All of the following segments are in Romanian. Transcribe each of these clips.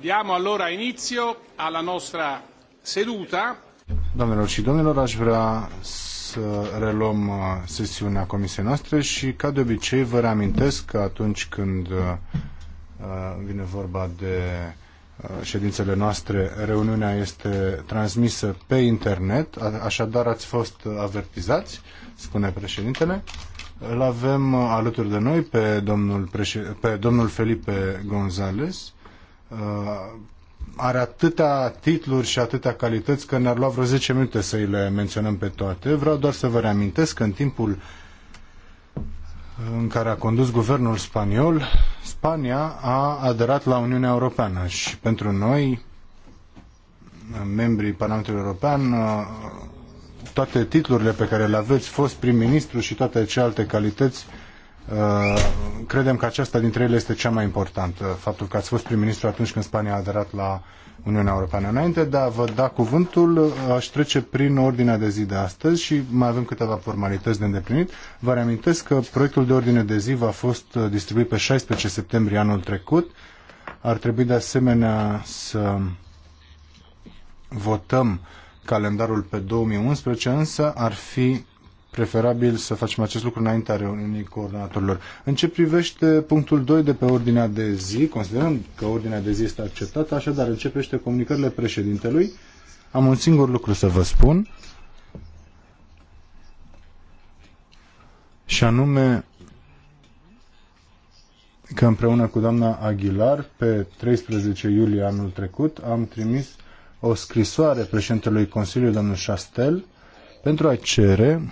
Diamo allora inizio alla nostra seduta. Doamnelor și domnilor, aș vrea să reluăm uh, sesiunea comisiei noastre și, ca de obicei, vă reamintesc că atunci când uh, uh, vine vorba de ședințele noastre, reuniunea este transmisă pe internet, așadar ați fost avertizați, spune președintele. Îl avem alături de noi pe domnul, președ... pe domnul Felipe González, Uh, are atâtea titluri și atâtea calități că ne-ar lua vreo 10 minute să îi le menționăm pe toate. Vreau doar să vă reamintesc că în timpul în care a condus guvernul spaniol, Spania a aderat la Uniunea Europeană și pentru noi, membrii Parlamentului European, uh, toate titlurile pe care le aveți, fost prim-ministru și toate celelalte calități Uh, credem că aceasta dintre ele este cea mai importantă, faptul că ați fost prim-ministru atunci când Spania a aderat la Uniunea Europeană. Înainte de a vă da cuvântul, aș trece prin ordinea de zi de astăzi și mai avem câteva formalități de îndeplinit. Vă reamintesc că proiectul de ordine de zi va fost uh, distribuit pe 16 septembrie anul trecut. Ar trebui de asemenea să votăm calendarul pe 2011, însă ar fi preferabil să facem acest lucru înaintea reuniunii coordonatorilor. În ce privește punctul 2 de pe ordinea de zi, considerăm că ordinea de zi este acceptată, așadar începește comunicările președintelui. Am un singur lucru să vă spun și anume că împreună cu doamna Aguilar, pe 13 iulie anul trecut, am trimis o scrisoare președintelui Consiliului, domnul Chastel, pentru a cere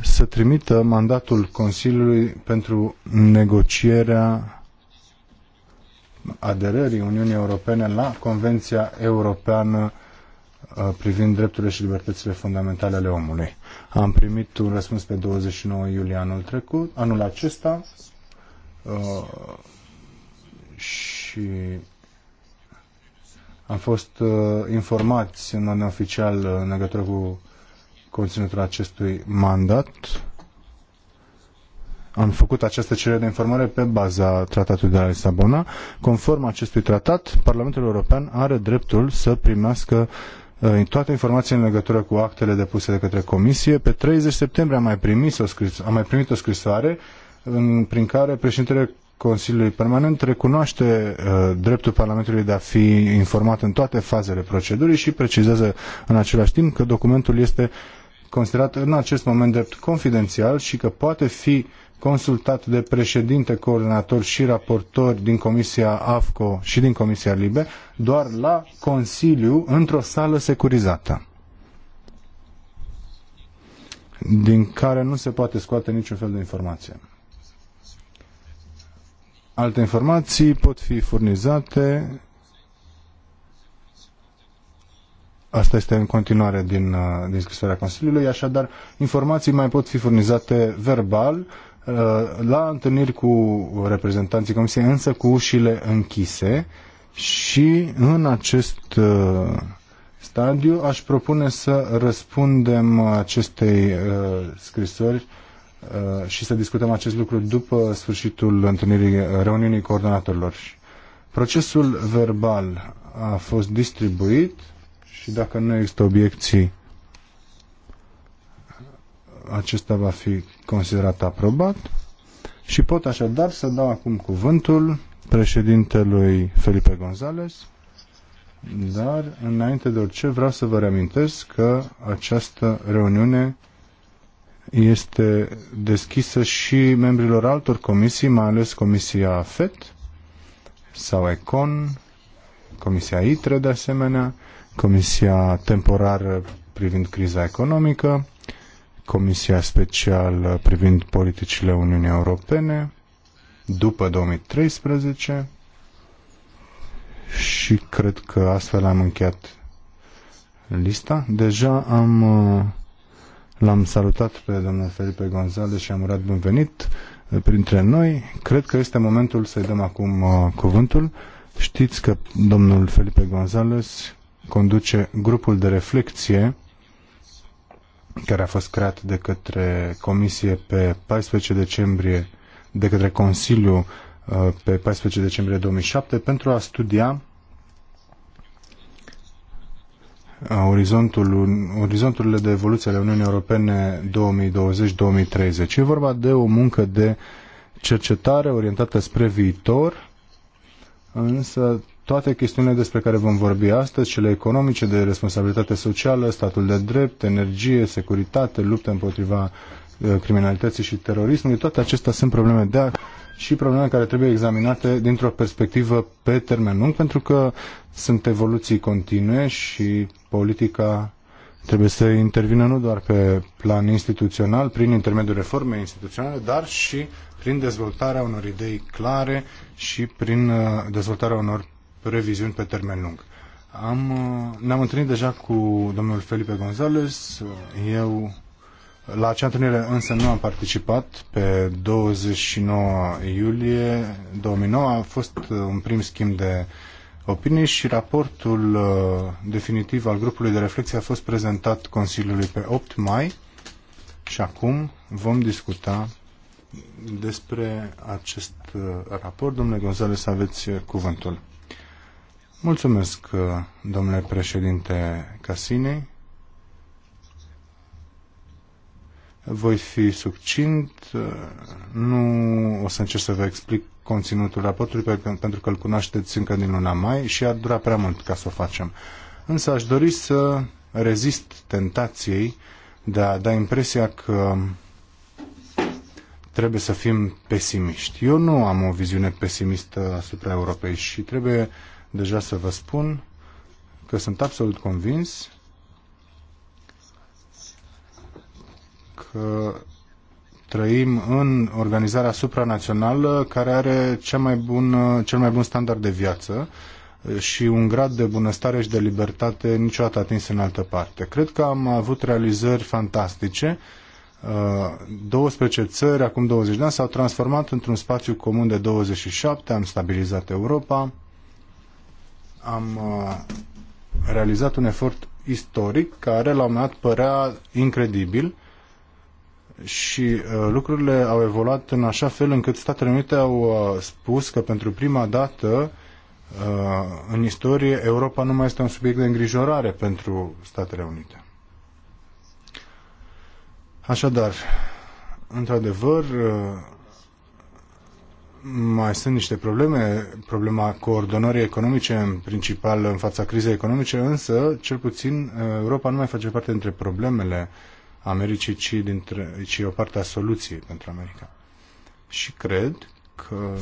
să trimită mandatul Consiliului pentru negocierea aderării Uniunii Europene la Convenția Europeană uh, privind drepturile și libertățile fundamentale ale omului. Am primit un răspuns pe 29 iulie anul trecut, anul acesta uh, și am fost uh, informați în mod oficial în legătură cu conținutul acestui mandat. Am făcut această cerere de informare pe baza tratatului de la Lisabona. Conform acestui tratat, Parlamentul European are dreptul să primească uh, toate informațiile în legătură cu actele depuse de către Comisie. Pe 30 septembrie am mai primit o, scris, am mai primit o scrisoare în, prin care președintele Consiliului Permanent recunoaște uh, dreptul Parlamentului de a fi informat în toate fazele procedurii și precizează în același timp că documentul este considerat în acest moment drept confidențial și că poate fi consultat de președinte, coordonator și raportori din Comisia AFCO și din Comisia LIBE, doar la Consiliu, într-o sală securizată din care nu se poate scoate niciun fel de informație. Alte informații pot fi furnizate Asta este în continuare din, uh, din scrisoarea Consiliului, așadar informații mai pot fi furnizate verbal uh, la întâlniri cu reprezentanții Comisiei, însă cu ușile închise și în acest uh, stadiu aș propune să răspundem acestei scrisori și să discutăm acest lucru după sfârșitul întâlnirii reuniunii coordonatorilor. Procesul verbal a fost distribuit și dacă nu există obiecții, acesta va fi considerat aprobat. Și pot așadar să dau acum cuvântul președintelui Felipe González, dar înainte de orice vreau să vă reamintesc că această reuniune este deschisă și membrilor altor comisii, mai ales Comisia FET sau ECON, Comisia ITRE de asemenea Comisia temporară privind criza economică, Comisia specială privind politicile Uniunii Europene după 2013 și cred că astfel am încheiat lista. Deja am uh, l-am salutat pe domnul Felipe Gonzalez și am urat bun venit uh, printre noi. Cred că este momentul să-i dăm acum uh, cuvântul. Știți că domnul Felipe Gonzalez conduce grupul de reflexie care a fost creat de către Comisie pe 14 decembrie, de către Consiliu uh, pe 14 decembrie 2007 pentru a studia uh, orizontul, orizonturile de evoluție ale Uniunii Europene 2020-2030. E vorba de o muncă de cercetare orientată spre viitor, însă toate chestiunile despre care vom vorbi astăzi, cele economice, de responsabilitate socială, statul de drept, energie, securitate, luptă împotriva uh, criminalității și terorismului, toate acestea sunt probleme de și probleme care trebuie examinate dintr-o perspectivă pe termen lung, pentru că sunt evoluții continue și politica trebuie să intervină nu doar pe plan instituțional, prin intermediul reformei instituționale, dar și prin dezvoltarea unor idei clare și prin uh, dezvoltarea unor previziuni pe termen lung. Am, uh, ne-am întâlnit deja cu domnul Felipe González, eu la acea întâlnire însă nu am participat. Pe 29 iulie 2009 a fost uh, un prim schimb de opinii și raportul uh, definitiv al grupului de reflexie a fost prezentat Consiliului pe 8 mai și acum vom discuta despre acest raport. Domnule Gonzales, aveți cuvântul. Mulțumesc, uh, domnule președinte Casini. Voi fi succint, uh, nu o să încerc să vă explic conținutul raportului pentru că îl cunoașteți încă din luna mai și ar dura prea mult ca să o facem. Însă aș dori să rezist tentației de a da impresia că trebuie să fim pesimiști. Eu nu am o viziune pesimistă asupra Europei și trebuie deja să vă spun că sunt absolut convins că trăim în organizarea supranațională care are cel mai bun, cel mai bun standard de viață și un grad de bunăstare și de libertate niciodată atins în altă parte. Cred că am avut realizări fantastice. 12 uh, țări, acum 20 de ani, s-au transformat într-un spațiu comun de 27, am stabilizat Europa, am uh, realizat un efort istoric care la un moment dat părea incredibil și uh, lucrurile au evoluat în așa fel încât Statele Unite au uh, spus că pentru prima dată în istorie Europa nu mai este un subiect de îngrijorare pentru Statele Unite. Așadar, într-adevăr, mai sunt niște probleme, problema coordonării economice în principal în fața crizei economice, însă, cel puțin, uh, Europa nu mai face parte dintre problemele Americii, ci, dintre, ci o parte a soluției pentru America. Și cred că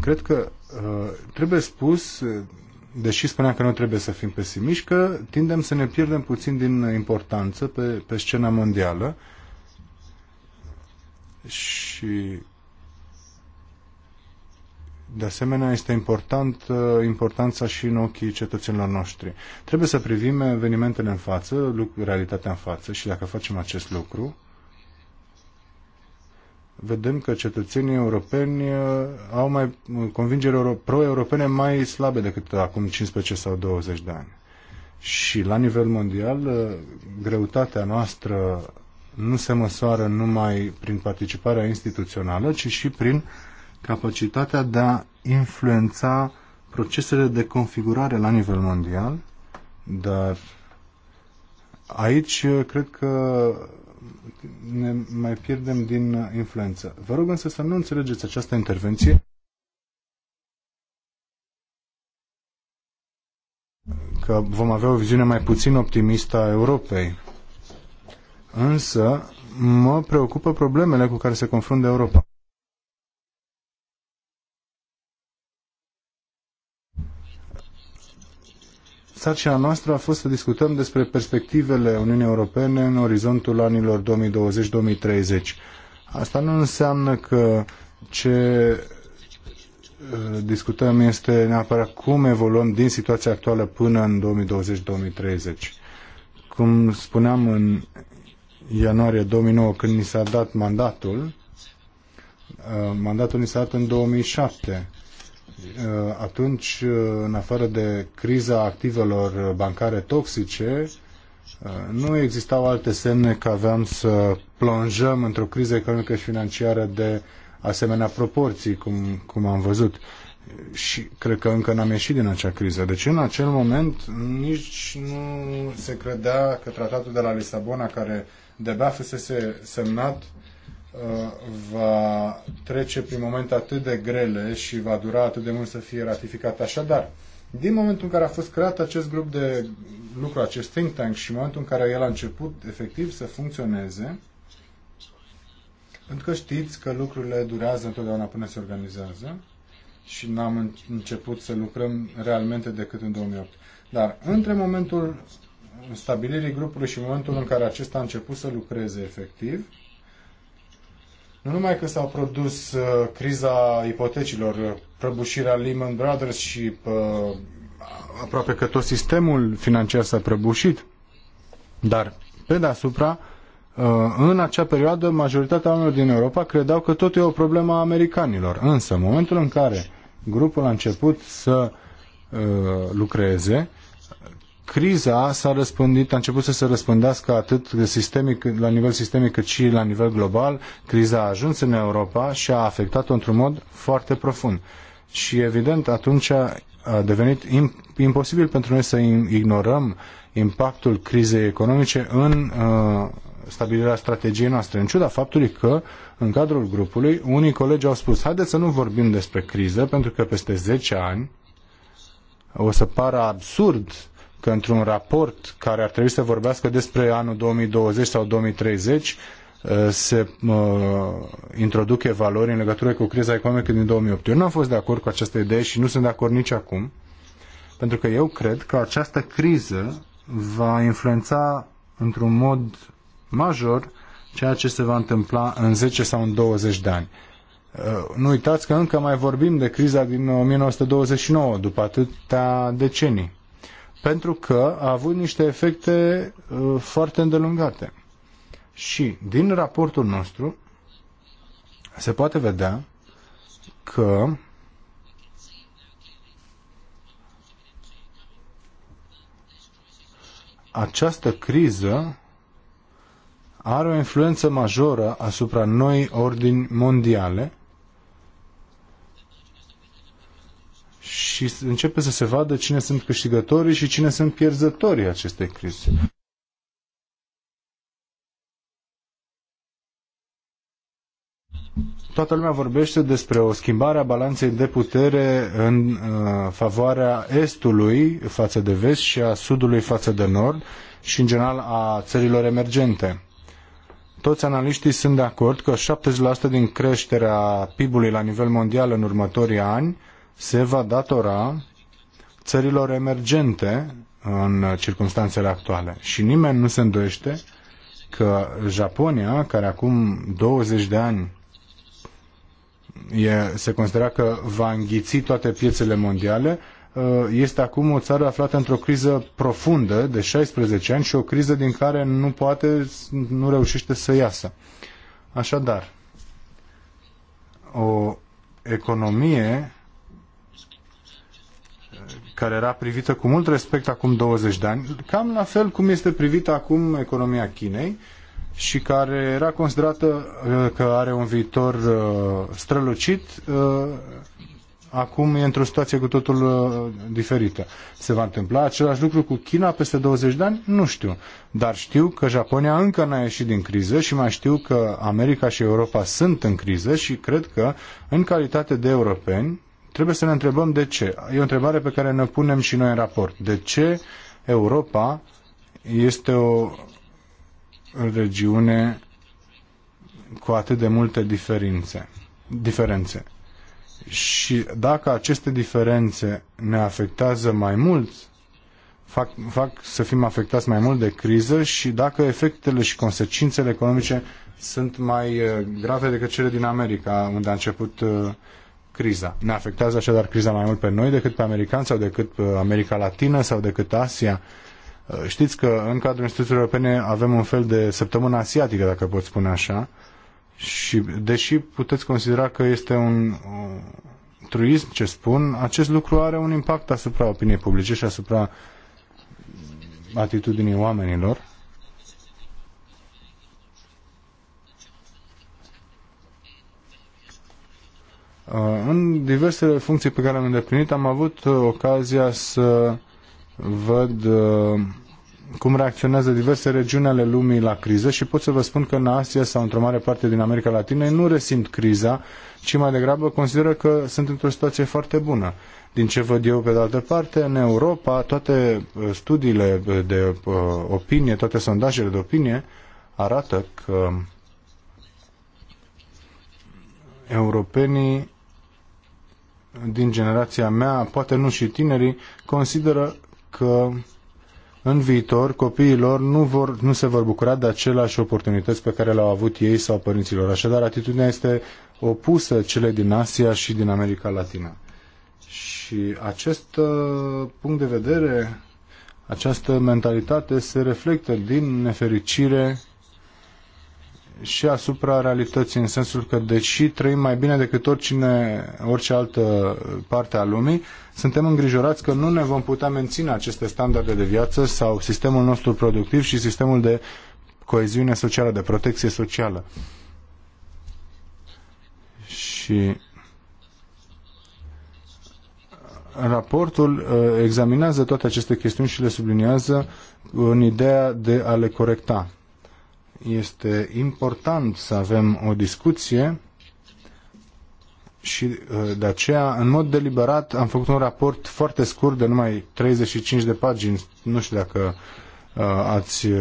cred că uh, trebuie spus, deși spuneam că nu trebuie să fim pesimiști, că tindem să ne pierdem puțin din importanță pe, pe scena mondială și de asemenea, este important uh, importanța și în ochii cetățenilor noștri. Trebuie să privim evenimentele în față, realitatea în față și dacă facem acest lucru, vedem că cetățenii europeni uh, au mai convingeri pro-europene mai slabe decât acum 15 sau 20 de ani. Și la nivel mondial, uh, greutatea noastră nu se măsoară numai prin participarea instituțională, ci și prin capacitatea de a influența procesele de configurare la nivel mondial, dar aici uh, cred că ne mai pierdem din influență. Vă rog însă să nu înțelegeți această intervenție că vom avea o viziune mai puțin optimistă a Europei însă mă preocupă problemele cu care se confruntă Europa. sarcina noastră a fost să discutăm despre perspectivele Uniunii Europene în orizontul anilor 2020-2030. Asta nu înseamnă că ce uh, discutăm este neapărat cum evoluăm din situația actuală până în 2020-2030. Cum spuneam în ianuarie 2009 când ni s-a dat mandatul. Uh, mandatul ni s-a dat în 2007. Uh, atunci, uh, în afară de criza activelor bancare toxice, nu existau alte semne că aveam să plonjăm într-o criză economică și financiară de asemenea proporții, cum, cum am văzut. Și cred că încă n-am ieșit din acea criză. Deci în acel moment nici nu se credea că tratatul de la Lisabona, care de-abia fusese semnat, uh, va trece prin momente atât de grele și va dura atât de mult să fie ratificat. Așadar, din momentul în care a fost creat acest grup de lucru, acest think tank și în momentul în care el a început efectiv să funcționeze, pentru că știți că lucrurile durează întotdeauna până se organizează și n-am început să lucrăm realmente decât în 2008. Dar între momentul stabilirii grupului și momentul în care acesta a început să lucreze efectiv. Nu numai că s-a produs uh, criza ipotecilor, uh, prăbușirea Lehman Brothers și uh, aproape că tot sistemul financiar s-a prăbușit, dar pe deasupra, uh, în acea perioadă, majoritatea oamenilor din Europa credeau că tot e o problemă a americanilor. Însă, în momentul în care grupul a început să uh, lucreze, criza s-a răspândit, a început să se răspândească atât sistemic, la nivel sistemic cât și la nivel global. Criza a ajuns în Europa și a afectat-o într-un mod foarte profund. Și evident, atunci a devenit imposibil pentru noi să ignorăm impactul crizei economice în uh, stabilirea strategiei noastre, în ciuda faptului că, în cadrul grupului, unii colegi au spus, haideți să nu vorbim despre criză, pentru că peste 10 ani o să pară absurd că într-un raport care ar trebui să vorbească despre anul 2020 sau 2030 uh, se uh, introduc evaluări în legătură cu criza economică din 2008. Eu nu am fost de acord cu această idee și nu sunt de acord nici acum, pentru că eu cred că această criză va influența într-un mod major ceea ce se va întâmpla în 10 sau în 20 de ani. Uh, nu uitați că încă mai vorbim de criza din 1929, după atâtea decenii pentru că a avut niște efecte uh, foarte îndelungate. Și din raportul nostru se poate vedea că această criză are o influență majoră asupra noi ordini mondiale și începe să se vadă cine sunt câștigătorii și cine sunt pierzătorii acestei crize. Toată lumea vorbește despre o schimbare a balanței de putere în uh, favoarea Estului față de vest și a Sudului față de nord și, în general, a țărilor emergente toți analiștii sunt de acord că 70% din creșterea PIB-ului la nivel mondial în următorii ani se va datora țărilor emergente în circunstanțele actuale. Și nimeni nu se îndoiește că Japonia, care acum 20 de ani e, se considera că va înghiți toate piețele mondiale, uh, este acum o țară aflată într-o criză profundă de 16 ani și o criză din care nu poate, nu reușește să iasă. Așadar, o economie care era privită cu mult respect acum 20 de ani, cam la fel cum este privită acum economia Chinei și care era considerată uh, că are un viitor uh, strălucit, uh, acum e într-o situație cu totul diferită. Se va întâmpla același lucru cu China peste 20 de ani? Nu știu. Dar știu că Japonia încă n-a ieșit din criză și mai știu că America și Europa sunt în criză și cred că, în calitate de europeni, Trebuie să ne întrebăm de ce. E o întrebare pe care ne punem și noi în raport. De ce Europa este o regiune cu atât de multe diferențe? diferențe. Și dacă aceste diferențe ne afectează mai mult, fac, fac să fim afectați mai mult de criză și dacă efectele și consecințele economice sunt mai eh, grave decât cele din America, unde a început eh, criza. Ne afectează așadar criza mai mult pe noi decât pe americani sau decât pe uh, America Latină sau decât Asia. Uh, știți că în cadrul instituțiilor europene avem un fel de săptămână asiatică, dacă pot spune așa, și deși puteți considera că este un uh, truism ce spun, acest lucru are un impact asupra opiniei publice și asupra atitudinii oamenilor Uh, în diversele funcții pe care am îndeplinit am avut uh, ocazia să văd uh, cum reacționează diverse regiuni ale lumii la criză și pot să vă spun că în Asia sau într-o mare parte din America Latină nu resimt criza, ci mai degrabă consideră că sunt într-o situație foarte bună. Din ce văd eu, pe de altă parte, în Europa, toate studiile de opinie, toate sondajele de opinie arată că europenii din generația mea, poate nu și tinerii, consideră că în viitor copiilor nu, vor, nu se vor bucura de aceleași oportunități pe care le-au avut ei sau părinților. Așadar, atitudinea este opusă cele din Asia și din America Latină. Și acest uh, punct de vedere, această mentalitate se reflectă din nefericire și asupra realității, în sensul că, deși trăim mai bine decât oricine, orice altă parte a lumii, suntem îngrijorați că nu ne vom putea menține aceste standarde de viață sau sistemul nostru productiv și sistemul de coeziune socială, de protecție socială. Și raportul uh, examinează toate aceste chestiuni și le subliniază în ideea de a le corecta. Este important să avem o discuție și uh, de aceea, în mod deliberat, am făcut un raport foarte scurt de numai 35 de pagini. Nu știu dacă uh, ați, uh,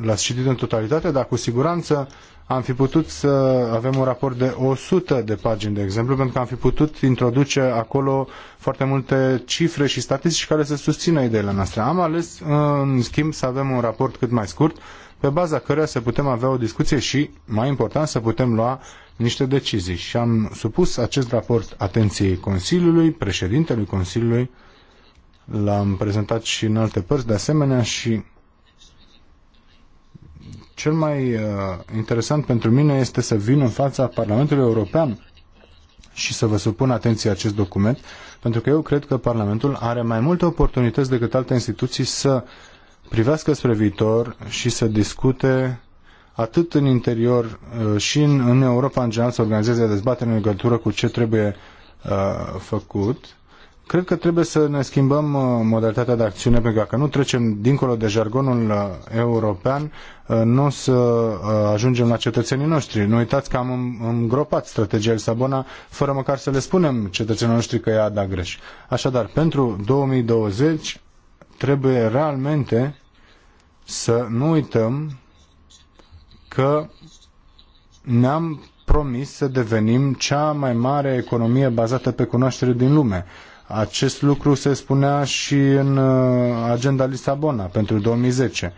l-ați citit în totalitate, dar cu siguranță am fi putut să avem un raport de 100 de pagini, de exemplu, pentru că am fi putut introduce acolo foarte multe cifre și statistici care să susțină ideile noastre. Am ales, în schimb, să avem un raport cât mai scurt, pe baza căreia să putem avea o discuție și, mai important, să putem lua niște decizii. Și am supus acest raport atenției Consiliului, președintelui Consiliului, l-am prezentat și în alte părți de asemenea și cel mai uh, interesant pentru mine este să vin în fața Parlamentului European și să vă supun atenție acest document, pentru că eu cred că Parlamentul are mai multe oportunități decât alte instituții să uh, privească spre viitor și să discute atât în interior uh, și în, în Europa în general să organizeze dezbatere în legătură cu ce trebuie uh, făcut. Cred că trebuie să ne schimbăm uh, modalitatea de acțiune pentru că nu trecem dincolo de jargonul uh, european, nu o să ajungem la cetățenii noștri. Nu uitați că am îngropat strategia Lisabona fără măcar să le spunem cetățenilor noștri că ea a dat greș. Așadar, pentru 2020 trebuie realmente să nu uităm că ne-am promis să devenim cea mai mare economie bazată pe cunoaștere din lume. Acest lucru se spunea și în uh, agenda Lisabona pentru 2010.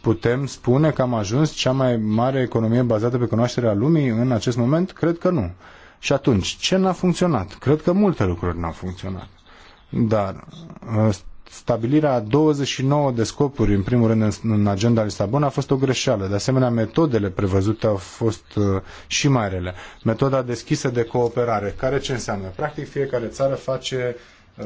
Putem spune că am ajuns cea mai mare economie bazată pe cunoașterea lumii în acest moment? Cred că nu. Și atunci, ce n-a funcționat? Cred că multe lucruri n-au funcționat. Dar uh, stabilirea 29 de scopuri, în primul rând, în agenda Lisabona, a fost o greșeală. De asemenea, metodele prevăzute au fost uh, și mai rele. Metoda deschisă de cooperare, care ce înseamnă? Practic, fiecare țară face uh,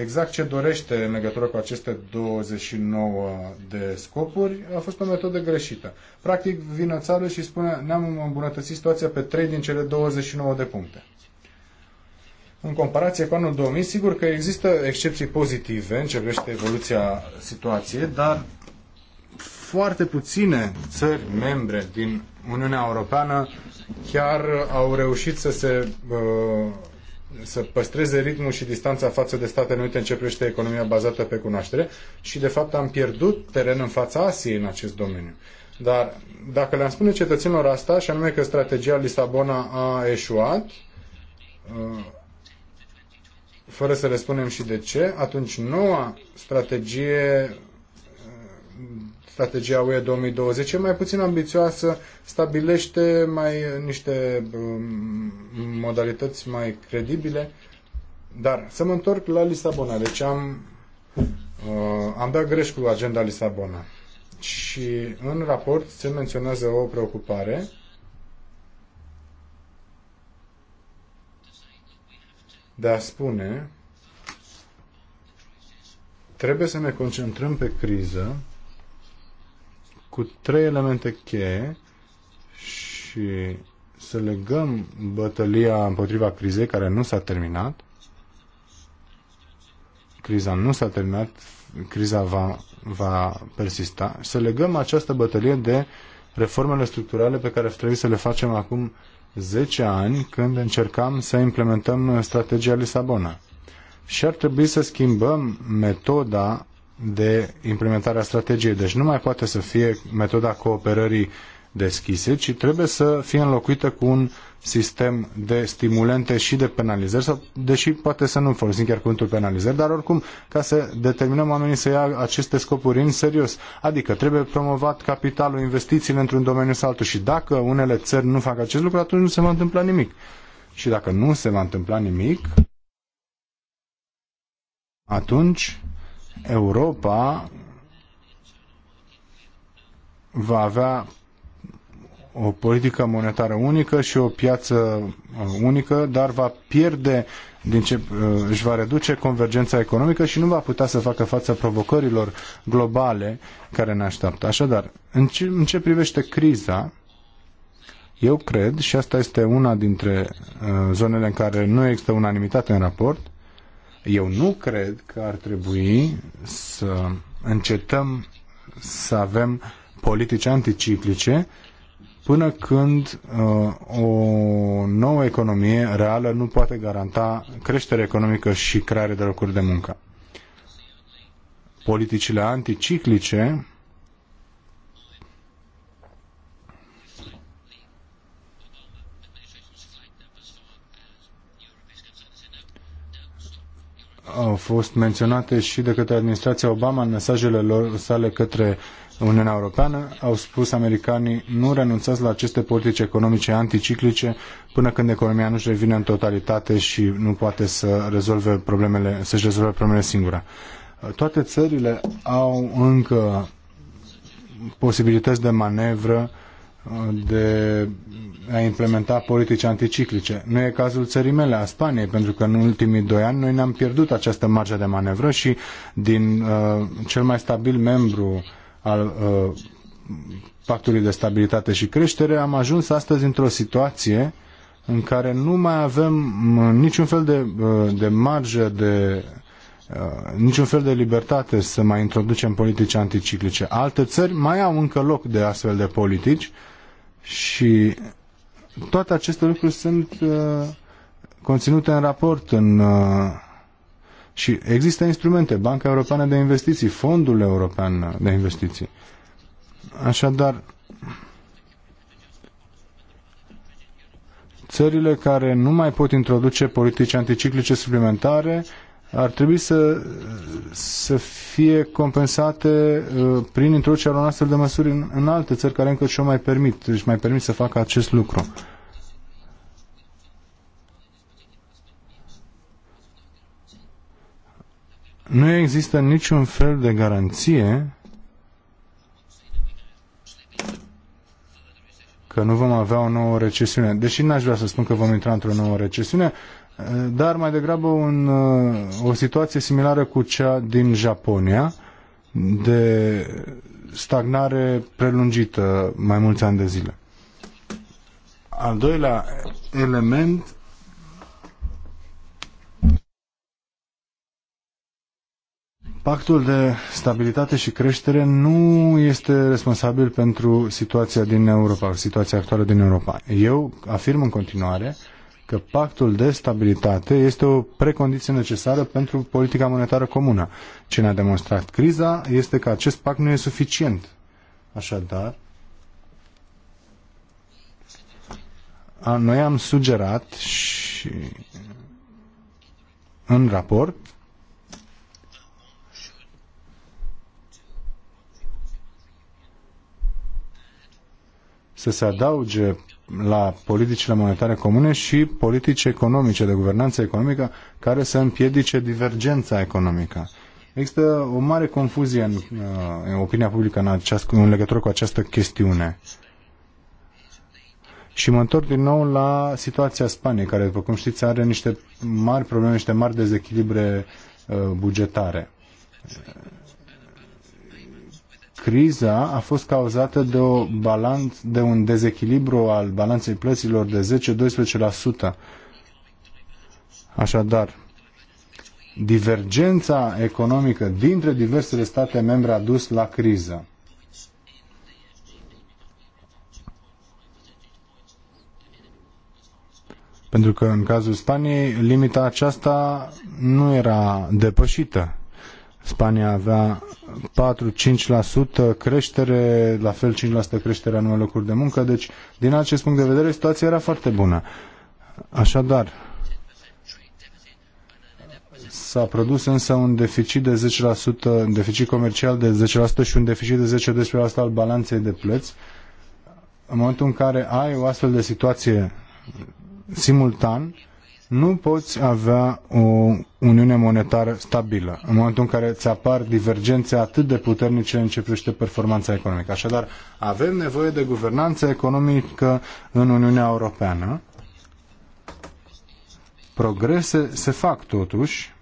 exact ce dorește în legătură cu aceste 29 de scopuri, a fost o metodă greșită. Practic, vine țară și spune, ne-am îmbunătățit situația pe 3 din cele 29 de puncte în comparație cu anul 2000. Sigur că există excepții pozitive în ce privește evoluția situației, dar foarte puține țări membre din Uniunea Europeană chiar au reușit să se uh, să păstreze ritmul și distanța față de Statele Unite în ce privește economia bazată pe cunoaștere și de fapt am pierdut teren în fața Asiei în acest domeniu. Dar dacă le-am spune cetățenilor asta, și anume că strategia Lisabona a eșuat, uh, fără să le spunem și de ce, atunci noua strategie, strategia UE 2020 e mai puțin ambițioasă, stabilește mai niște um, modalități mai credibile, dar să mă întorc la Lisabona. Deci am, uh, am dat greș cu agenda Lisabona. Și în raport se menționează o preocupare de a spune trebuie să ne concentrăm pe criză cu trei elemente cheie și să legăm bătălia împotriva crizei care nu s-a terminat. Criza nu s-a terminat, criza va, va persista. Să legăm această bătălie de reformele structurale pe care trebuie să le facem acum 10 ani când încercam să implementăm strategia Lisabona. Și ar trebui să schimbăm metoda de implementare a strategiei. Deci nu mai poate să fie metoda cooperării deschise, ci trebuie să fie înlocuită cu un uh, sistem de stimulente și de penalizări, sau, deși poate să nu folosim chiar cuvântul penalizări, dar oricum ca să determinăm oamenii să ia aceste scopuri în serios. Adică trebuie promovat capitalul, investițiile într-un domeniu sau altul și dacă unele țări nu fac acest lucru, atunci nu se va întâmpla nimic. Și dacă nu se va întâmpla nimic, atunci Europa va avea o politică monetară unică și o piață uh, unică, dar va pierde, din ce, uh, își va reduce convergența economică și nu va putea să facă față provocărilor globale care ne așteaptă. Așadar, în ce, în ce privește criza, eu cred, și asta este una dintre uh, zonele în care nu există unanimitate în raport, eu nu cred că ar trebui să încetăm să avem politici anticiclice până când uh, o nouă economie reală nu poate garanta creștere economică și creare de locuri de muncă. Politicile anticiclice au fost menționate și de către administrația Obama în mesajele lor sale către Uniunea Europeană, au spus americanii nu renunțați la aceste politici economice anticiclice până când economia nu-și revine în totalitate și nu poate să rezolve problemele, să-și rezolve problemele singura. Toate țările au încă posibilități de manevră de a implementa politici anticiclice. Nu e cazul țării mele, a Spaniei, pentru că în ultimii doi ani noi ne-am pierdut această marge de manevră și din uh, cel mai stabil membru al uh, Pactului de Stabilitate și Creștere, am ajuns astăzi într-o situație în care nu mai avem uh, niciun fel de, uh, de marjă de uh, niciun fel de libertate să mai introducem politici anticiclice. Alte țări mai au încă loc de astfel de politici și toate aceste lucruri sunt uh, conținute în raport, în uh, și există instrumente, Banca Europeană de Investiții, Fondul European de Investiții. Așadar, țările care nu mai pot introduce politici anticiclice suplimentare ar trebui să, să fie compensate uh, prin introducerea unor astfel de măsuri în, în alte țări care încă și-o mai permit, își mai permit să facă acest lucru. nu există niciun fel de garanție că nu vom avea o nouă recesiune. Deși n-aș vrea să spun că vom intra într-o nouă recesiune, dar mai degrabă un, o situație similară cu cea din Japonia, de stagnare prelungită mai mulți ani de zile. Al doilea element Pactul de stabilitate și creștere nu este responsabil pentru situația din Europa, situația actuală din Europa. Eu afirm în continuare că pactul de stabilitate este o precondiție necesară pentru politica monetară comună. Ce ne-a demonstrat criza este că acest pact nu e suficient. Așadar, noi am sugerat și în raport să se adauge la politicile monetare comune și politici economice, de guvernanță economică, care să împiedice divergența economică. Există o mare confuzie în, uh, în opinia publică în, această, în legătură cu această chestiune. Și mă întorc din nou la situația Spaniei, care, după cum știți, are niște mari probleme, niște mari dezechilibre uh, bugetare criza a fost cauzată de, o balanț, de un dezechilibru al balanței plăților de 10-12%. Așadar, divergența economică dintre diversele state membre a dus la criză. Pentru că în cazul Spaniei limita aceasta nu era depășită. Spania avea 4-5% creștere, la fel 5% creștere a numai locuri de muncă, deci din acest punct de vedere situația era foarte bună. Așadar, s-a produs însă un deficit de 10%, un deficit comercial de 10% și un deficit de 10-12% al balanței de plăți. În momentul în care ai o astfel de situație simultan, nu poți avea o uniune monetară stabilă în momentul în care ți apar divergențe atât de puternice în ce privește performanța economică. Așadar, avem nevoie de guvernanță economică în Uniunea Europeană. Progrese se fac totuși.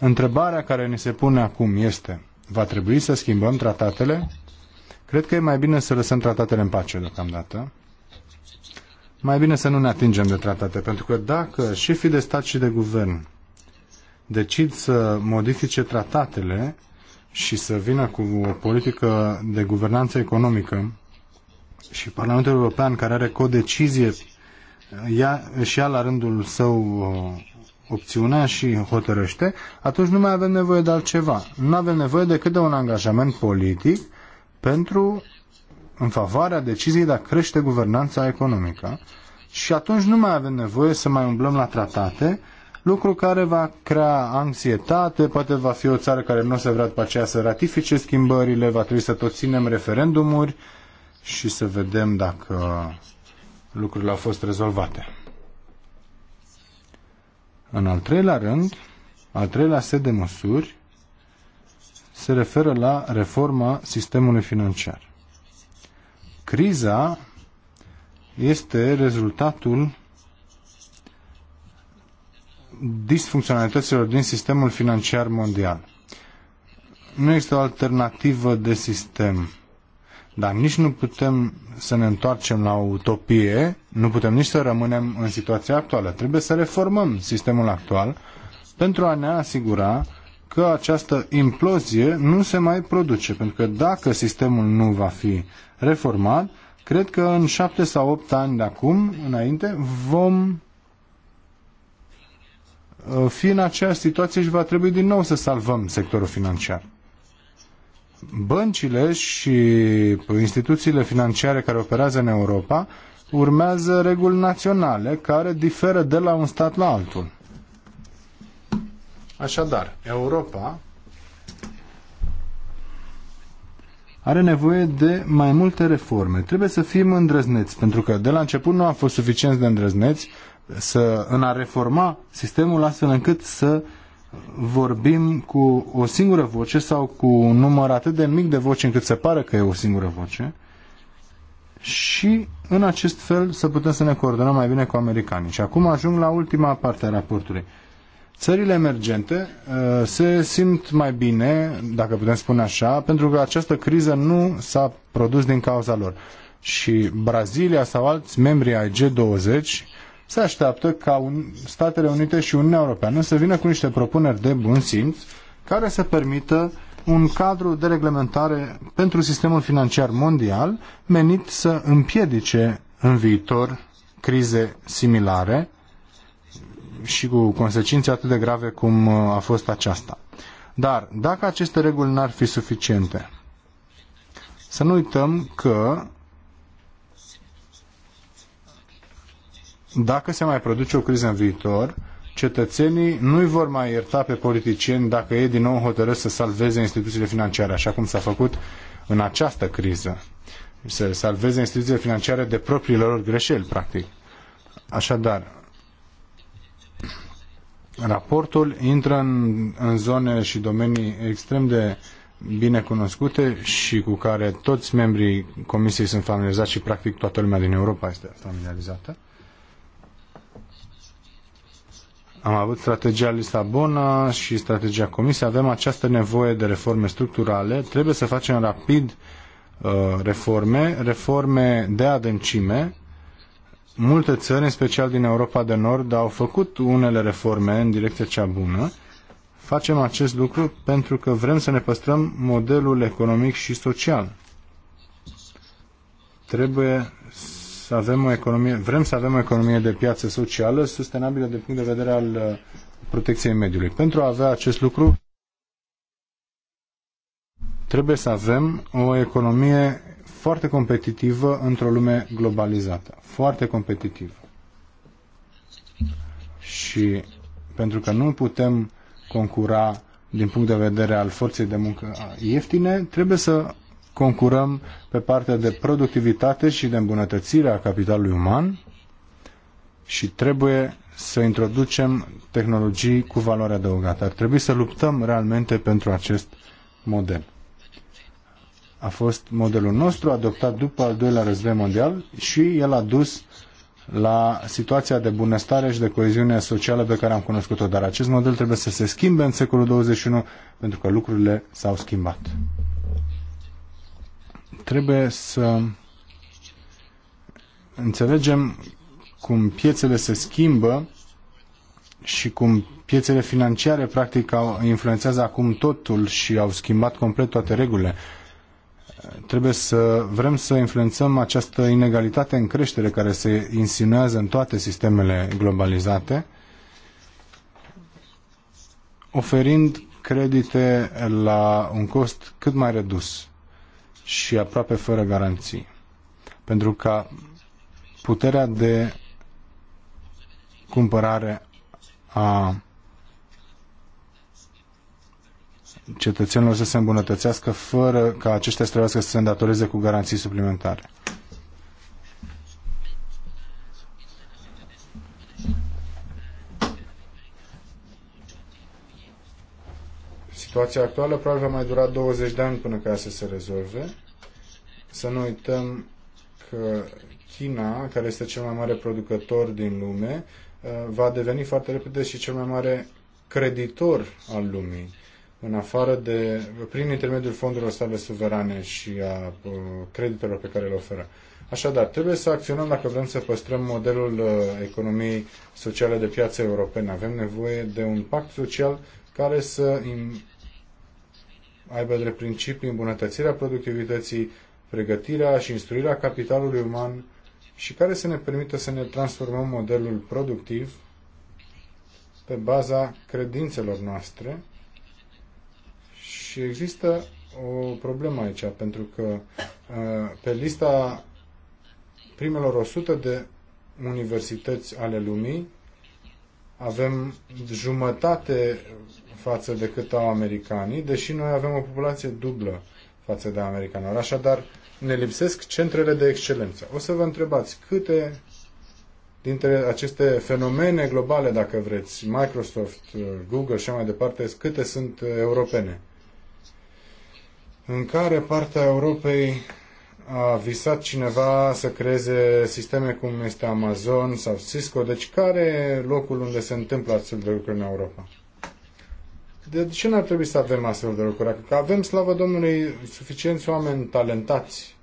Întrebarea care ne se pune acum este, va trebui să schimbăm tratatele? Cred că e mai bine să lăsăm tratatele în pace deocamdată mai bine să nu ne atingem de tratate, pentru că dacă șefii de stat și de guvern decid să modifice tratatele și să vină cu o politică de guvernanță economică și Parlamentul European, care are codecizie, ia, și ia la rândul său uh, opțiunea și hotărăște, atunci nu mai avem nevoie de altceva. Nu avem nevoie decât de un angajament politic pentru în favoarea deciziei de a crește guvernanța economică și atunci nu mai avem nevoie să mai umblăm la tratate, lucru care va crea anxietate, poate va fi o țară care nu o să vrea după aceea să ratifice schimbările, va trebui să tot ținem referendumuri și să vedem dacă lucrurile au fost rezolvate. În al treilea rând, al treilea set de măsuri se referă la reforma sistemului financiar. Criza este rezultatul disfuncționalităților din sistemul financiar mondial. Nu există o alternativă de sistem, dar nici nu putem să ne întoarcem la o utopie, nu putem nici să rămânem în situația actuală. Trebuie să reformăm sistemul actual pentru a ne asigura că această implozie nu se mai produce, pentru că dacă sistemul nu va fi reformat, cred că în șapte sau opt ani de acum, înainte, vom uh, fi în aceeași situație și va trebui din nou să salvăm sectorul financiar. Băncile și instituțiile financiare care operează în Europa urmează reguli naționale care diferă de la un stat la altul. Așadar, Europa are nevoie de mai multe reforme. Trebuie să fim îndrăzneți, pentru că de la început nu am fost suficient de îndrăzneți să, în a reforma sistemul astfel încât să vorbim cu o singură voce sau cu un număr atât de mic de voce, încât se pare că e o singură voce și în acest fel să putem să ne coordonăm mai bine cu americanii. Și acum ajung la ultima parte a raportului. Țările emergente uh, se simt mai bine, dacă putem spune așa, pentru că această criză nu s-a produs din cauza lor. Și Brazilia sau alți membri ai G20 se așteaptă ca Statele Unite și Uniunea Europeană să vină cu niște propuneri de bun simț care să permită un cadru de reglementare pentru sistemul financiar mondial menit să împiedice în viitor crize similare și cu consecințe atât de grave cum uh, a fost aceasta. Dar dacă aceste reguli n-ar fi suficiente, să nu uităm că dacă se mai produce o criză în viitor, cetățenii nu-i vor mai ierta pe politicieni dacă ei din nou hotărăsc să salveze instituțiile financiare, așa cum s-a făcut în această criză. Să salveze instituțiile financiare de propriile lor greșeli, practic. Așadar, Raportul intră în, în zone și domenii extrem de bine cunoscute și cu care toți membrii Comisiei sunt familiarizați și practic toată lumea din Europa este familiarizată. Am avut strategia Lisabona și strategia Comisiei. Avem această nevoie de reforme structurale. Trebuie să facem rapid uh, reforme, reforme de adâncime multe țări, în special din Europa de Nord, au făcut unele reforme în direcția cea bună. Facem acest lucru pentru că vrem să ne păstrăm modelul economic și social. Trebuie să avem o economie, vrem să avem o economie de piață socială sustenabilă de punct de vedere al uh, protecției mediului. Pentru a avea acest lucru, trebuie să avem o economie foarte competitivă într-o lume globalizată. Foarte competitivă. Și pentru că nu putem concura din punct de vedere al forței de muncă ieftine, trebuie să concurăm pe partea de productivitate și de îmbunătățire a capitalului uman și trebuie să introducem tehnologii cu valoare adăugată. Ar trebui să luptăm realmente pentru acest model a fost modelul nostru adoptat după al doilea război mondial și el a dus la situația de bunăstare și de coeziune socială pe care am cunoscut-o. Dar acest model trebuie să se schimbe în secolul 21 pentru că lucrurile s-au schimbat. Trebuie să înțelegem cum piețele se schimbă și cum piețele financiare practic au, influențează acum totul și au schimbat complet toate regulile. Trebuie să vrem să influențăm această inegalitate în creștere care se insinuează în toate sistemele globalizate, oferind credite la un cost cât mai redus și aproape fără garanții. Pentru ca puterea de cumpărare a cetățenilor să se îmbunătățească fără ca aceștia să trebuiască să se îndatoreze cu garanții suplimentare. Situația actuală probabil va mai dura 20 de ani până ca să se rezolve. Să nu uităm că China, care este cel mai mare producător din lume, uh, va deveni foarte repede și cel mai mare creditor al lumii în afară de, prin intermediul fondurilor sale suverane și a uh, creditelor pe care le oferă. Așadar, trebuie să acționăm dacă vrem să păstrăm modelul uh, economiei sociale de piață europene. Avem nevoie de un pact social care să aibă drept principii îmbunătățirea productivității, pregătirea și instruirea capitalului uman și care să ne permită să ne transformăm modelul productiv pe baza credințelor noastre și există o problemă aici, pentru că pe lista primelor 100 de universități ale lumii avem jumătate față de cât au americanii, deși noi avem o populație dublă față de americanilor. Așadar, ne lipsesc centrele de excelență. O să vă întrebați câte dintre aceste fenomene globale, dacă vreți, Microsoft, Google și mai departe, câte sunt europene? în care partea Europei a visat cineva să creeze sisteme cum este Amazon sau Cisco. Deci care e locul unde se întâmplă astfel de lucruri în Europa? De ce n-ar trebui să avem astfel de lucruri? Că avem, slavă Domnului, suficienți oameni talentați.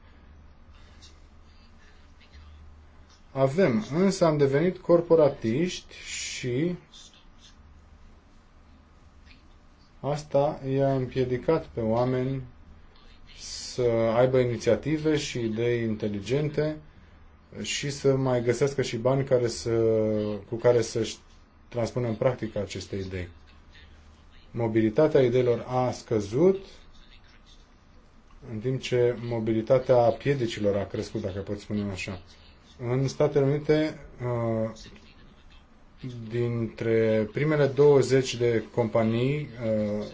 Avem, însă am devenit corporatiști și asta i-a împiedicat pe oameni să aibă inițiative și idei inteligente și să mai găsească și bani care să, cu care să-și transpună în practică aceste idei. Mobilitatea ideilor a scăzut, în timp ce mobilitatea piedicilor a crescut, dacă pot spune așa. În Statele Unite, uh, dintre primele 20 de companii uh,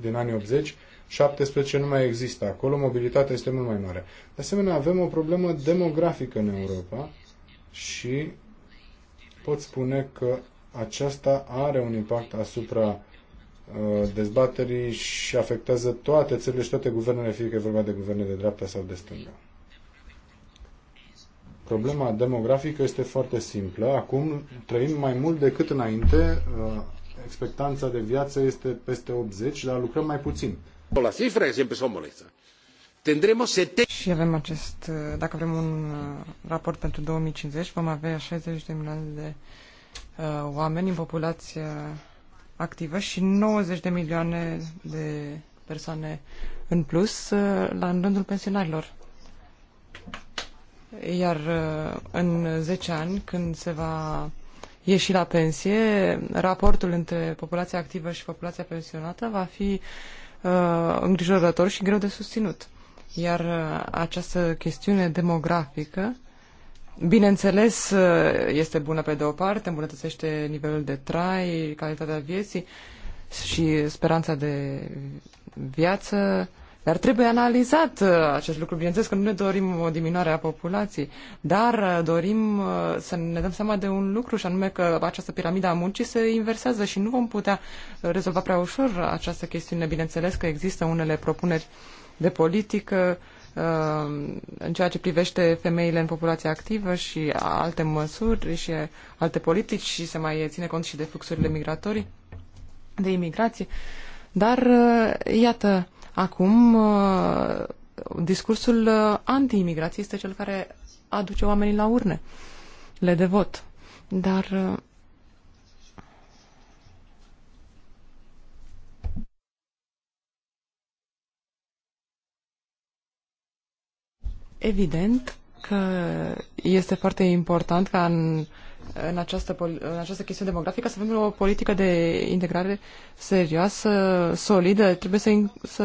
din anii 80, 17 nu mai există acolo, mobilitatea este mult mai mare. De asemenea, avem o problemă demografică în Europa și pot spune că aceasta are un impact asupra uh, dezbaterii și afectează toate țările și toate guvernele, fie că e vorba de guverne de dreapta sau de stânga. Problema demografică este foarte simplă. Acum trăim mai mult decât înainte. Uh, expectanța de viață este peste 80, dar lucrăm mai puțin. La cifra siempre son molestas. Tendremos 70... Și avem acest, dacă avem un uh, raport pentru 2050, vom avea 60 de milioane de uh, oameni în populație activă și 90 de milioane de persoane în plus uh, la în rândul pensionarilor. Iar uh, în 10 ani, când se va ieși la pensie, raportul între populația activă și populația pensionată va fi uh, uh, îngrijorător și greu de susținut. Iar uh, această chestiune demografică, bineînțeles, uh, este bună pe de o parte, îmbunătățește nivelul de trai, calitatea vieții și speranța de viață, uh, dar trebuie analizat uh, acest lucru. Bineînțeles că nu ne dorim o diminuare a populației, dar uh, dorim uh, să ne dăm seama de un lucru și anume că această piramidă a muncii se inversează și nu vom putea rezolva prea ușor această chestiune. Bineînțeles că există unele propuneri de politică în ceea ce privește femeile în populația activă și alte măsuri și alte politici și se mai ține cont și de fluxurile migratorii, de imigrație. Dar, iată, Acum, uh, discursul uh, anti-imigrație este cel care aduce oamenii la urne, le devot. Dar uh, Evident că este foarte important ca în în această, în această chestiune demografică, să avem o politică de integrare serioasă, solidă. Trebuie să, in, să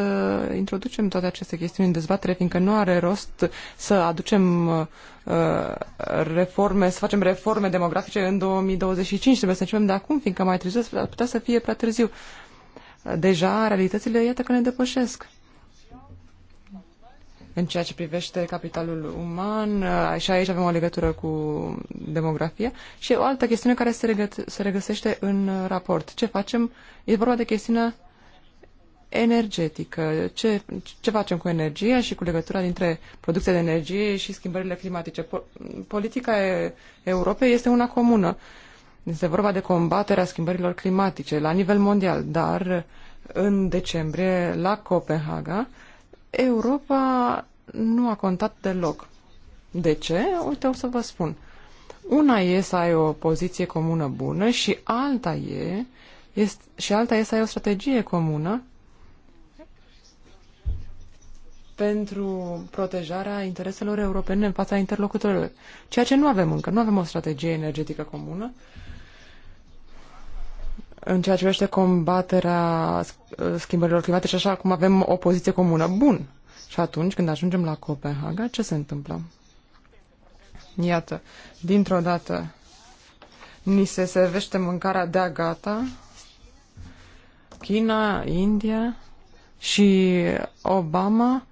introducem toate aceste chestiuni în dezbatere, fiindcă nu are rost să aducem uh, reforme, să facem reforme demografice în 2025. Trebuie să începem de acum, fiindcă mai târziu ar putea să fie prea târziu. Deja realitățile, iată că ne depășesc în ceea ce privește capitalul uman, uh, și aici avem o legătură cu demografia, și o altă chestiune care se, regă- se regăsește în uh, raport. Ce facem? E vorba de chestiunea energetică. Ce, ce facem cu energia și cu legătura dintre producția de energie și schimbările climatice? Po- politica e, Europei este una comună. Este vorba de combaterea schimbărilor climatice la nivel mondial, dar uh, în decembrie la Copenhaga Europa nu a contat deloc. De ce? Uite, o să vă spun. Una e să ai o poziție comună bună și alta e, este, și alta e să ai o strategie comună pentru protejarea intereselor europene în fața interlocutorilor. Ceea ce nu avem încă, nu avem o strategie energetică comună în ceea ce privește combaterea uh, schimbărilor climatice, așa cum avem o poziție comună. Bun. Și atunci, când ajungem la Copenhaga, ce se întâmplă? Iată, dintr-o dată ni se servește mâncarea de gata, China, India și Obama,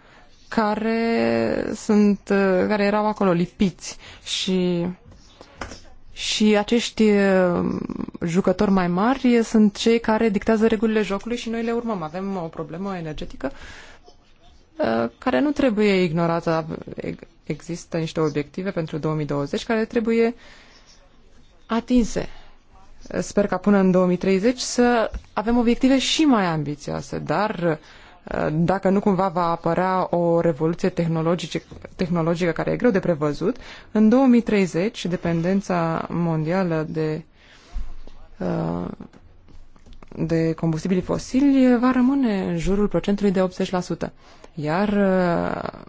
care sunt, uh, care erau acolo lipiți și și acești uh, jucători mai mari sunt cei care dictează regulile jocului și noi le urmăm. Avem o problemă energetică uh, care nu trebuie ignorată. Există niște obiective pentru 2020 care trebuie atinse. Sper ca până în 2030 să avem obiective și mai ambițioase, dar uh, dacă nu cumva va apărea o revoluție tehnologică, tehnologică care e greu de prevăzut, în 2030 dependența mondială de, uh, de combustibili fosili va rămâne în jurul procentului de 80%. Iar uh,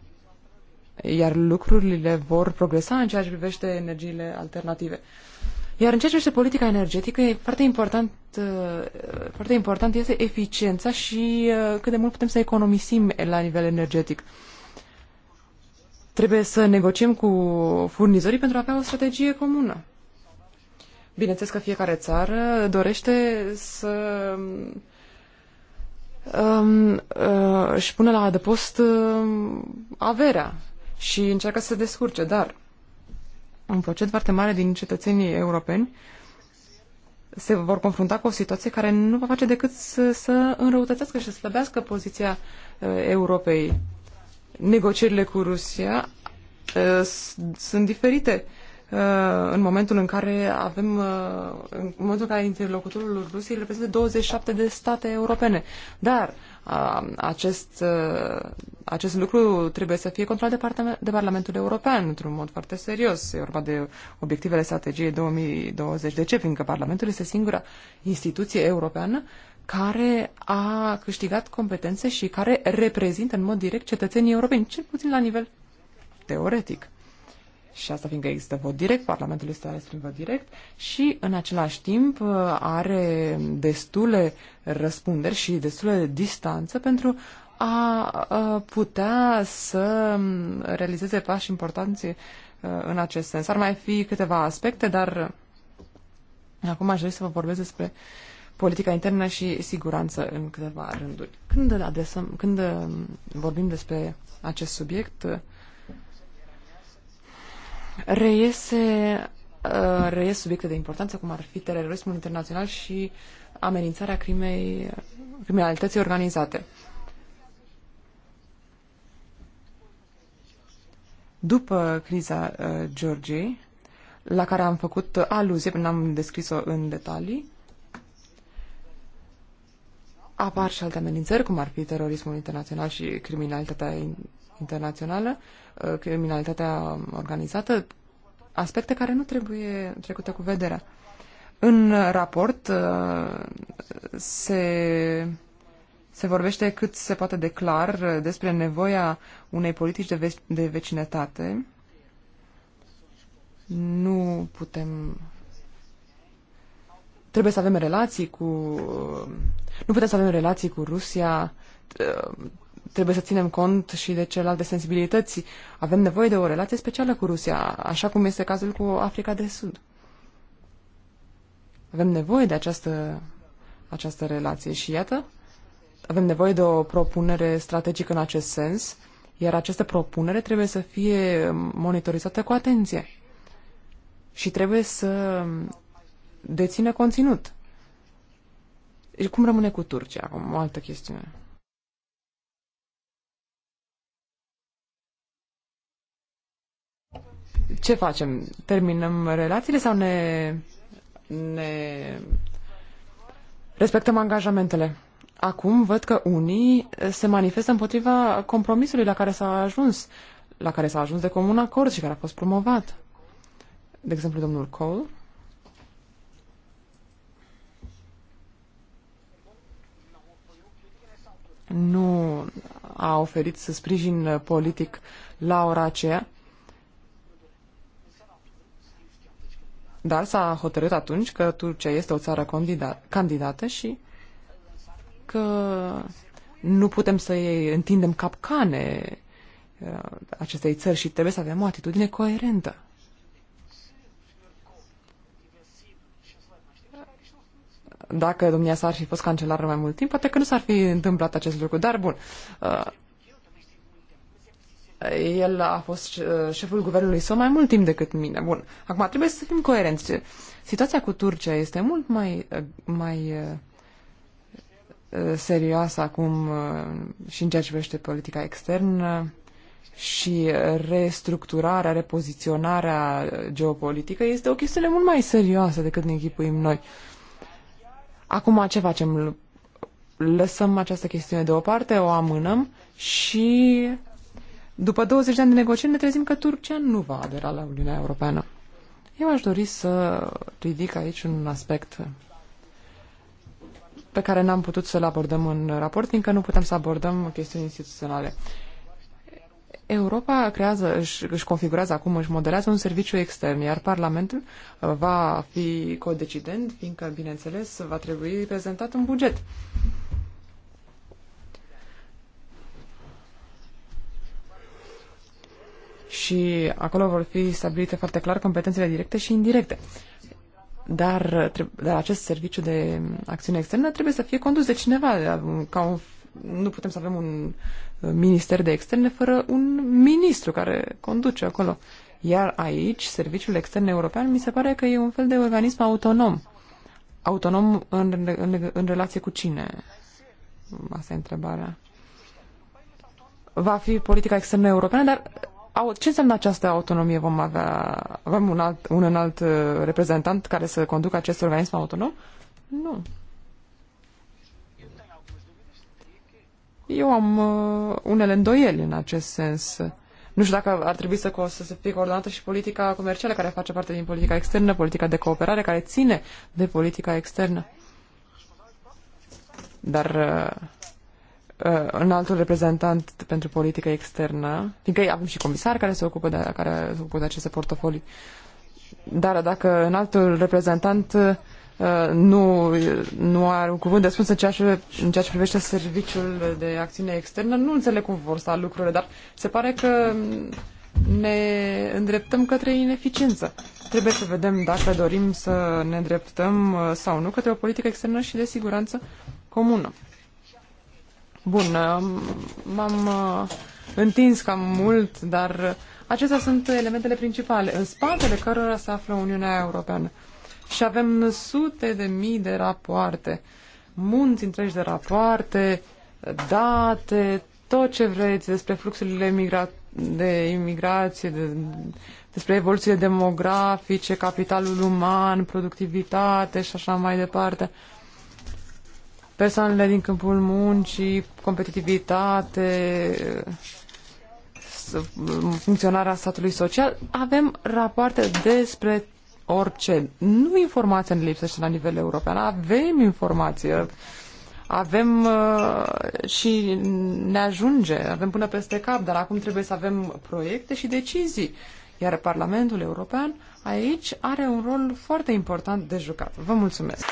iar lucrurile vor progresa în ceea ce privește energiile alternative. Iar în ceea ce este politica energetică, e foarte important, uh, foarte important este eficiența și uh, cât de mult putem să economisim la nivel energetic. Trebuie să negociem cu furnizorii pentru a avea o strategie comună. Bineînțeles că fiecare țară dorește să um, uh, își pune la adăpost uh, averea și încearcă să se descurce, dar un procent foarte mare din cetățenii europeni se vor confrunta cu o situație care nu va face decât să, să înrăutățească și să slăbească poziția uh, Europei. Negocierile cu Rusia uh, sunt diferite uh, în momentul în care avem, uh, în momentul în care interlocutorul Rusiei reprezintă 27 de state europene. Dar acest, acest lucru trebuie să fie controlat de, de Parlamentul European într-un mod foarte serios. E vorba de obiectivele strategiei 2020. De ce? Fiindcă Parlamentul este singura instituție europeană care a câștigat competențe și care reprezintă în mod direct cetățenii europeni, cel puțin la nivel teoretic și asta fiindcă există vot direct, Parlamentul este ales prin vot direct și în același timp are destule răspunderi și destule distanță pentru a putea să realizeze pași importanți în acest sens. Ar mai fi câteva aspecte, dar acum aș dori să vă vorbesc despre politica internă și siguranță în câteva rânduri. Când, adresăm, când vorbim despre acest subiect, reiese, uh, reiese subiecte de importanță, cum ar fi terorismul internațional și amenințarea crimei, criminalității organizate. După criza uh, Georgiei, la care am făcut aluzie, până am descris-o în detalii, apar și alte amenințări, cum ar fi terorismul internațional și criminalitatea internațională, uh, criminalitatea organizată, aspecte care nu trebuie trecute cu vederea. În raport uh, se, se vorbește cât se poate de clar uh, despre nevoia unei politici de, ve- de vecinătate. Nu putem. Trebuie să avem relații cu. Nu putem să avem relații cu Rusia trebuie să ținem cont și de celelalte sensibilități. Avem nevoie de o relație specială cu Rusia, așa cum este cazul cu Africa de Sud. Avem nevoie de această, această relație și iată, avem nevoie de o propunere strategică în acest sens, iar această propunere trebuie să fie monitorizată cu atenție și trebuie să dețină conținut. Cum rămâne cu Turcia? Acum, o altă chestiune. ce facem? Terminăm relațiile sau ne, ne respectăm angajamentele? Acum văd că unii se manifestă împotriva compromisului la care s-a ajuns, la care s-a ajuns de comun acord și care a fost promovat. De exemplu, domnul Cole. nu a oferit să sprijin politic la ora aceea Dar s-a hotărât atunci că Turcia este o țară candidată și că nu putem să îi întindem capcane uh, acestei țări și trebuie să avem o atitudine coerentă. Dacă domnia s-ar fi fost cancelară mai mult timp, poate că nu s-ar fi întâmplat acest lucru, dar bun. Uh, el a fost uh, șeful guvernului său mai mult timp decât mine. Bun, acum trebuie să fim coerenți. Situația cu Turcia este mult mai, uh, mai uh, serioasă acum și în ceea ce privește politica externă și restructurarea, repoziționarea geopolitică este o chestiune mult mai serioasă decât ne închipuim noi. Acum ce facem? Lăsăm această chestiune deoparte, o amânăm și după 20 de ani de negocieri ne trezim că Turcia nu va adera la Uniunea Europeană. Eu aș dori să ridic aici un aspect pe care n-am putut să-l abordăm în raport, fiindcă nu putem să abordăm chestiuni instituționale. Europa creează, își, își configurează acum, își modelează un serviciu extern, iar Parlamentul uh, va fi codecident, fiindcă, bineînțeles, va trebui prezentat un buget. și acolo vor fi stabilite foarte clar competențele directe și indirecte. Dar, dar acest serviciu de acțiune externă trebuie să fie condus de cineva, ca un, nu putem să avem un uh, minister de externe fără un ministru care conduce acolo. Iar aici, Serviciul Extern European, mi se pare că e un fel de organism autonom. Autonom în, în, în relație cu cine? Asta e întrebarea. Va fi politica externă europeană, dar ce înseamnă această autonomie? Vom avea avem un alt, un înalt uh, reprezentant care să conducă acest organism autonom? Nu. Eu am uh, unele îndoieli în acest sens. Nu știu dacă ar trebui să, să se fie coordonată și politica comercială care face parte din politica externă, politica de cooperare care ține de politica externă. Dar uh, Uh, un altul reprezentant pentru politică externă, fiindcă avem și comisar care se ocupă de, care se ocupă de aceste portofolii. Dar dacă un altul reprezentant uh, nu, nu are un cuvânt de spus în ceea, ce, în ceea ce privește serviciul de acțiune externă, nu înțeleg cum vor sta lucrurile, dar se pare că ne îndreptăm către ineficiență. Trebuie să vedem dacă dorim să ne îndreptăm uh, sau nu către o politică externă și de siguranță comună. Bun, m-am uh, întins cam mult, dar acestea sunt elementele principale, în spatele cărora se află Uniunea Europeană. Și avem sute de mii de rapoarte, munți întregi de rapoarte, date, tot ce vreți despre fluxurile migra- de imigrație, de, despre evoluțiile demografice, capitalul uman, productivitate și așa mai departe persoanele din câmpul muncii, competitivitate, funcționarea statului social, avem rapoarte despre orice. Nu informația ne lipsește la nivel european, avem informație, avem uh, și ne ajunge, avem până peste cap, dar acum trebuie să avem proiecte și decizii. Iar Parlamentul European aici are un rol foarte important de jucat. Vă mulțumesc!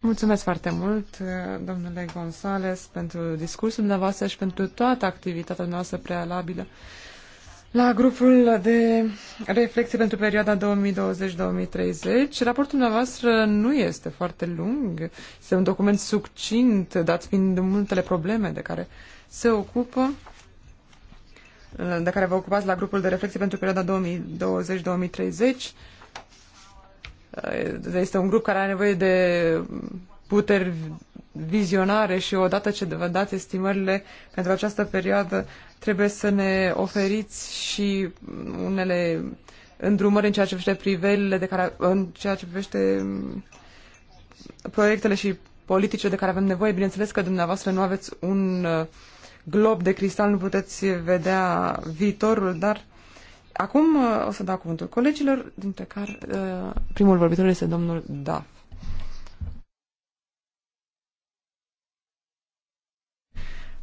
Mulțumesc foarte mult, domnule Gonzales, pentru discursul dumneavoastră și pentru toată activitatea noastră prealabilă la grupul de reflecție pentru perioada 2020-2030. Raportul dumneavoastră nu este foarte lung, este un document succint, dat fiind multele probleme de care se ocupă de care vă ocupați la grupul de reflecție pentru perioada 2020-2030. Eh, este un grup care are nevoie de puteri vizionare și odată ce vă dați estimările pentru această perioadă, trebuie să ne oferiți și unele îndrumări în ceea ce privește privelile de care, în ceea ce privește mm, proiectele și politice de care avem nevoie. Bineînțeles că dumneavoastră nu aveți un uh, glob de cristal, nu puteți vedea viitorul, dar Acum uh, o să dau cuvântul colegilor, dintre care uh, primul vorbitor este domnul Daf.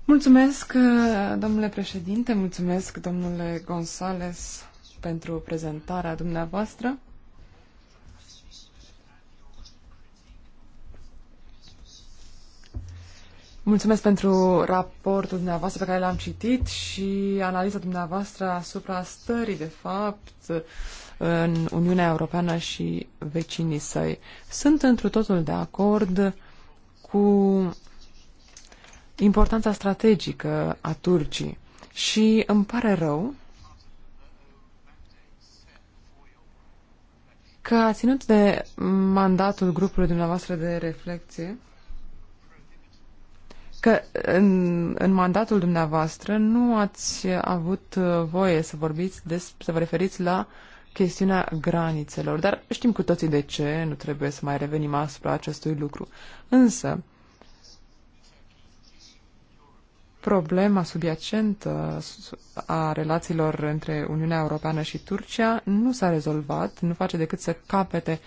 Mulțumesc, uh, domnule președinte, mulțumesc, domnule Gonzales, pentru prezentarea dumneavoastră. Mulțumesc pentru raportul dumneavoastră pe care l-am citit și analiza dumneavoastră asupra stării, de fapt, în Uniunea Europeană și vecinii săi. Sunt întru totul de acord cu importanța strategică a Turcii și îmi pare rău că a ținut de mandatul grupului dumneavoastră de reflecție că în, în mandatul dumneavoastră nu ați avut uh, voie să vorbiți des, să vă referiți la chestiunea granițelor, dar știm cu toții de ce, nu trebuie să mai revenim asupra acestui lucru. Însă, problema subiacentă a relațiilor între Uniunea Europeană și Turcia nu s-a rezolvat, nu face decât să capete,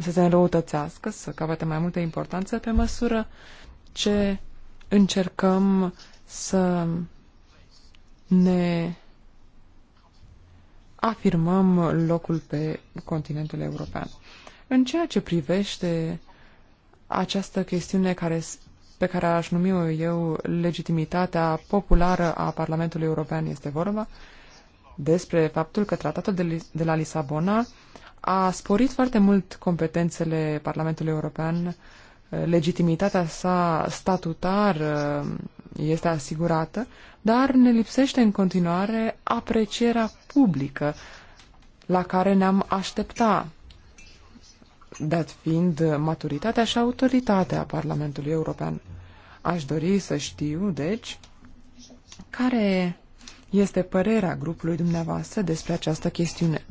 să se înrăutățească, să capete mai multă importanță pe măsură ce încercăm să ne afirmăm locul pe continentul european. În ceea ce privește această chestiune care, pe care aș numi eu legitimitatea populară a Parlamentului European este vorba, despre faptul că tratatul de, de la Lisabona a sporit foarte mult competențele Parlamentului European legitimitatea sa statutară uh, este asigurată, dar ne lipsește în continuare aprecierea publică la care ne-am aștepta, dat fiind maturitatea și autoritatea Parlamentului European. Aș dori să știu, deci, care este părerea grupului dumneavoastră despre această chestiune.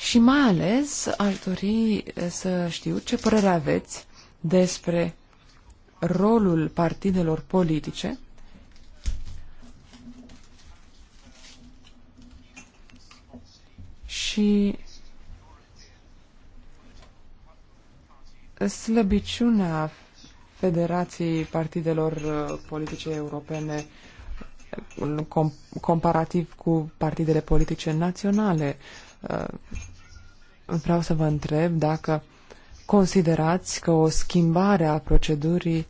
Și mai ales aș dori eh, să știu ce părere aveți despre rolul partidelor politice și slăbiciunea Federației Partidelor eh, Politice Europene eh, comparativ cu partidele politice naționale vreau să vă întreb dacă considerați că o schimbare a procedurii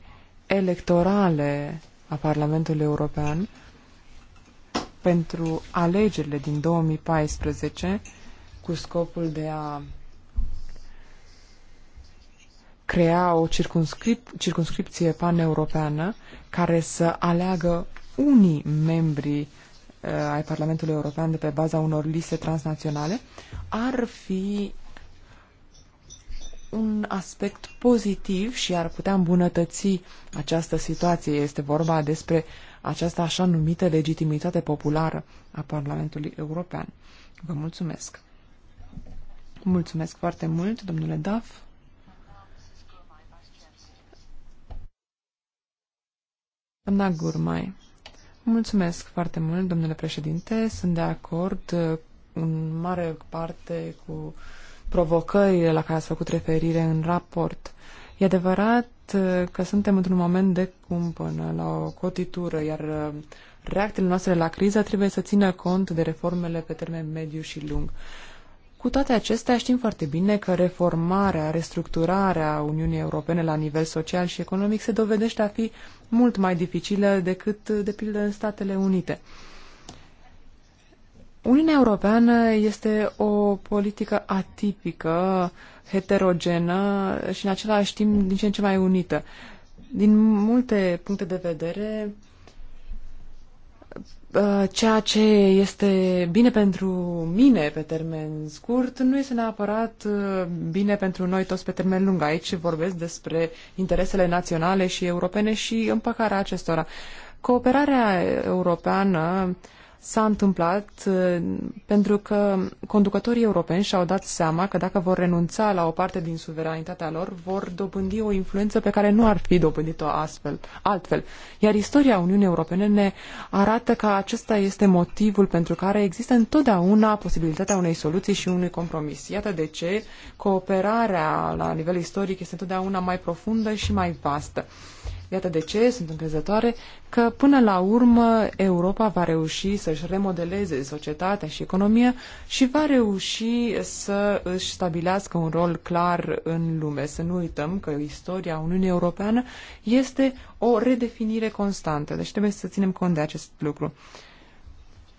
electorale a Parlamentului European pentru alegerile din 2014 cu scopul de a crea o circunscrip- circunscripție paneuropeană care să aleagă unii membrii Uh, ai Parlamentului European de pe baza unor liste transnaționale ar fi un aspect pozitiv și ar putea îmbunătăți această situație. Este vorba despre această așa numită legitimitate populară a Parlamentului European. Vă mulțumesc. Mulțumesc foarte mult, domnule Daf. Doamna Gurmai. Mulțumesc foarte mult, domnule președinte. Sunt de acord uh, în mare parte cu provocările la care ați făcut referire în raport. E adevărat uh, că suntem într-un moment de cumpănă, la o cotitură, iar uh, reacțiile noastre la criză trebuie să țină cont de reformele pe termen mediu și lung. Cu toate acestea, știm foarte bine că reformarea, restructurarea Uniunii Europene la nivel social și economic se dovedește a fi mult mai dificilă decât, de pildă, în Statele Unite. Uniunea Europeană este o politică atipică, heterogenă și, în același timp, din ce în ce mai unită. Din multe puncte de vedere, Uh, ceea ce este bine pentru mine pe termen scurt nu este neapărat uh, bine pentru noi toți pe termen lung. Aici vorbesc despre interesele naționale și europene și împăcarea acestora. Cooperarea europeană uh, s-a întâmplat uh, pentru că conducătorii europeni și-au dat seama că dacă vor renunța la o parte din suveranitatea lor, vor dobândi o influență pe care nu ar fi dobândit-o astfel, altfel. Iar istoria Uniunii Europene ne arată că acesta este motivul pentru care există întotdeauna posibilitatea unei soluții și unui compromis. Iată de ce cooperarea la nivel istoric este întotdeauna mai profundă și mai vastă. Iată de ce sunt încrezătoare că până la urmă Europa va reuși să-și remodeleze societatea și economia și va reuși să își stabilească un rol clar în lume. Să nu uităm că istoria Uniunii Europeană este o redefinire constantă, deci trebuie să ținem cont de acest lucru.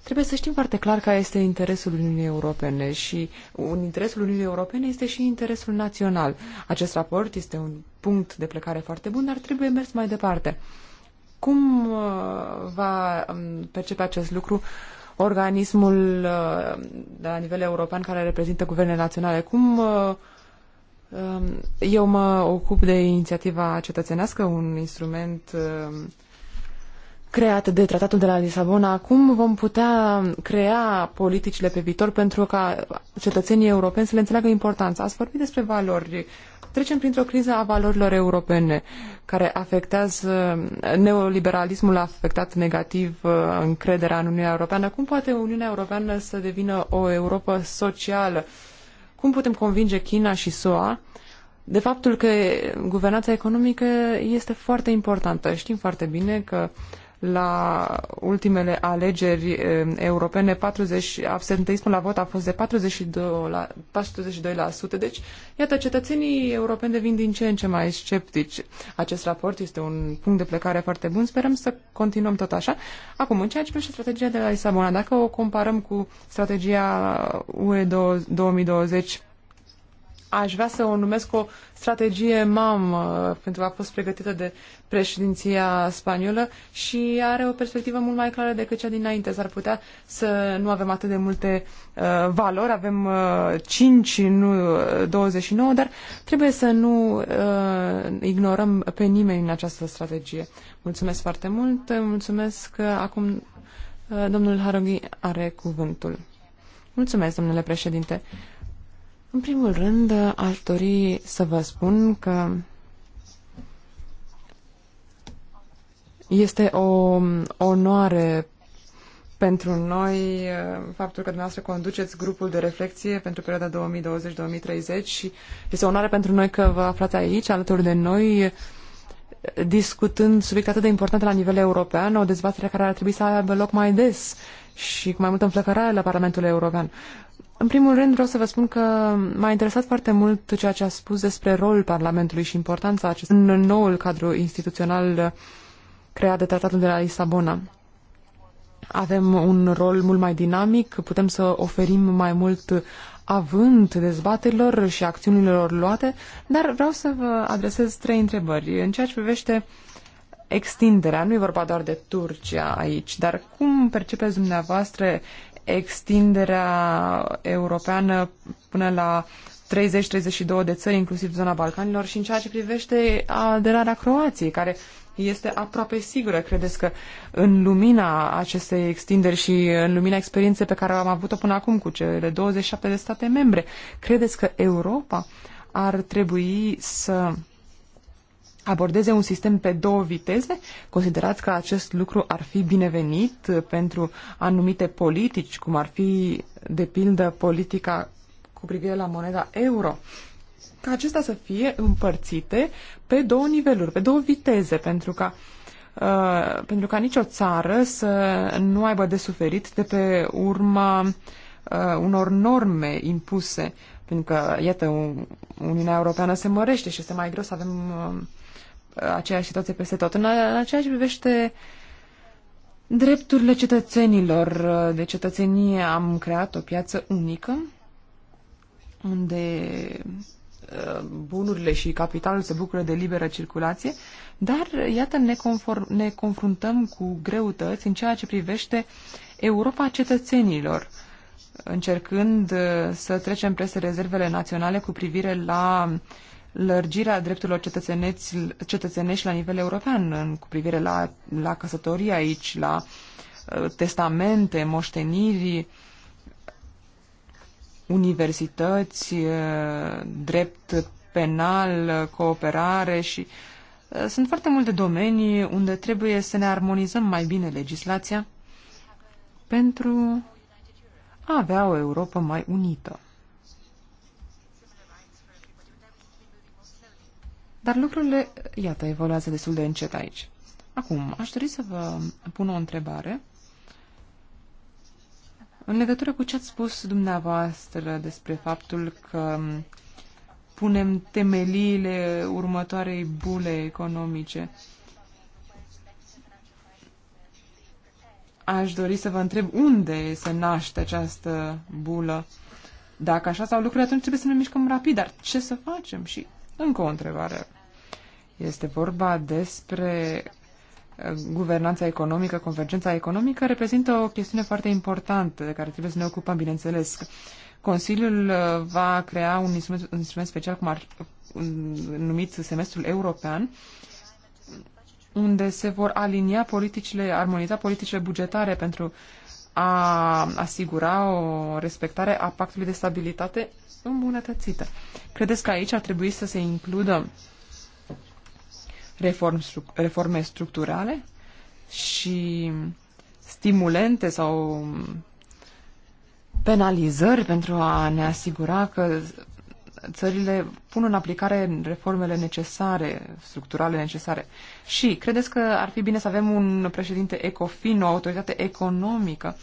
Trebuie să știm foarte clar care este interesul Uniunii Europene și un interesul Uniunii Europene este și interesul național. Acest raport este un punct de plecare foarte bun, dar trebuie mers mai departe. Cum uh, va um, percepe acest lucru organismul uh, de la nivel european care reprezintă guvernele naționale? Cum uh, um, eu mă ocup de inițiativa cetățenească, un instrument uh, creat de tratatul de la Lisabona, acum vom putea crea politicile pe viitor pentru ca cetățenii europeni să le înțeleagă importanța. Ați vorbit despre valori. Trecem printr-o criză a valorilor europene, care afectează, neoliberalismul a afectat negativ uh, încrederea în Uniunea Europeană. Cum poate Uniunea Europeană să devină o Europa socială? Cum putem convinge China și SUA de faptul că guvernanța economică este foarte importantă. Știm foarte bine că uh, la ultimele alegeri eh, europene, 40, absenteismul la vot a fost de 42%, la, 42%. Deci, iată, cetățenii europeni devin din ce în ce mai sceptici. Acest raport este un punct de plecare foarte bun. Sperăm să continuăm tot așa. Acum, în ceea ce privește strategia de la Lisabona, dacă o comparăm cu strategia UE 2020, aș vrea să o numesc o strategie mamă, uh, pentru că a fost pregătită de președinția spaniolă și are o perspectivă mult mai clară decât cea dinainte. S-ar putea să nu avem atât de multe uh, valori, avem uh, 5, nu uh, 29, dar trebuie să nu uh, ignorăm pe nimeni în această strategie. Mulțumesc foarte mult, mulțumesc că uh, acum uh, domnul Harunghi are cuvântul. Mulțumesc, domnule președinte. În primul rând, aș dori să vă spun că este o onoare pentru noi uh, faptul că dumneavoastră conduceți grupul de reflexie pentru perioada 2020-2030 și este o onoare pentru noi că vă aflați aici, alături de noi, discutând subiecte atât de importante la nivel european, o dezbatere care ar trebui să aibă loc mai des și cu mai multă înflăcărare la Parlamentul European. În primul rând vreau să vă spun că m-a interesat foarte mult ceea ce a spus despre rolul Parlamentului și importanța acestui în noul cadru instituțional creat de Tratatul de la Lisabona. Avem un rol mult mai dinamic, putem să oferim mai mult avânt dezbaterilor și acțiunilor luate, dar vreau să vă adresez trei întrebări. În ceea ce privește extinderea, nu e vorba doar de Turcia aici, dar cum percepeți dumneavoastră extinderea europeană până la 30-32 de țări, inclusiv zona Balcanilor, și în ceea ce privește aderarea Croației, care este aproape sigură. Credeți că în lumina acestei extinderi și în lumina experienței pe care am avut-o până acum cu cele 27 de state membre, credeți că Europa ar trebui să abordeze un sistem pe două viteze, considerați că acest lucru ar fi binevenit uh, pentru anumite politici, cum ar fi, de pildă, politica cu privire la moneda euro, ca acestea să fie împărțite pe două niveluri, pe două viteze, pentru ca Uh, pentru ca nicio țară să nu aibă de suferit de pe urma uh, unor norme impuse, pentru că, iată, Uniunea Europeană se mărește și este mai greu să avem uh, aceeași situație peste tot. În, în aceeași privește drepturile cetățenilor de cetățenie, am creat o piață unică unde uh, bunurile și capitalul se bucură de liberă circulație, dar iată ne, conform, ne confruntăm cu greutăți în ceea ce privește Europa cetățenilor, încercând uh, să trecem peste rezervele naționale cu privire la uh, lărgirea drepturilor cetățenești la nivel european în, cu privire la, la căsătorie aici, la uh, testamente, moșteniri, universități, uh, drept penal, cooperare și uh, sunt foarte multe domenii unde trebuie să ne armonizăm mai bine legislația pentru a avea o Europa mai unită. Dar lucrurile, iată, evoluează destul de încet aici. Acum, aș dori să vă pun o întrebare în legătură cu ce ați spus dumneavoastră despre faptul că punem temeliile următoarei bule economice. Aș dori să vă întreb unde se naște această bulă. Dacă așa s-au lucrurile, atunci trebuie să ne mișcăm rapid, dar ce să facem și încă o întrebare. Este vorba despre uh, guvernanța economică, convergența economică, reprezintă o chestiune foarte importantă de care trebuie să ne ocupăm, bineînțeles. Consiliul uh, va crea un instrument, un instrument special cum ar, numit semestrul european, unde se vor alinia politicile, armoniza politicile bugetare pentru a asigura o respectare a pactului de stabilitate îmbunătățită. Credeți că aici ar trebui să se includă reform, reforme structurale și stimulente sau penalizări pentru a ne asigura că țările pun în aplicare reformele necesare, structurale necesare. Și credeți că ar fi bine să avem un președinte ECOFIN, o autoritate economică,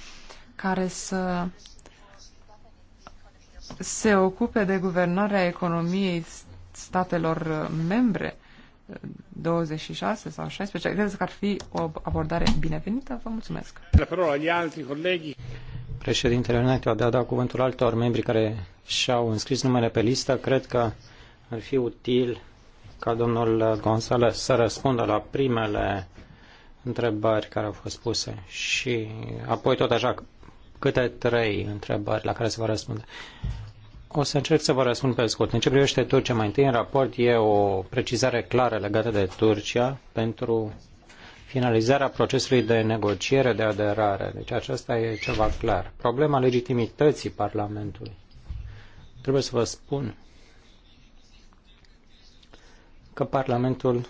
care să se ocupe de guvernarea economiei statelor membre 26 sau 16. Credeți că ar fi o abordare binevenită? Vă mulțumesc. La agli altri colleghi. Președintele înainte de a da cuvântul altor membri care și-au înscris numele pe listă, cred că ar fi util ca domnul Gonzalez să răspundă la primele întrebări care au fost puse și apoi tot așa câte trei întrebări la care se va răspunde. O să încerc să vă răspund pe scurt. În ce privește Turcia, mai întâi în raport e o precizare clară legată de Turcia pentru finalizarea procesului de negociere de aderare. Deci aceasta e ceva clar. Problema legitimității Parlamentului. Trebuie să vă spun că Parlamentul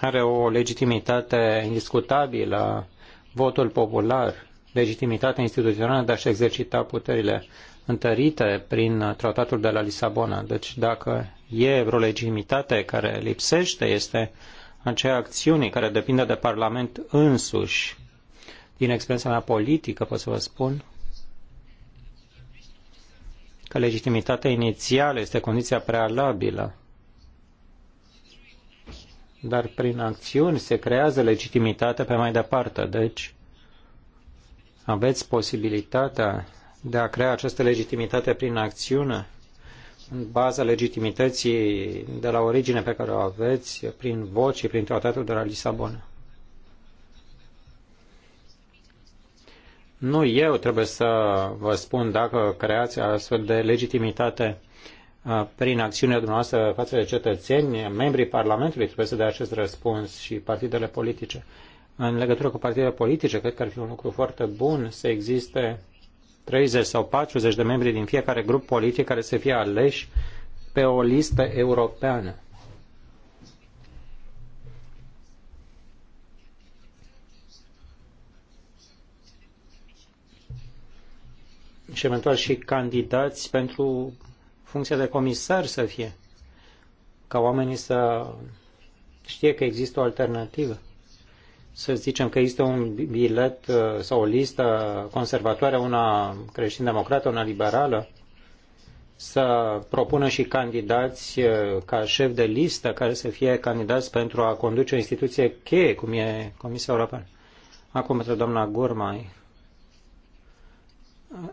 are o legitimitate indiscutabilă, votul popular legitimitatea instituțională de a-și exercita puterile întărite prin tratatul de la Lisabona. Deci dacă e vreo legitimitate care lipsește, este aceea acțiune care depinde de Parlament însuși. Din experiența mea politică pot să vă spun că legitimitatea inițială este condiția prealabilă. Dar prin acțiuni se creează legitimitate pe mai departe. Deci, aveți posibilitatea de a crea această legitimitate prin acțiune, în baza legitimității de la origine pe care o aveți prin vot și prin tratatul de la Lisabona. Nu eu trebuie să vă spun dacă creați astfel de legitimitate prin acțiunea dumneavoastră față de cetățeni, membrii Parlamentului trebuie să dea acest răspuns și partidele politice în legătură cu partidele politice, cred că ar fi un lucru foarte bun să existe 30 sau 40 de membri din fiecare grup politic care să fie aleși pe o listă europeană. și eventual și candidați pentru funcția de comisar să fie, ca oamenii să știe că există o alternativă să zicem că există un bilet uh, sau o listă conservatoare, una creștin-democrată, una liberală, să propună și candidați uh, ca șef de listă care să fie candidați pentru a conduce o instituție cheie, cum e Comisia Europeană. Acum, pentru doamna Gurmai, uh,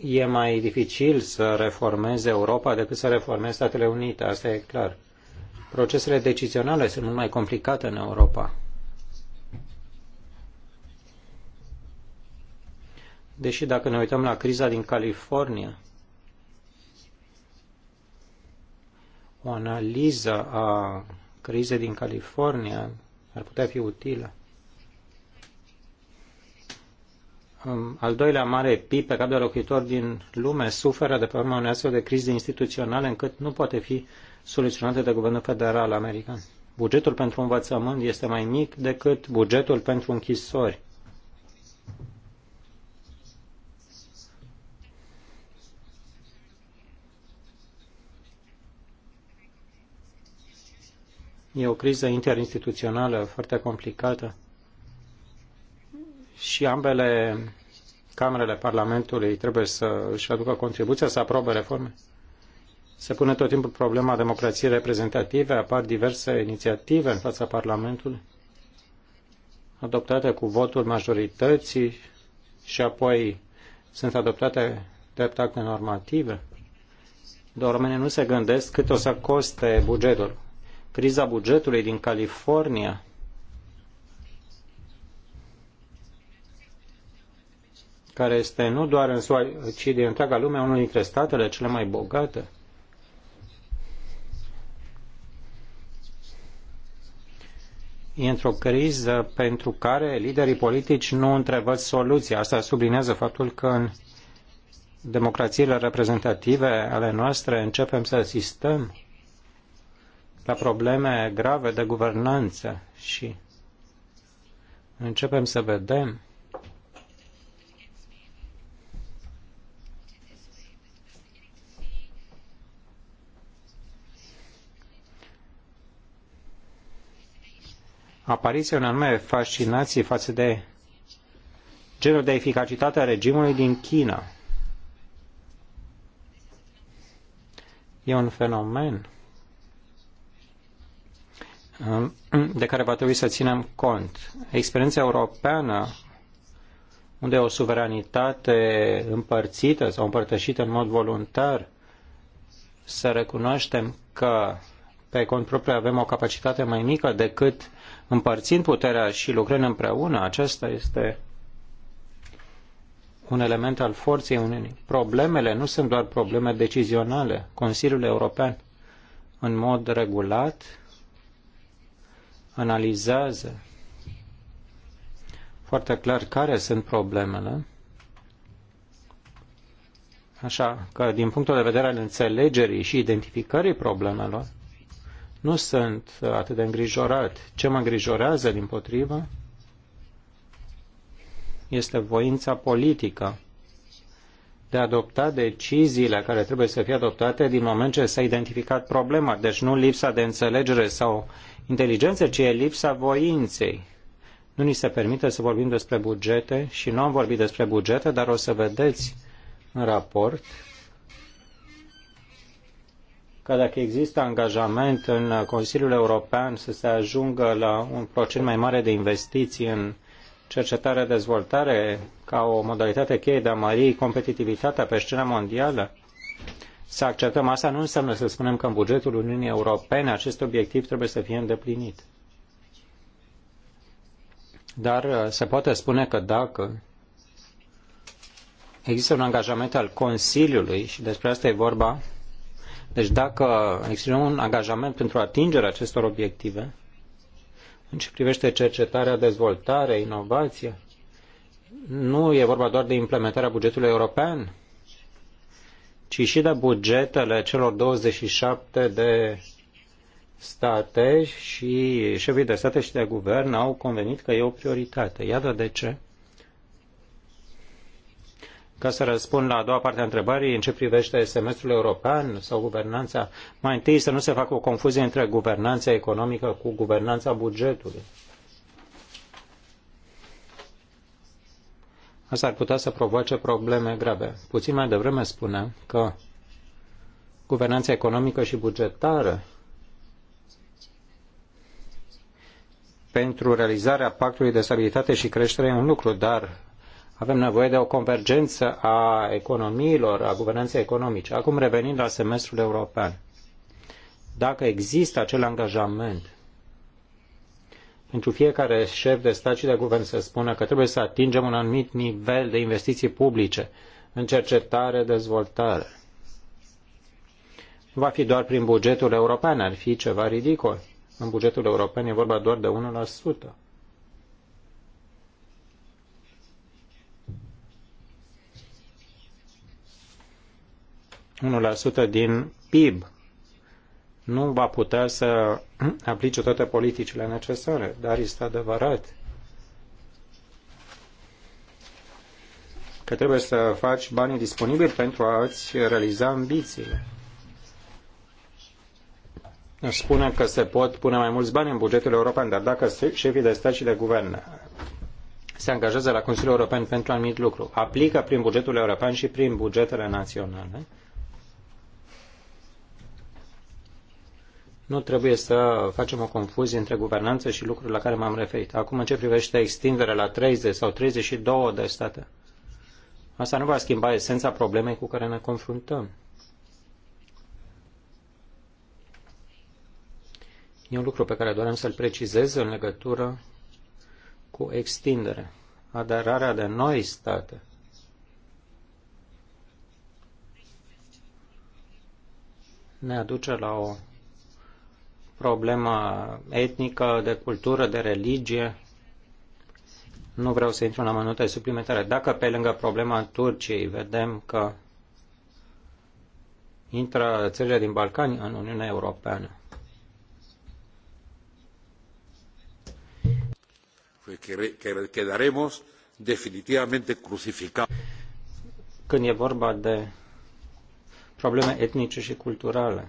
e mai dificil să reformeze Europa decât să reformeze Statele Unite, asta e clar. Procesele decizionale sunt mult mai complicate în Europa. Deși dacă ne uităm la criza din California, o analiză a crizei din California ar putea fi utilă. Um, al doilea mare PIB pe cap de locuitor din lume suferă de pe urma unei astfel de crize instituționale încât nu poate fi soluționată de guvernul federal american. Bugetul pentru învățământ este mai mic decât bugetul pentru închisori. E o criză interinstituțională foarte complicată și ambele camerele Parlamentului trebuie să își aducă contribuția să aprobe reforme. Se pune tot timpul problema democrației reprezentative, apar diverse inițiative în fața Parlamentului, adoptate cu votul majorității și apoi sunt adoptate drept acte normative. Dar oamenii nu se gândesc cât o să coste bugetul, Criza bugetului din California care este nu doar în SUA, ci din întreaga lume unul dintre statele cele mai bogate. E într-o criză pentru care liderii politici nu întrevăd soluția. Asta sublinează faptul că în democrațiile reprezentative ale noastre începem să asistăm la probleme grave de guvernanță și începem să vedem apariția unei anume fascinații față de genul de eficacitate a regimului din China. E un fenomen de care va trebui să ținem cont. Experiența europeană, unde o suveranitate împărțită sau împărtășită în mod voluntar, să recunoaștem că pe cont propriu avem o capacitate mai mică decât împărțind puterea și lucrând împreună, acesta este un element al forței Uniunii. Problemele nu sunt doar probleme decizionale. Consiliul European, în mod regulat, analizează foarte clar care sunt problemele, așa că din punctul de vedere al înțelegerii și identificării problemelor, nu sunt atât de îngrijorat. Ce mă îngrijorează, din potrivă, este voința politică de a adopta deciziile care trebuie să fie adoptate din moment ce s-a identificat problema. Deci nu lipsa de înțelegere sau inteligență, ci e lipsa voinței. Nu ni se permite să vorbim despre bugete și nu am vorbit despre bugete, dar o să vedeți în raport că dacă există angajament în Consiliul European să se ajungă la un procent mai mare de investiții în cercetare-dezvoltare ca o modalitate cheie de a mări competitivitatea pe scena mondială? Să acceptăm asta nu înseamnă să spunem că în bugetul Uniunii Europene acest obiectiv trebuie să fie îndeplinit. Dar uh, se poate spune că dacă există un angajament al Consiliului și despre asta e vorba, deci dacă există un angajament pentru atingerea acestor obiective, în ce privește cercetarea, dezvoltarea, inovația, nu e vorba doar de implementarea bugetului european, ci și de bugetele celor 27 de state și șefii de state și de guvern au convenit că e o prioritate. Iată de ce ca să răspund la a doua parte a întrebării, în ce privește semestrul european sau guvernanța, mai întâi să nu se facă o confuzie între guvernanța economică cu guvernanța bugetului. Asta ar putea să provoace probleme grave. Puțin mai devreme spuneam că guvernanța economică și bugetară pentru realizarea pactului de stabilitate și creștere e un lucru, dar avem nevoie de o convergență a economiilor, a guvernanței economice. Acum revenind la semestrul european. Dacă există acel angajament pentru fiecare șef de stat și de guvern să spună că trebuie să atingem un anumit nivel de investiții publice în cercetare, dezvoltare. Nu va fi doar prin bugetul european, ar fi ceva ridicol. În bugetul european e vorba doar de 1%. 1% din PIB nu va putea să aplice toate politicile necesare, dar este adevărat că trebuie să faci banii disponibili pentru a-ți realiza ambițiile. Își spune că se pot pune mai mulți bani în bugetul european, dar dacă șefii de stat și de guvern se angajează la Consiliul European pentru anumit lucru, aplică prin bugetul european și prin bugetele naționale, Nu trebuie să facem o confuzie între guvernanță și lucruri la care m-am referit. Acum, în ce privește extinderea la 30 sau 32 de state, asta nu va schimba esența problemei cu care ne confruntăm. E un lucru pe care doream să-l precizez în legătură cu extindere, aderarea de noi state. Ne aduce la o Problema etnică, de cultură, de religie. Nu vreau să intru în amănunte suplimentare. Dacă pe lângă problema Turciei vedem că intră țările din Balcani în Uniunea Europeană, quedaremos definitivamente crucificados. Când e vorba de probleme etnice și culturale,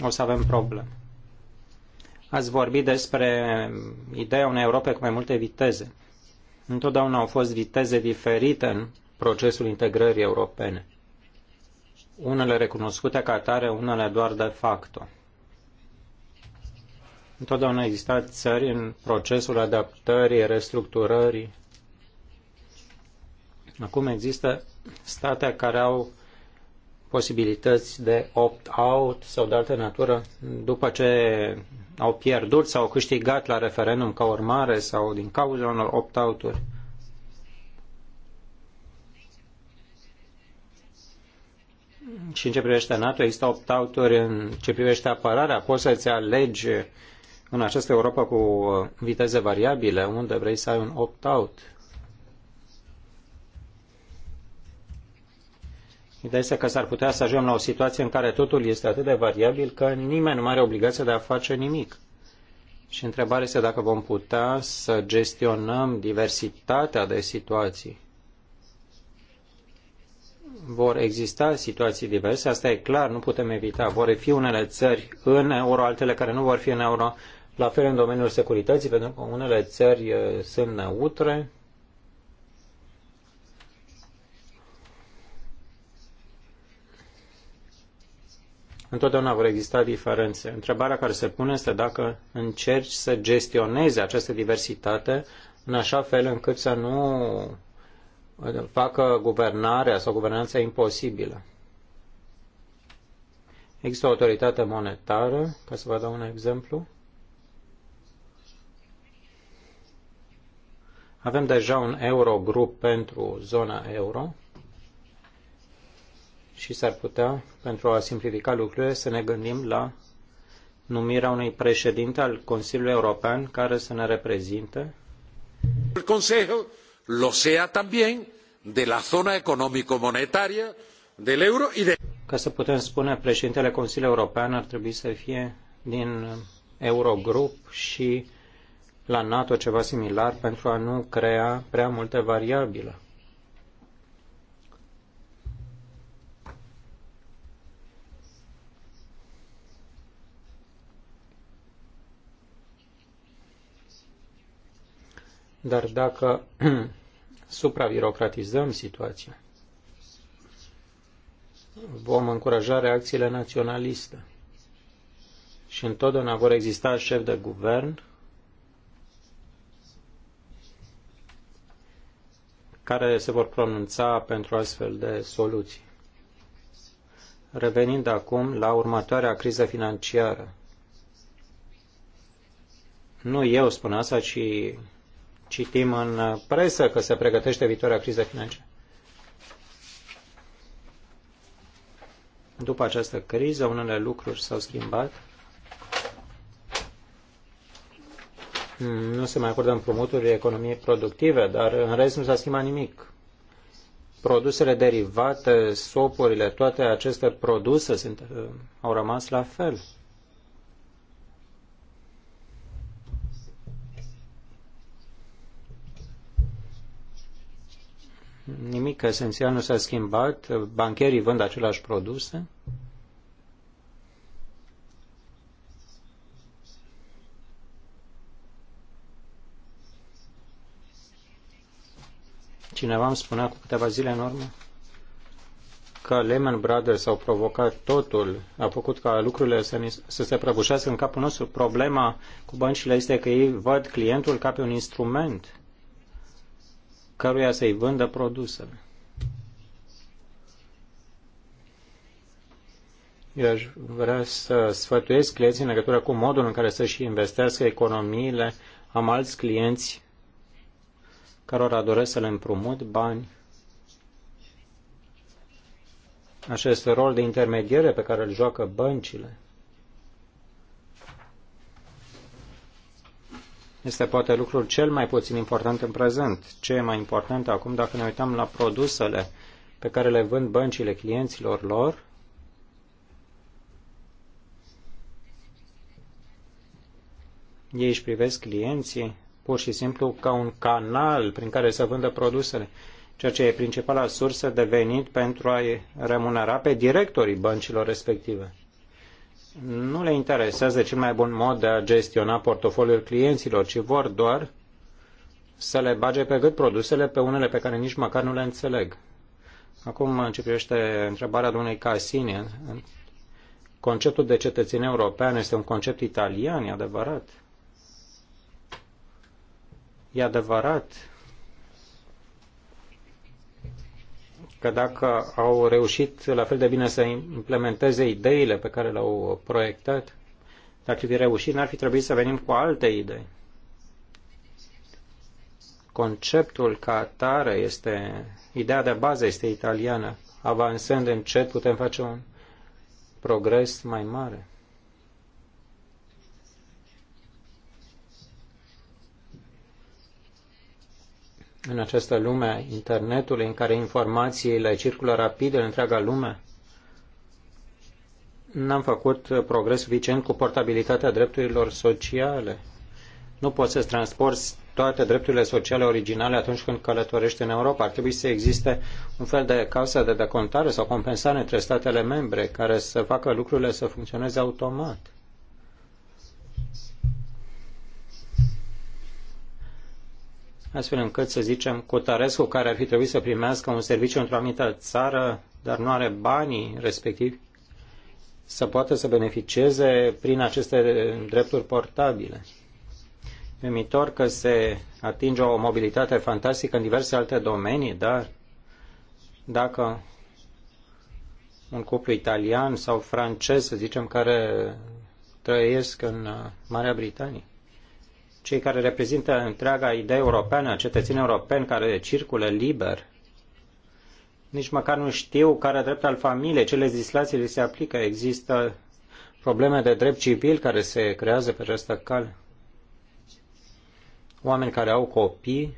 o să avem probleme. Ați vorbit despre ideea unei Europe cu mai multe viteze. Întotdeauna au fost viteze diferite în procesul integrării europene. Unele recunoscute ca atare, unele doar de facto. Întotdeauna au existat țări în procesul adaptării, restructurării. Acum există state care au posibilități de opt-out sau de altă natură după ce au pierdut sau au câștigat la referendum ca urmare sau din cauza unor opt-out-uri. Și în ce privește NATO, există opt-out-uri în ce privește apărarea. Poți să-ți alegi în această Europa cu viteze variabile unde vrei să ai un opt-out Ideea este că s-ar putea să ajungem la o situație în care totul este atât de variabil că nimeni nu mai are obligația de a face nimic. Și întrebarea este dacă vom putea să gestionăm diversitatea de situații. Vor exista situații diverse, asta e clar, nu putem evita. Vor fi unele țări în euro, altele care nu vor fi în euro, la fel în domeniul securității, pentru că unele țări eh, sunt neutre, întotdeauna vor exista diferențe. Întrebarea care se pune este dacă încerci să gestionezi această diversitate în așa fel încât să nu facă guvernarea sau guvernanța imposibilă. Există o autoritate monetară, ca să vă dau un exemplu. Avem deja un eurogrup pentru zona euro, și s-ar putea, pentru a simplifica lucrurile, să ne gândim la numirea unui președinte al Consiliului European care să ne reprezinte. El Consejo lo sea también de la zona economico monetaria del euro y de... Ca să putem spune, președintele Consiliului European ar trebui să fie din Eurogrup și la NATO ceva similar pentru a nu crea prea multe variabile. Dar dacă supravirocratizăm situația, vom încuraja reacțiile naționaliste. Și întotdeauna vor exista șef de guvern care se vor pronunța pentru astfel de soluții. Revenind acum la următoarea criză financiară. Nu eu spun asta, ci citim în uh, presă că se pregătește viitoarea criză financiară. După această criză, unele lucruri s-au schimbat. Nu se mai acordă împrumuturi economiei productive, dar în rest nu s-a schimbat nimic. Produsele derivate, sopurile, toate aceste produse sunt, uh, au rămas la fel nimic esențial nu s-a schimbat, bancherii vând aceleași produse. Cineva îmi spunea cu câteva zile în urmă că Lehman Brothers au provocat totul, a făcut ca lucrurile să, ni, să se prăbușească în capul nostru. Problema cu băncile este că ei văd clientul ca pe un instrument căruia să-i vândă produsele. Eu aș vrea să sfătuiesc clienții în legătură cu modul în care să-și investească economiile. Am alți clienți cărora doresc să le împrumut bani. Acest rol de intermediere pe care îl joacă băncile este poate lucrul cel mai puțin important în prezent. Ce e mai important acum dacă ne uităm la produsele pe care le vând băncile clienților lor, ei își privesc clienții pur și simplu ca un canal prin care să vândă produsele, ceea ce e principala sursă de venit pentru a-i remunera pe directorii băncilor respective nu le interesează cel mai bun mod de a gestiona portofoliul clienților, ci vor doar să le bage pe gât produsele pe unele pe care nici măcar nu le înțeleg. Acum, în ce privește întrebarea domnului Casini, conceptul de cetățenie european este un concept italian, e adevărat. E adevărat că dacă au reușit la fel de bine să implementeze ideile pe care le-au proiectat, dacă fi reușit, n-ar fi trebuit să venim cu alte idei. Conceptul ca atare este, ideea de bază este italiană. Avansând încet putem face un progres mai mare. în această lume a internetului în care informațiile circulă rapid în întreaga lume, n-am făcut progres suficient cu portabilitatea drepturilor sociale. Nu poți să-ți transporti toate drepturile sociale originale atunci când călătorești în Europa. Ar trebui să existe un fel de casă de decontare sau compensare între statele membre care să facă lucrurile să funcționeze automat. astfel încât să zicem cotarescul care ar fi trebuit să primească un serviciu într-o anumită țară, dar nu are banii respectivi, să poată să beneficieze prin aceste drepturi portabile. Mi-e Uimitor că se atinge o mobilitate fantastică în diverse alte domenii, dar dacă un cuplu italian sau francez, să zicem, care trăiesc în Marea Britanie, cei care reprezintă întreaga idee europeană, cetățenii europeni care circulă liber, nici măcar nu știu care drept al familiei, ce legislații li se aplică. Există probleme de drept civil care se creează pe această cale. Oameni care au copii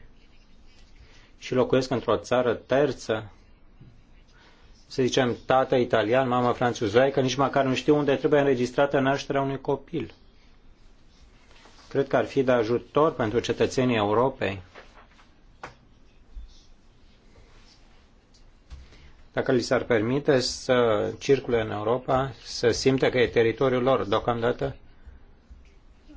și locuiesc într-o țară terță, să zicem, tată italian, mamă franțuzoaică, nici măcar nu știu unde trebuie înregistrată nașterea unui copil. Cred că ar fi de ajutor pentru cetățenii Europei dacă li s-ar permite să circule în Europa, să simte că e teritoriul lor. Deocamdată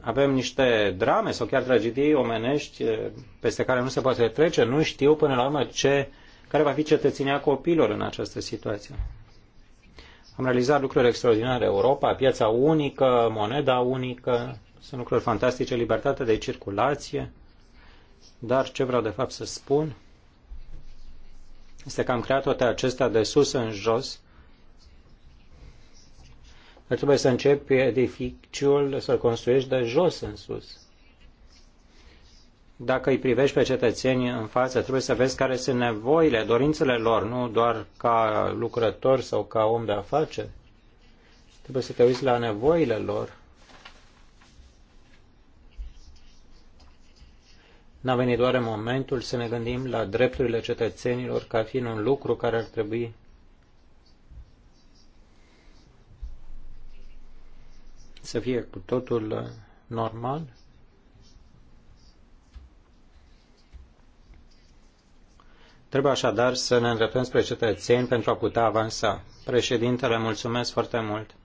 avem niște drame sau chiar tragedii omenești eh, peste care nu se poate trece. Nu știu până la urmă ce, care va fi cetățenia copiilor în această situație. Am realizat lucruri extraordinare. Europa, piața unică, moneda unică, sunt lucruri fantastice, libertatea de circulație, dar ce vreau de fapt să spun este că am creat toate acestea de sus în jos. Dar trebuie să începi edificiul să-l construiești de jos în sus. Dacă îi privești pe cetățeni în față, trebuie să vezi care sunt nevoile, dorințele lor, nu doar ca lucrător sau ca om de afaceri. Trebuie să te uiți la nevoile lor N-a venit doar momentul să ne gândim la drepturile cetățenilor ca fiind un lucru care ar trebui să fie cu totul uh, normal? Trebuie așadar să ne îndreptăm spre cetățeni pentru a putea avansa. Președintele, mulțumesc foarte mult.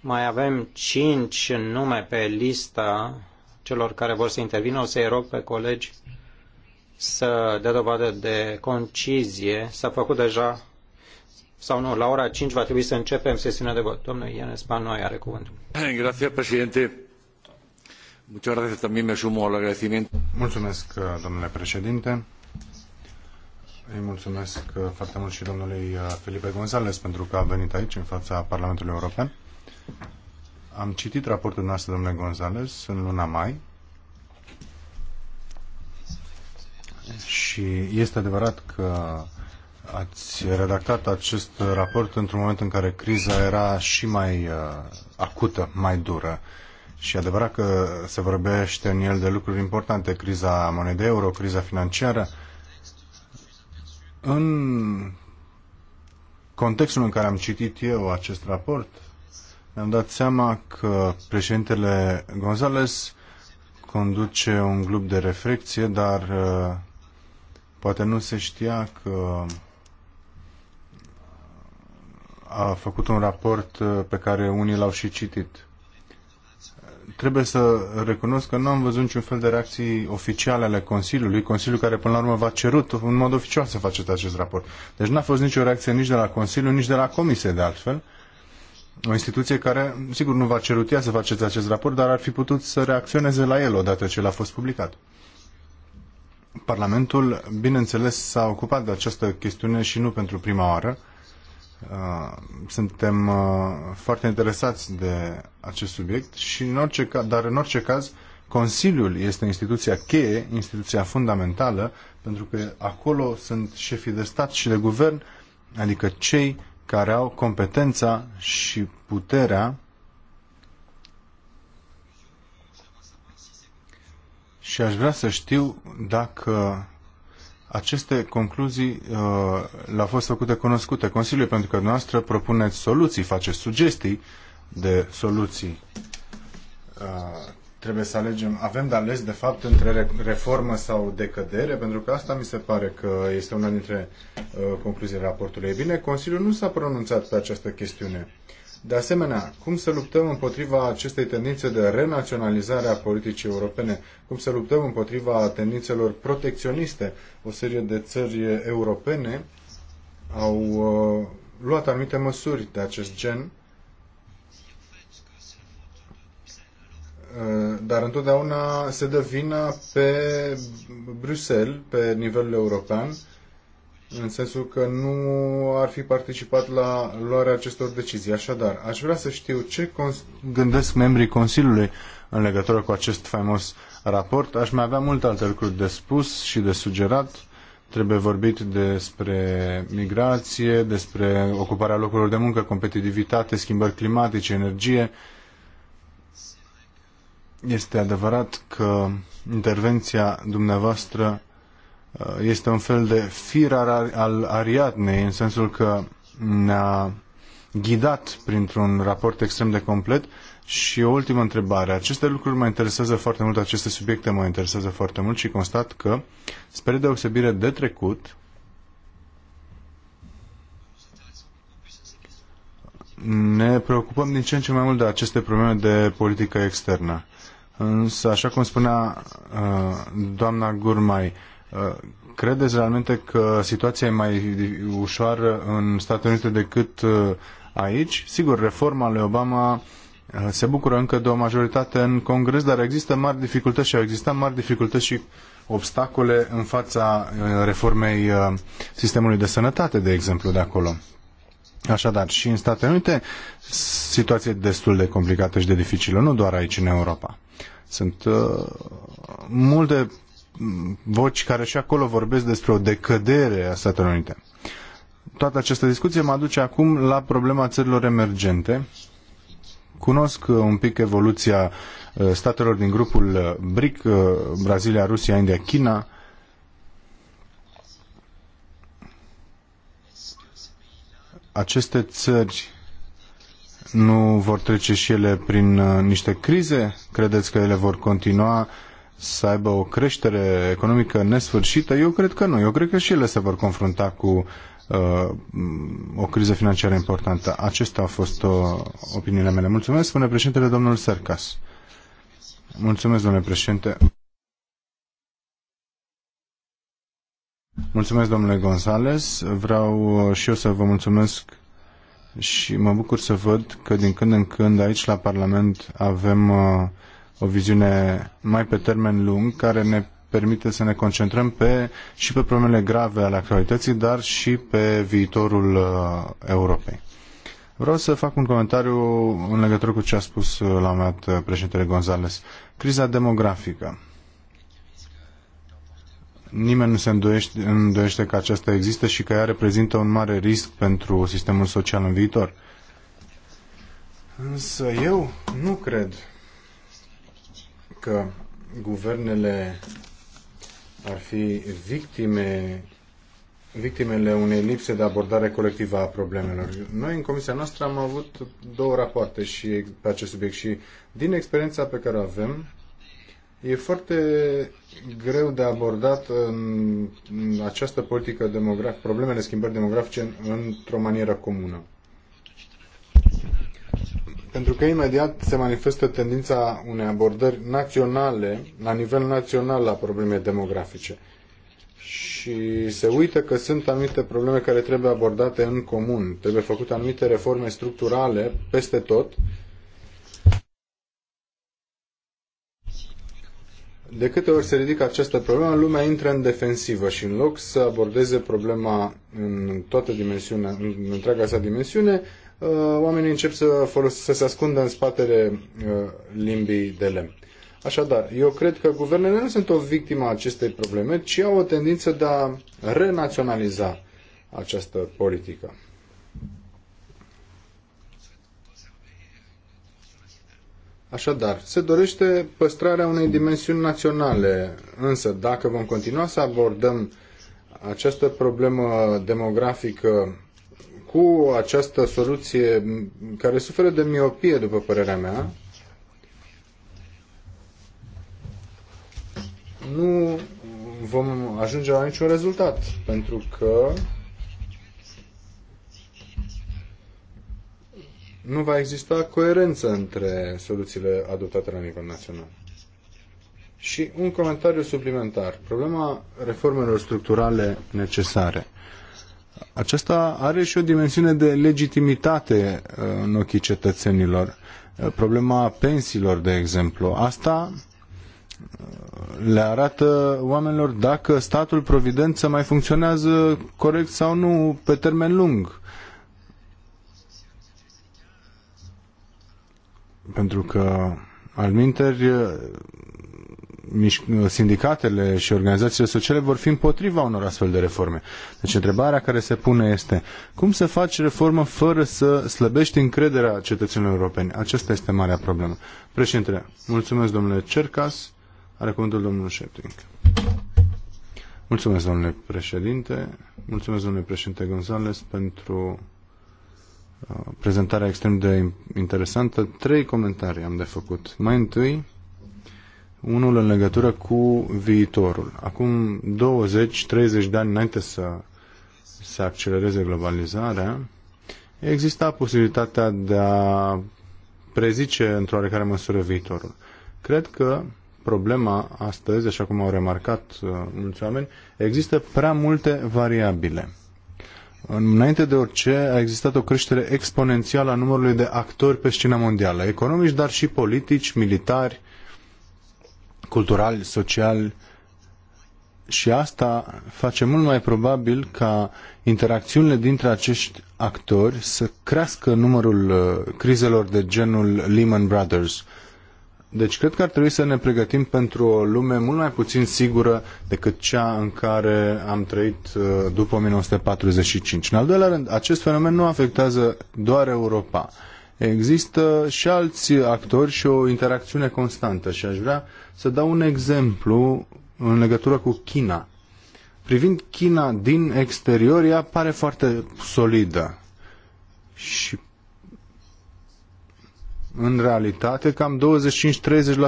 Mai avem cinci nume pe lista celor care vor să intervină. O să-i rog pe colegi să dea dovadă de concizie. S-a făcut deja sau nu, la ora 5 va trebui să începem sesiunea de vot. Domnul Ienes Panoi are cuvântul. Gracias, președinte. Muchas gracias también me sumo al agradecimiento. Mulțumesc, domnule președinte. Îi mulțumesc foarte mult și domnului Felipe González pentru că a venit aici în fața Parlamentului European. Am citit raportul noastră, domnule Gonzales, în luna mai. Și este adevărat că ați redactat acest raport într-un moment în care criza era și mai uh, acută, mai dură. Și adevărat că se vorbește în el de lucruri importante, criza monedei euro, criza financiară. În contextul în care am citit eu acest raport, ne-am dat seama că președintele Gonzales conduce un grup de reflexie, dar uh, poate nu se știa că a făcut un raport uh, pe care unii l-au și citit. Trebuie să recunosc că nu am văzut niciun fel de reacții oficiale ale Consiliului, Consiliul care până la urmă v-a cerut în mod oficial să faceți acest raport. Deci n-a fost nicio reacție nici de la Consiliu, nici de la Comisie de altfel o instituție care, sigur, nu va cerutia să faceți acest raport, dar ar fi putut să reacționeze la el odată ce l-a fost publicat. Parlamentul, bineînțeles, s-a ocupat de această chestiune și nu pentru prima oară. Uh, suntem uh, foarte interesați de acest subiect, și în orice caz, dar în orice caz, Consiliul este instituția cheie, instituția fundamentală, pentru că acolo sunt șefii de stat și de guvern, adică cei care au competența și puterea și aș vrea să știu dacă aceste concluzii uh, le-au fost făcute cunoscute Consiliului, pentru că noastră propuneți soluții, faceți sugestii de soluții. Uh, trebuie să alegem, avem de ales de fapt între reformă sau decădere, pentru că asta mi se pare că este una dintre uh, concluziile raportului. E bine, Consiliul nu s-a pronunțat pe această chestiune. De asemenea, cum să luptăm împotriva acestei tendințe de renaționalizare a politicii europene? Cum să luptăm împotriva tendințelor protecționiste? O serie de țări europene au uh, luat anumite măsuri de acest gen Eh, dar întotdeauna se dă vina pe Bruxelles, pe nivelul european, în sensul că nu ar fi participat la luarea acestor decizii. Așadar, aș vrea să știu ce gândesc membrii Consiliului în legătură cu acest faimos raport. Aș mai avea multe alte lucruri de spus și de sugerat. Trebuie vorbit despre migrație, despre ocuparea locurilor de muncă, competitivitate, schimbări climatice, energie, este adevărat că intervenția dumneavoastră uh, este un fel de fir al Ariadnei, în sensul că ne-a ghidat printr-un raport extrem de complet. Și o ultimă întrebare. Aceste lucruri mă interesează foarte mult, aceste subiecte mă interesează foarte mult și constat că, spre deosebire de trecut, ne preocupăm din ce în ce mai mult de aceste probleme de politică externă. Însă, așa cum spunea uh, doamna Gurmai, uh, credeți realmente că situația e mai ușoară în Statele Unite decât uh, aici? Sigur, reforma lui Obama se bucură încă de o majoritate în Congres, dar există mari dificultăți și au existat mari dificultăți și obstacole în fața reformei sistemului de sănătate, de exemplu, de acolo. Așadar, și în Statele Unite situația e destul de complicată și de dificilă, nu doar aici în Europa. Sunt uh, multe voci care și acolo vorbesc despre o decădere a Statelor Unite. Toată această discuție mă aduce acum la problema țărilor emergente. Cunosc uh, un pic evoluția uh, statelor din grupul BRIC, Brazilia, Rusia, India, China. Aceste țări nu vor trece și ele prin uh, niște crize? Credeți că ele vor continua să aibă o creștere economică nesfârșită? Eu cred că nu. Eu cred că și ele se vor confrunta cu uh, o criză financiară importantă. Acestea au fost o, uh, opiniile mele. Mulțumesc, spune președintele domnul Sercas. Mulțumesc, domnule președinte. Mulțumesc, domnule Gonzales. Vreau uh, și eu să vă mulțumesc și mă bucur să văd că din când în când aici la Parlament avem uh, o viziune mai pe termen lung care ne permite să ne concentrăm pe, și pe problemele grave ale actualității, dar și pe viitorul uh, Europei. Vreau să fac un comentariu în legătură cu ce a spus uh, la un moment președintele Gonzales. Criza demografică. Nimeni nu se îndoiește, îndoiește că aceasta există și că ea reprezintă un mare risc pentru sistemul social în viitor. Însă eu nu cred că guvernele ar fi victime, victimele unei lipse de abordare colectivă a problemelor. Noi în comisia noastră am avut două rapoarte și pe acest subiect și din experiența pe care o avem e foarte greu de abordat în această politică demografică, problemele schimbări demografice într-o manieră comună. Pentru că imediat se manifestă tendința unei abordări naționale, la nivel național, la probleme demografice. Și se uită că sunt anumite probleme care trebuie abordate în comun. Trebuie făcute anumite reforme structurale peste tot, de câte ori se ridică această problemă, lumea intră în defensivă și în loc să abordeze problema în toată dimensiunea, în întreaga sa dimensiune, uh, oamenii încep să, folos- să se ascundă în spatele uh, limbii de lemn. Așadar, eu cred că guvernele nu sunt o victimă a acestei probleme, ci au o tendință de a renaționaliza această politică. Așadar, se dorește păstrarea unei dimensiuni naționale, însă dacă vom continua să abordăm această problemă demografică cu această soluție care suferă de miopie, după părerea mea, nu vom ajunge la niciun rezultat, pentru că nu va exista coerență între soluțiile adoptate la nivel național. Și un comentariu suplimentar. Problema reformelor structurale necesare. Aceasta are și o dimensiune de legitimitate uh, în ochii cetățenilor. Uh, problema pensiilor, de exemplu. Asta uh, le arată oamenilor dacă statul providență mai funcționează corect sau nu pe termen lung Pentru că, al minteri, sindicatele și organizațiile sociale vor fi împotriva unor astfel de reforme. Deci întrebarea care se pune este cum să faci reformă fără să slăbești încrederea cetățenilor europeni? Aceasta este marea problemă. Președintele, mulțumesc domnule Cercas, are cuvântul domnul Șepting. Mulțumesc domnule președinte, mulțumesc domnule președinte Gonzales pentru prezentarea extrem de interesantă. Trei comentarii am de făcut. Mai întâi, unul în legătură cu viitorul. Acum 20-30 de ani înainte să se accelereze globalizarea, exista posibilitatea de a prezice într-o oarecare măsură viitorul. Cred că problema astăzi, așa cum au remarcat uh, mulți oameni, există prea multe variabile. Înainte de orice, a existat o creștere exponențială a numărului de actori pe scena mondială, economici, dar și politici, militari, culturali, sociali. Și asta face mult mai probabil ca interacțiunile dintre acești actori să crească numărul uh, crizelor de genul Lehman Brothers – deci cred că ar trebui să ne pregătim pentru o lume mult mai puțin sigură decât cea în care am trăit uh, după 1945. În al doilea rând, acest fenomen nu afectează doar Europa. Există și alți actori și o interacțiune constantă și aș vrea să dau un exemplu în legătură cu China. Privind China din exterior, ea pare foarte solidă și în realitate, cam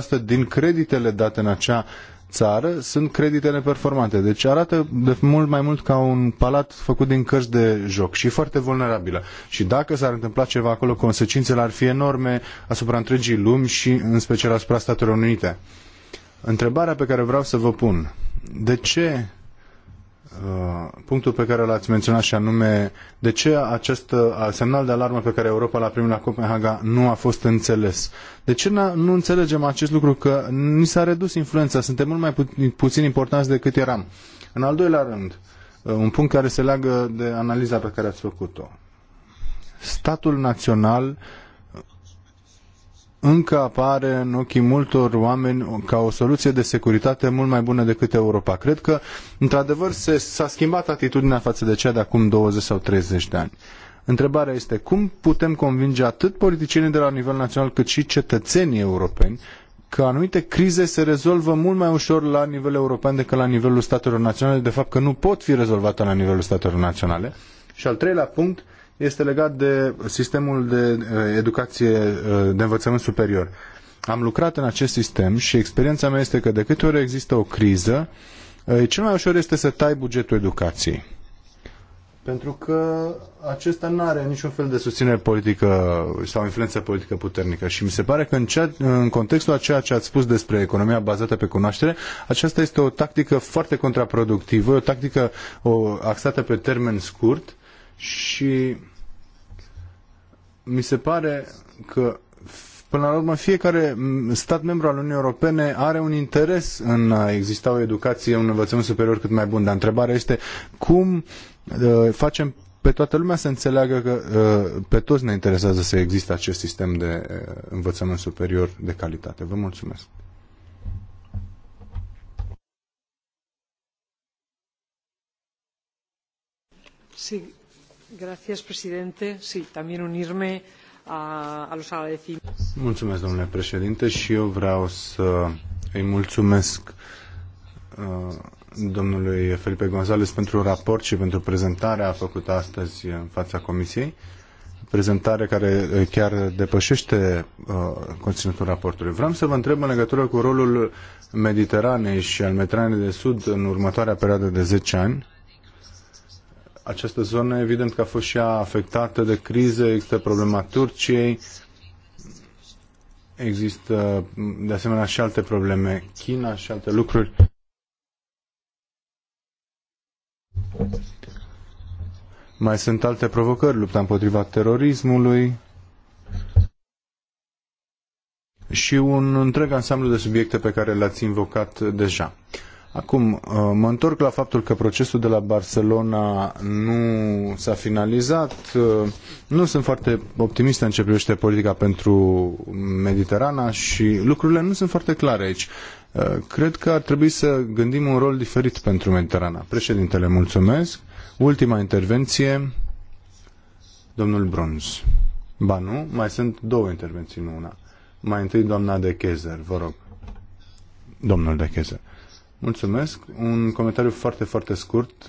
25-30% din creditele date în acea țară sunt creditele performante. Deci arată de mult mai mult ca un palat făcut din cărți de joc și foarte vulnerabilă. Și dacă s-ar întâmpla ceva acolo, consecințele ar fi enorme asupra întregii lumi și în special asupra Statelor Unite. Întrebarea pe care vreau să vă pun. De ce Uh, punctul pe care l-ați menționat și anume de ce acest uh, semnal de alarmă pe care Europa l-a primit la Copenhaga nu a fost înțeles. De ce nu înțelegem acest lucru că ni s-a redus influența, suntem mult mai pu- puțin importanți decât eram. În al doilea rând, uh, un punct care se leagă de analiza pe care ați făcut-o. Statul național uh, încă apare în ochii multor oameni ca o soluție de securitate mult mai bună decât Europa. Cred că, într-adevăr, s-a schimbat atitudinea față de cea de acum 20 sau 30 de ani. Întrebarea este cum putem convinge atât politicienii de la nivel național cât și cetățenii europeni că anumite crize se rezolvă mult mai ușor la nivel european decât la nivelul statelor naționale, de fapt că nu pot fi rezolvate la nivelul statelor naționale. Și al treilea punct, este legat de sistemul de eh, educație, eh, de învățământ superior. Am lucrat în acest sistem și experiența mea este că de câte ori există o criză, eh, cel mai ușor este să tai bugetul educației. Pentru că acesta nu are niciun fel de susținere politică sau influență politică puternică. Și mi se pare că în, cea, în contextul a ceea ce ați spus despre economia bazată pe cunoaștere, aceasta este o tactică foarte contraproductivă, o tactică o, axată pe termen scurt și mi se pare că Până la urmă, fiecare stat membru al Uniunii Europene are un interes în a exista o educație, un învățământ superior cât mai bun. Dar întrebarea este cum uh, facem pe toată lumea să înțeleagă că uh, pe toți ne interesează să existe acest sistem de uh, învățământ superior de calitate. Vă mulțumesc! Sí, Gracias, presidente. Sí, también unirme a, a los agradecimientos. Mulțumesc, domnule președinte, și eu vreau să îi mulțumesc uh, domnului Felipe González pentru raport și pentru prezentarea făcută astăzi în fața Comisiei, prezentare care uh, chiar depășește uh, conținutul raportului. Vreau să vă întreb în legătură cu rolul Mediteranei și al Mediteranei de Sud în următoarea perioadă de 10 ani, această zonă evident că a fost și ea afectată de crize, există problema Turciei, există de asemenea și alte probleme, China și alte lucruri. Mai sunt alte provocări, lupta împotriva terorismului și un întreg ansamblu de subiecte pe care le-ați invocat deja. Acum, uh, mă întorc la faptul că procesul de la Barcelona nu s-a finalizat. Uh, nu sunt foarte optimist în ce privește politica pentru Mediterana și lucrurile nu sunt foarte clare aici. Uh, cred că ar trebui să gândim un rol diferit pentru Mediterana. Președintele, mulțumesc. Ultima intervenție, domnul Bruns. Ba nu, mai sunt două intervenții, nu una. Mai întâi doamna de Chezer, vă rog. Domnul de Chezer. Mulțumesc. Un comentariu foarte, foarte scurt.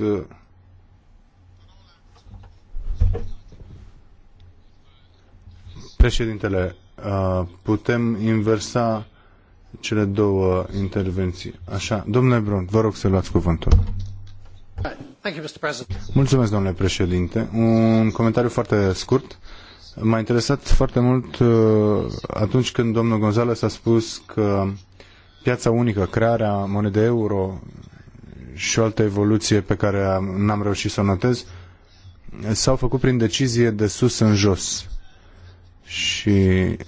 Președintele, putem inversa cele două intervenții. Așa, domnule Brun, vă rog să luați cuvântul. Mulțumesc, domnule președinte. Un comentariu foarte scurt. M-a interesat foarte mult atunci când domnul Gonzales a spus că piața unică, crearea monedei euro și o altă evoluție pe care n-am reușit să o notez, s-au făcut prin decizie de sus în jos. Și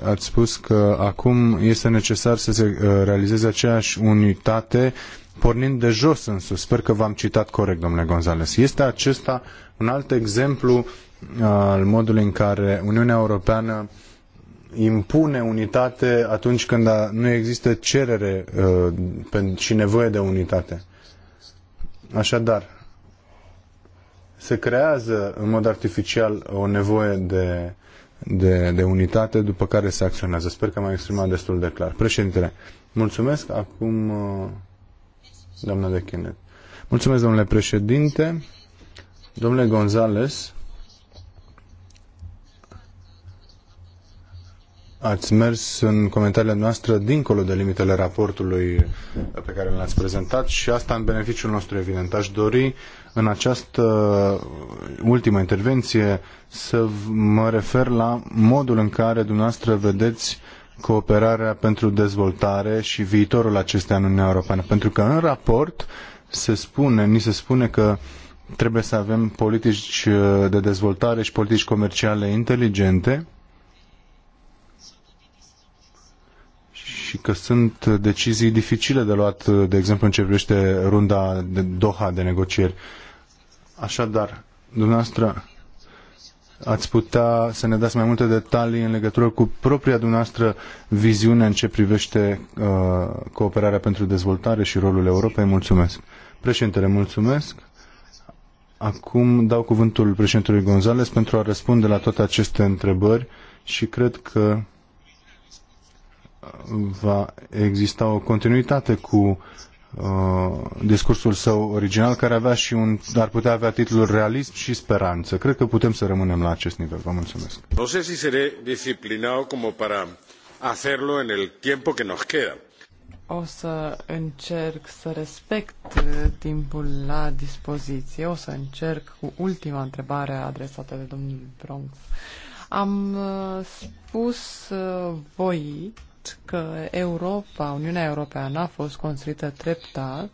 ați spus că acum este necesar să se uh, realizeze aceeași unitate pornind de jos în sus. Sper că v-am citat corect, domnule Gonzales. Este acesta un alt exemplu uh, al modului în care Uniunea Europeană impune unitate atunci când nu există cerere uh, și nevoie de unitate. Așadar, se creează în mod artificial o nevoie de, de, de unitate după care se acționează. Sper că m-am exprimat destul de clar. Președintele, mulțumesc. Acum, uh, doamna de Kenneth. Mulțumesc, domnule președinte. Domnule Gonzales, ați mers în comentariile noastre dincolo de limitele raportului pe care l-ați prezentat și asta în beneficiul nostru, evident. Aș dori în această ultimă intervenție să mă refer la modul în care dumneavoastră vedeți cooperarea pentru dezvoltare și viitorul acesteia în Uniunea Europeană. Pentru că în raport se spune, ni se spune că trebuie să avem politici de dezvoltare și politici comerciale inteligente și că sunt decizii dificile de luat, de exemplu, în ce privește runda de Doha de negocieri. Așadar, dumneavoastră, ați putea să ne dați mai multe detalii în legătură cu propria dumneavoastră viziune în ce privește uh, cooperarea pentru dezvoltare și rolul Europei? Mulțumesc. Președintele, mulțumesc. Acum dau cuvântul președintelui Gonzales pentru a răspunde la toate aceste întrebări și cred că va exista o continuitate cu uh, discursul său original, care avea și un, ar putea avea titlul Realism și Speranță. Cred că putem să rămânem la acest nivel. Vă mulțumesc. No sé si seré disciplinado como para hacerlo en el tiempo que nos queda. O să încerc să respect uh, timpul la dispoziție. O să încerc cu ultima întrebare adresată de domnul Bronx. Am uh, spus voi că Europa, Uniunea Europeană a fost construită treptat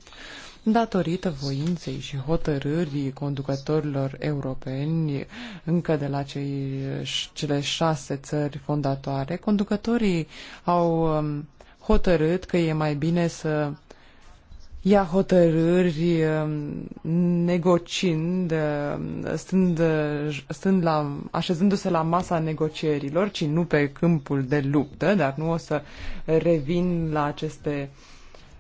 datorită voinței și hotărârii conducătorilor europeni încă de la cei, cele șase țări fondatoare. Conducătorii au um, hotărât că e mai bine să ia hotărâri um, negocind, um, stând, stând la, așezându-se la masa negocierilor, ci nu pe câmpul de luptă, dar nu o să revin la aceste,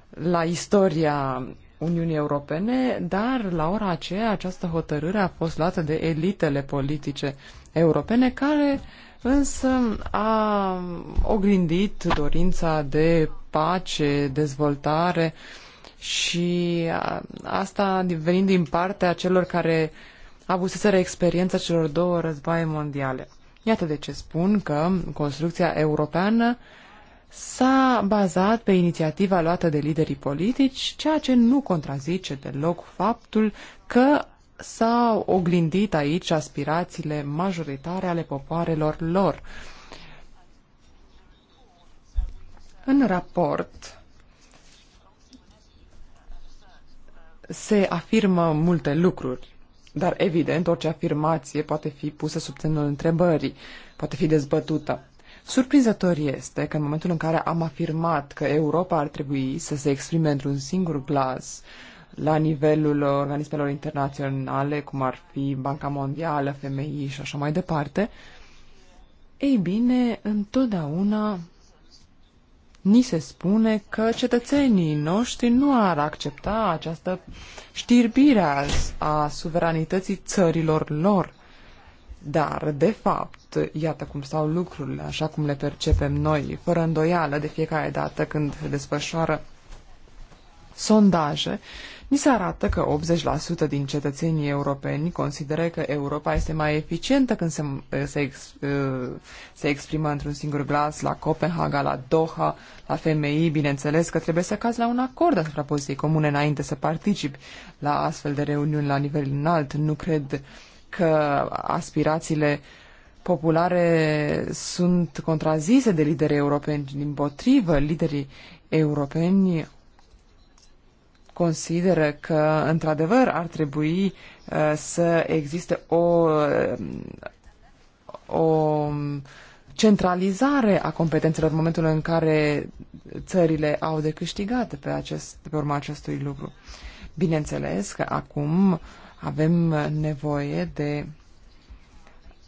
la istoria Uniunii Europene, dar la ora aceea această hotărâre a fost luată de elitele politice europene care însă a oglindit dorința de pace, dezvoltare uh, și uh, asta venind din partea celor care avuseseră experiența celor două războaie mondiale. Iată de ce spun că construcția europeană s-a bazat pe inițiativa luată de liderii politici, ceea ce nu contrazice deloc faptul că s-au oglindit aici aspirațiile majoritare ale popoarelor lor. În raport, se afirmă multe lucruri, dar evident orice afirmație poate fi pusă sub semnul întrebării, poate fi dezbătută. Surprinzător este că în momentul în care am afirmat că Europa ar trebui să se exprime într-un singur glas la nivelul organismelor internaționale, cum ar fi Banca Mondială, FMI și așa mai departe, ei bine, întotdeauna ni se spune că cetățenii noștri nu ar accepta această știrbire a suveranității țărilor lor. Dar, de fapt, iată cum stau lucrurile, așa cum le percepem noi, fără îndoială de fiecare dată când se desfășoară sondaje, Ni se arată că 80% din cetățenii europeni consideră că Europa este mai eficientă când se, eh, se, ex, eh, se exprimă într-un singur glas la Copenhaga, la Doha, la FMI. Bineînțeles că trebuie să cazi la un acord asupra poziției comune înainte să participi la astfel de reuniuni la nivel înalt. Nu cred că aspirațiile populare sunt contrazise de liderii europeni. Din potrivă, liderii europeni consideră că, într-adevăr, ar trebui uh, să existe o, uh, o centralizare a competențelor în momentul în care țările au de câștigat pe, acest, pe urma acestui lucru. Bineînțeles că acum avem nevoie de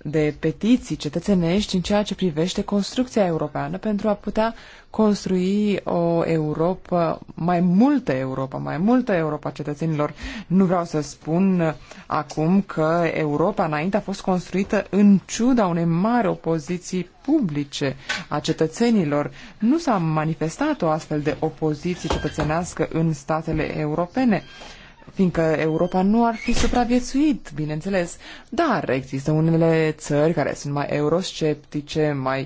de petiții cetățenești în ceea ce privește construcția europeană pentru a putea construi o Europa, mai multă Europa, mai multă Europa cetățenilor. Nu vreau să spun acum că Europa înainte a fost construită în ciuda unei mari opoziții publice a cetățenilor. Nu s-a manifestat o astfel de opoziție cetățenească în statele europene. Uh, fiindcă Europa nu ar fi supraviețuit, bineînțeles. Dar există unele țări care sunt mai eurosceptice, mai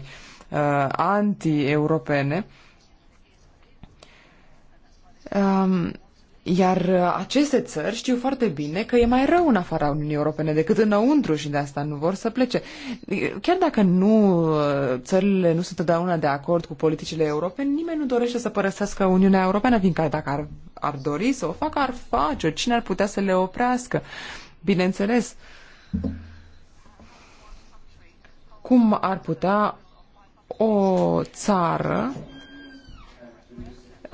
uh, anti-europene. Um, iar uh, aceste țări știu foarte bine că e mai rău în afara Uniunii Europene decât înăuntru și de asta nu vor să plece. Chiar dacă nu uh, țările nu sunt întotdeauna de acord cu politicile europene, nimeni nu dorește să părăsească Uniunea Europeană, fiindcă dacă ar, ar dori să o facă, ar face-o. Cine ar putea să le oprească? Bineînțeles. Cum ar putea o țară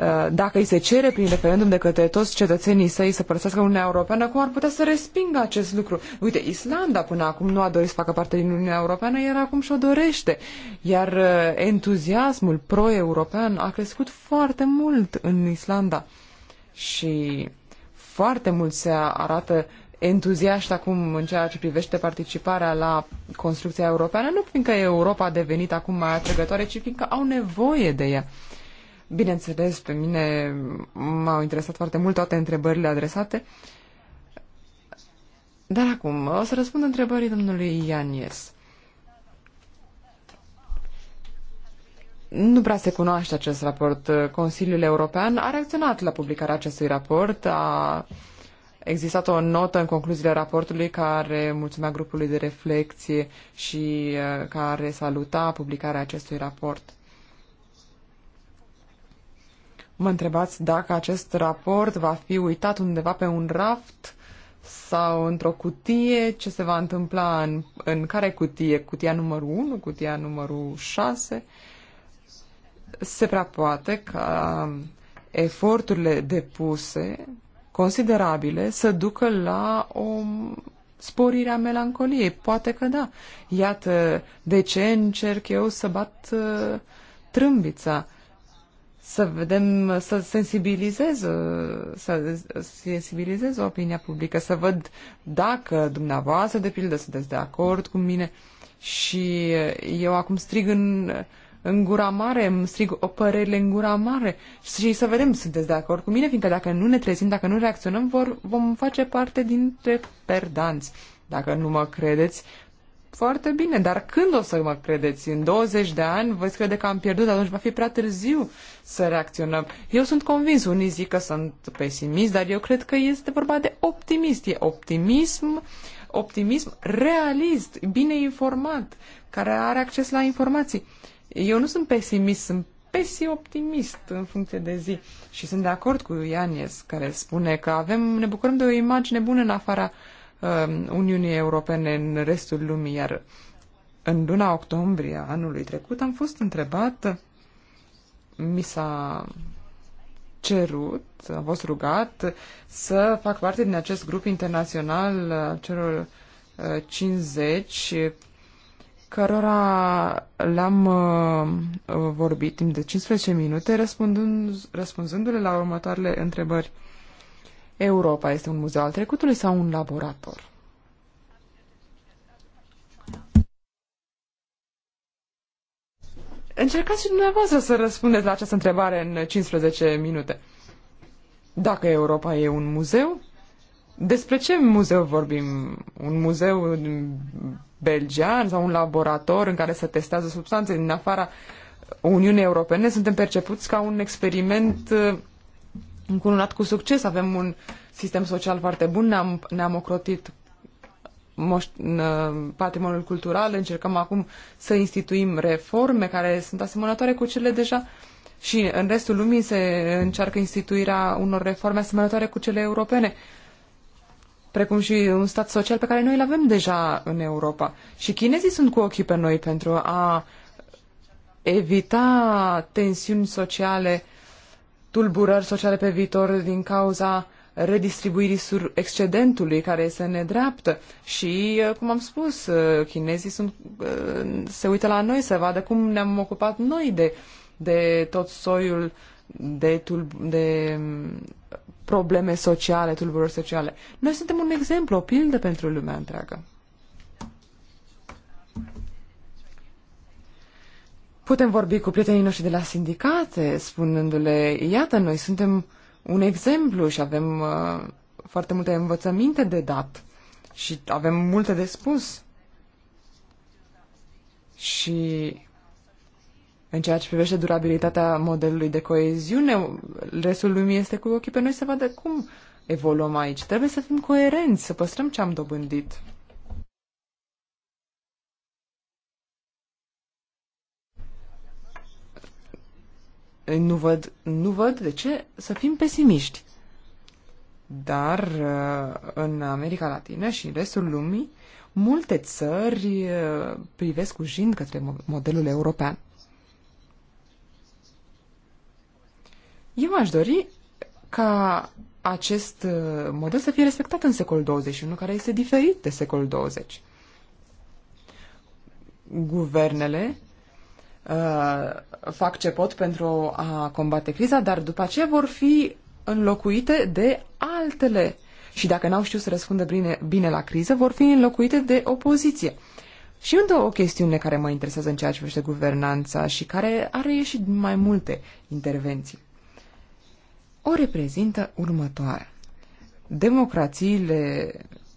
Uh, dacă îi se cere prin referendum de către toți cetățenii săi să părăsească Uniunea Europeană, cum ar putea să respingă acest lucru? Uite, Islanda până acum nu a dorit să facă parte din Uniunea Europeană, iar acum și-o dorește. Iar uh, entuziasmul pro-european a crescut foarte mult în Islanda. Și foarte mult se arată entuziaști acum în ceea ce privește participarea la construcția europeană, nu fiindcă Europa a devenit acum mai atrăgătoare, ci fiindcă au nevoie de ea. Bineînțeles, pe mine m-au interesat foarte mult toate întrebările adresate. Dar acum o să răspund întrebării domnului Ianies. Nu prea se cunoaște acest raport. Consiliul European a reacționat la publicarea acestui raport. A existat o notă în concluziile raportului care mulțumea grupului de reflexie și uh, care saluta publicarea acestui raport. Mă întrebați dacă acest raport va fi uitat undeva pe un raft sau într-o cutie, ce se va întâmpla în, în care cutie, cutia numărul 1, cutia numărul 6. Se prea poate ca eforturile depuse, considerabile, să ducă la o sporire a melancoliei. Poate că da. Iată de ce încerc eu să bat uh, trâmbița. Uh, să vedem, să sensibilizez, să sensibilizez opinia publică, să văd dacă dumneavoastră, de pildă, sunteți de acord cu mine și eu acum strig în, în gura mare, îmi strig o părere în gura mare și să vedem, sunteți de acord cu mine, fiindcă dacă nu ne trezim, dacă nu reacționăm, vor, vom face parte dintre perdanți. Dacă nu mă credeți, foarte bine, dar când o să mă credeți? În 20 de ani voi crede că am pierdut, atunci va fi prea târziu să reacționăm. Eu sunt convins, unii zic că sunt pesimist, dar eu cred că este vorba de optimist. E optimism, optimism realist, bine informat, care are acces la informații. Eu nu sunt pesimist, sunt pesi-optimist în funcție de zi. Și sunt de acord cu Ianies, care spune că avem, ne bucurăm de o imagine bună în afara uh, Um, Uniunii Europene în restul lumii, iar în luna octombrie anului trecut am fost întrebat, mi s-a cerut, a fost rugat să fac parte din acest grup internațional uh, celor 50 uh, cărora le-am uh, vorbit timp de 15 minute răspundându-le la următoarele întrebări. Europa este un muzeu al trecutului sau un laborator? Încercați și dumneavoastră să răspundeți la această întrebare în 15 minute. Dacă Europa e un muzeu, despre ce muzeu vorbim? Un muzeu belgian sau un laborator în care se testează substanțe din afara Uniunii Europene? Suntem percepuți ca un experiment încununat cu succes. Avem un sistem social foarte bun, ne-am, ne-am ocrotit moș- uh, patrimoniul cultural, încercăm acum să instituim reforme care sunt asemănătoare cu cele deja și în restul lumii se încearcă instituirea unor reforme asemănătoare cu cele europene, precum și un stat social pe care noi îl avem deja în Europa. Și chinezii sunt cu ochii pe noi pentru a evita tensiuni sociale tulburări sociale pe viitor din cauza redistribuirii sur excedentului care este nedreaptă și, uh, cum am spus, uh, chinezii sunt, uh, se uită la noi să vadă cum ne-am ocupat noi de, de tot soiul de, de mm, probleme sociale, tulburări sociale. Noi suntem un exemplu, o pildă pentru lumea întreagă. Putem vorbi cu prietenii noștri de la sindicate, spunându-le, iată, noi suntem un exemplu și avem uh, foarte multe învățăminte de dat și avem multe de spus. Și în ceea ce privește durabilitatea modelului de coeziune, restul lumii este cu ochii pe noi să vadă cum evoluăm aici. Trebuie să fim coerenți, să păstrăm ce am dobândit. Nu văd, nu văd de ce să fim pesimiști. Dar uh, în America Latină și în restul lumii, multe țări uh, privesc cu jind către modelul european. Eu aș dori ca acest uh, model să fie respectat în secolul 21, care este diferit de secolul 20. Guvernele Uh, fac ce pot pentru a combate criza, dar după aceea vor fi înlocuite de altele. Și dacă n-au știut să răspundă bine, bine la criză, vor fi înlocuite de opoziție. Și încă o chestiune care mă interesează în ceea ce privește guvernanța și care are ieșit mai multe intervenții. O reprezintă următoarea. Democrațiile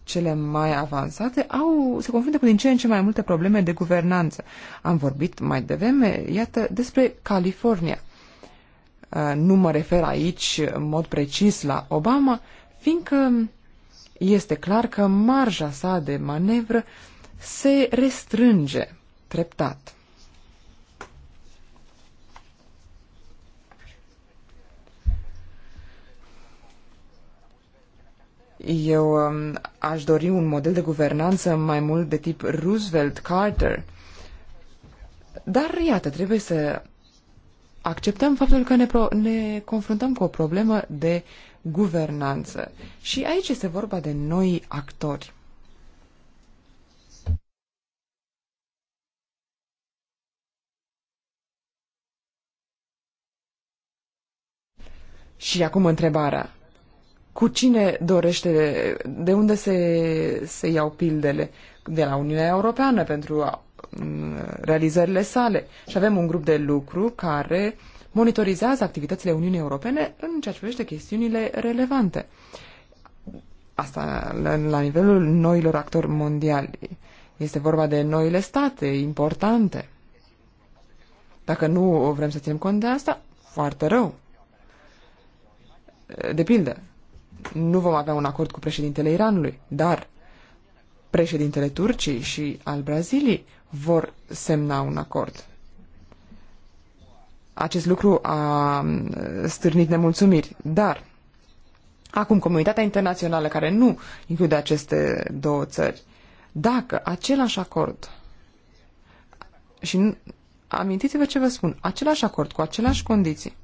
cele mai avansate au, se confruntă cu din ce în ce mai multe probleme de guvernanță. Am vorbit mai devreme, iată, despre California. Uh, nu mă refer aici în mod precis la Obama, fiindcă este clar că marja sa de manevră se restrânge treptat. Eu um, aș dori un model de guvernanță mai mult de tip Roosevelt-Carter. Dar, iată, trebuie să acceptăm faptul că ne, pro- ne confruntăm cu o problemă de guvernanță. Și aici este vorba de noi actori. Și acum întrebarea cu cine dorește, de unde se, se iau pildele? De la Uniunea Europeană pentru realizările sale. Și avem un grup de lucru care monitorizează activitățile Uniunii Europene în ceea ce privește chestiunile relevante. Asta la, la nivelul noilor actori mondiali. Este vorba de noile state importante. Dacă nu vrem să ținem cont de asta, foarte rău. De pildă, nu vom avea un acord cu președintele Iranului, dar președintele Turciei și al Braziliei vor semna un acord. Acest lucru a stârnit nemulțumiri, dar acum comunitatea internațională care nu include aceste două țări, dacă același acord și amintiți-vă ce vă spun, același acord cu aceleași condiții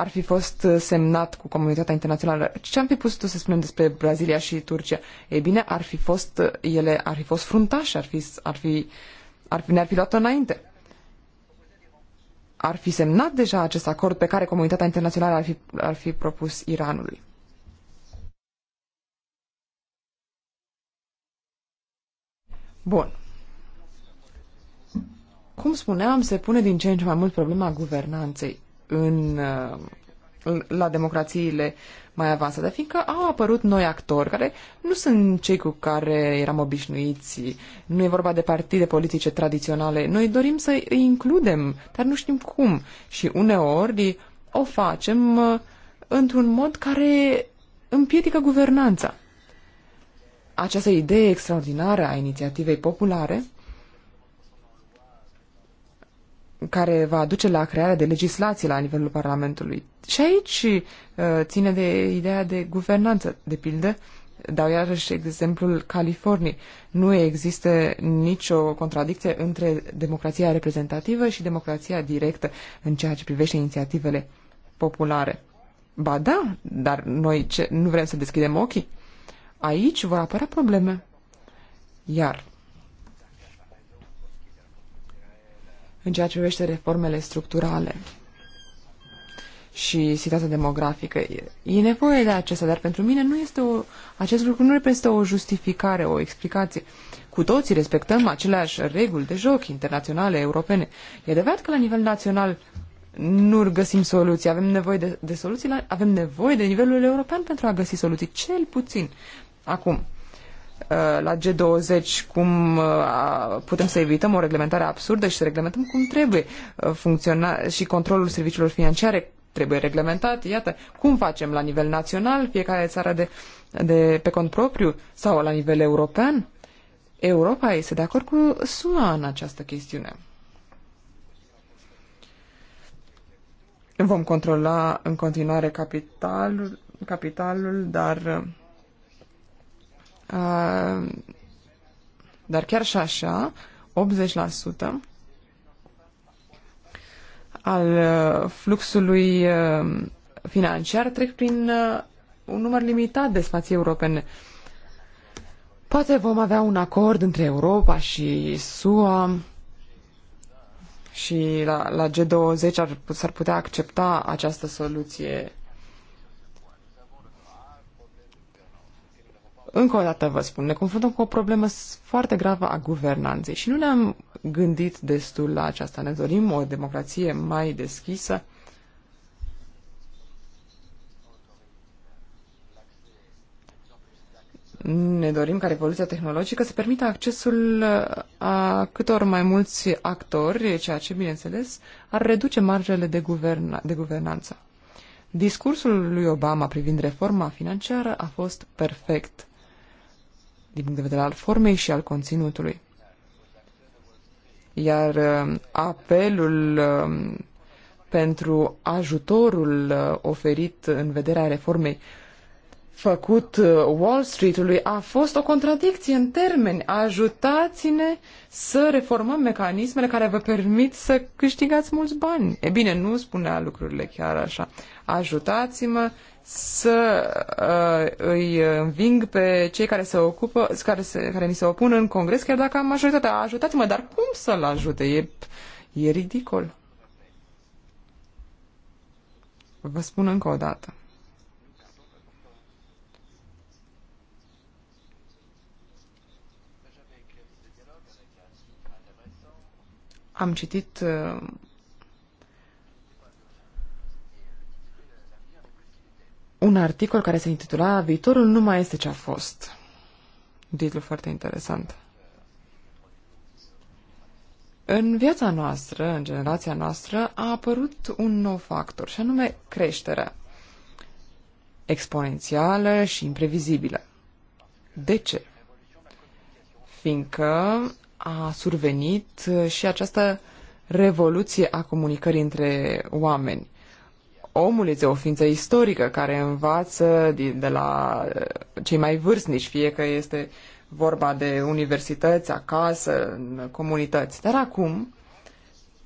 ar fi fost uh, semnat cu comunitatea internațională, ce am fi tu să spunem despre Brazilia și Turcia? E bine, ar fi fost, uh, ele ar fi fost fruntași, ar fi, ar fi, ar fi, ne-ar fi luat înainte. Ar fi semnat deja acest acord pe care comunitatea internațională ar fi, ar fi propus Iranului. Bun. Cum spuneam, se pune din ce în ce mai mult problema guvernanței în, la democrațiile mai avansate, fiindcă au apărut noi actori care nu sunt cei cu care eram obișnuiți, nu e vorba de partide politice tradiționale. Noi dorim să îi includem, dar nu știm cum. Și uneori o facem uh, într-un mod care împiedică guvernanța. Această idee extraordinară a inițiativei populare care va aduce la crearea de legislație la nivelul Parlamentului. Și aici uh, ține de ideea de guvernanță, de pildă. Dau iarăși exemplul Californiei. Nu există nicio contradicție între democrația reprezentativă și democrația directă în ceea ce privește inițiativele populare. Ba da, dar noi ce, nu vrem să deschidem ochii. Aici vor apărea probleme. Iar în ceea ce privește reformele structurale și situația demografică. E nevoie de acesta, dar pentru mine nu este o, acest lucru nu reprezintă o justificare, o explicație. Cu toții respectăm aceleași reguli de joc internaționale, europene. E adevărat că la nivel național nu găsim soluții. Avem nevoie de, de soluții, la, avem nevoie de nivelul european pentru a găsi soluții, cel puțin. Acum, Uh, la G20 cum uh, putem să evităm o reglementare absurdă și să reglementăm cum trebuie uh, funcționa și controlul serviciilor financiare trebuie reglementat. Iată, cum facem la nivel național, fiecare țară de, de pe cont propriu sau la nivel european? Europa este de acord cu SUA în această chestiune. Vom controla în continuare capitalul, capitalul dar Uh, dar chiar și așa, 80% al uh, fluxului uh, financiar trec prin un număr limitat de spații europene. Poate vom avea un acord între Europa și SUA și la, la G20 ar, s-ar putea accepta această soluție Încă o dată vă spun, ne confruntăm cu o problemă foarte gravă a guvernanței și nu ne-am gândit destul la aceasta. Ne dorim o democrație mai deschisă, ne dorim ca revoluția tehnologică să permită accesul uh, a câtor mai mulți actori, ceea ce, bineînțeles, ar reduce marjele de, guverna- de guvernanță. Discursul lui Obama privind reforma financiară a fost perfect din punct de vedere al formei și al conținutului. Iar um, apelul um, pentru ajutorul uh, oferit în vederea reformei făcut uh, Wall Street-ului a fost o contradicție în termeni. Ajutați-ne să reformăm mecanismele care vă permit să câștigați mulți bani. E bine, nu spunea lucrurile chiar așa. Ajutați-mă să uh, îi înving pe cei care se ocupă, care, se, care mi se opun în congres, chiar dacă am majoritatea. Ajutați-mă, dar cum să-l ajute? E, e ridicol. Vă spun încă o dată am citit uh, un articol care se intitula Viitorul nu mai este ce a fost. Un titlu foarte interesant. În viața noastră, în generația noastră, a apărut un nou factor, și anume creșterea exponențială și imprevizibilă. De ce? Fiindcă a survenit uh, și această revoluție a comunicării între oameni. Omul este o ființă istorică care învață de la uh, cei mai vârstnici, fie că este vorba de universități, acasă, în comunități. Dar acum,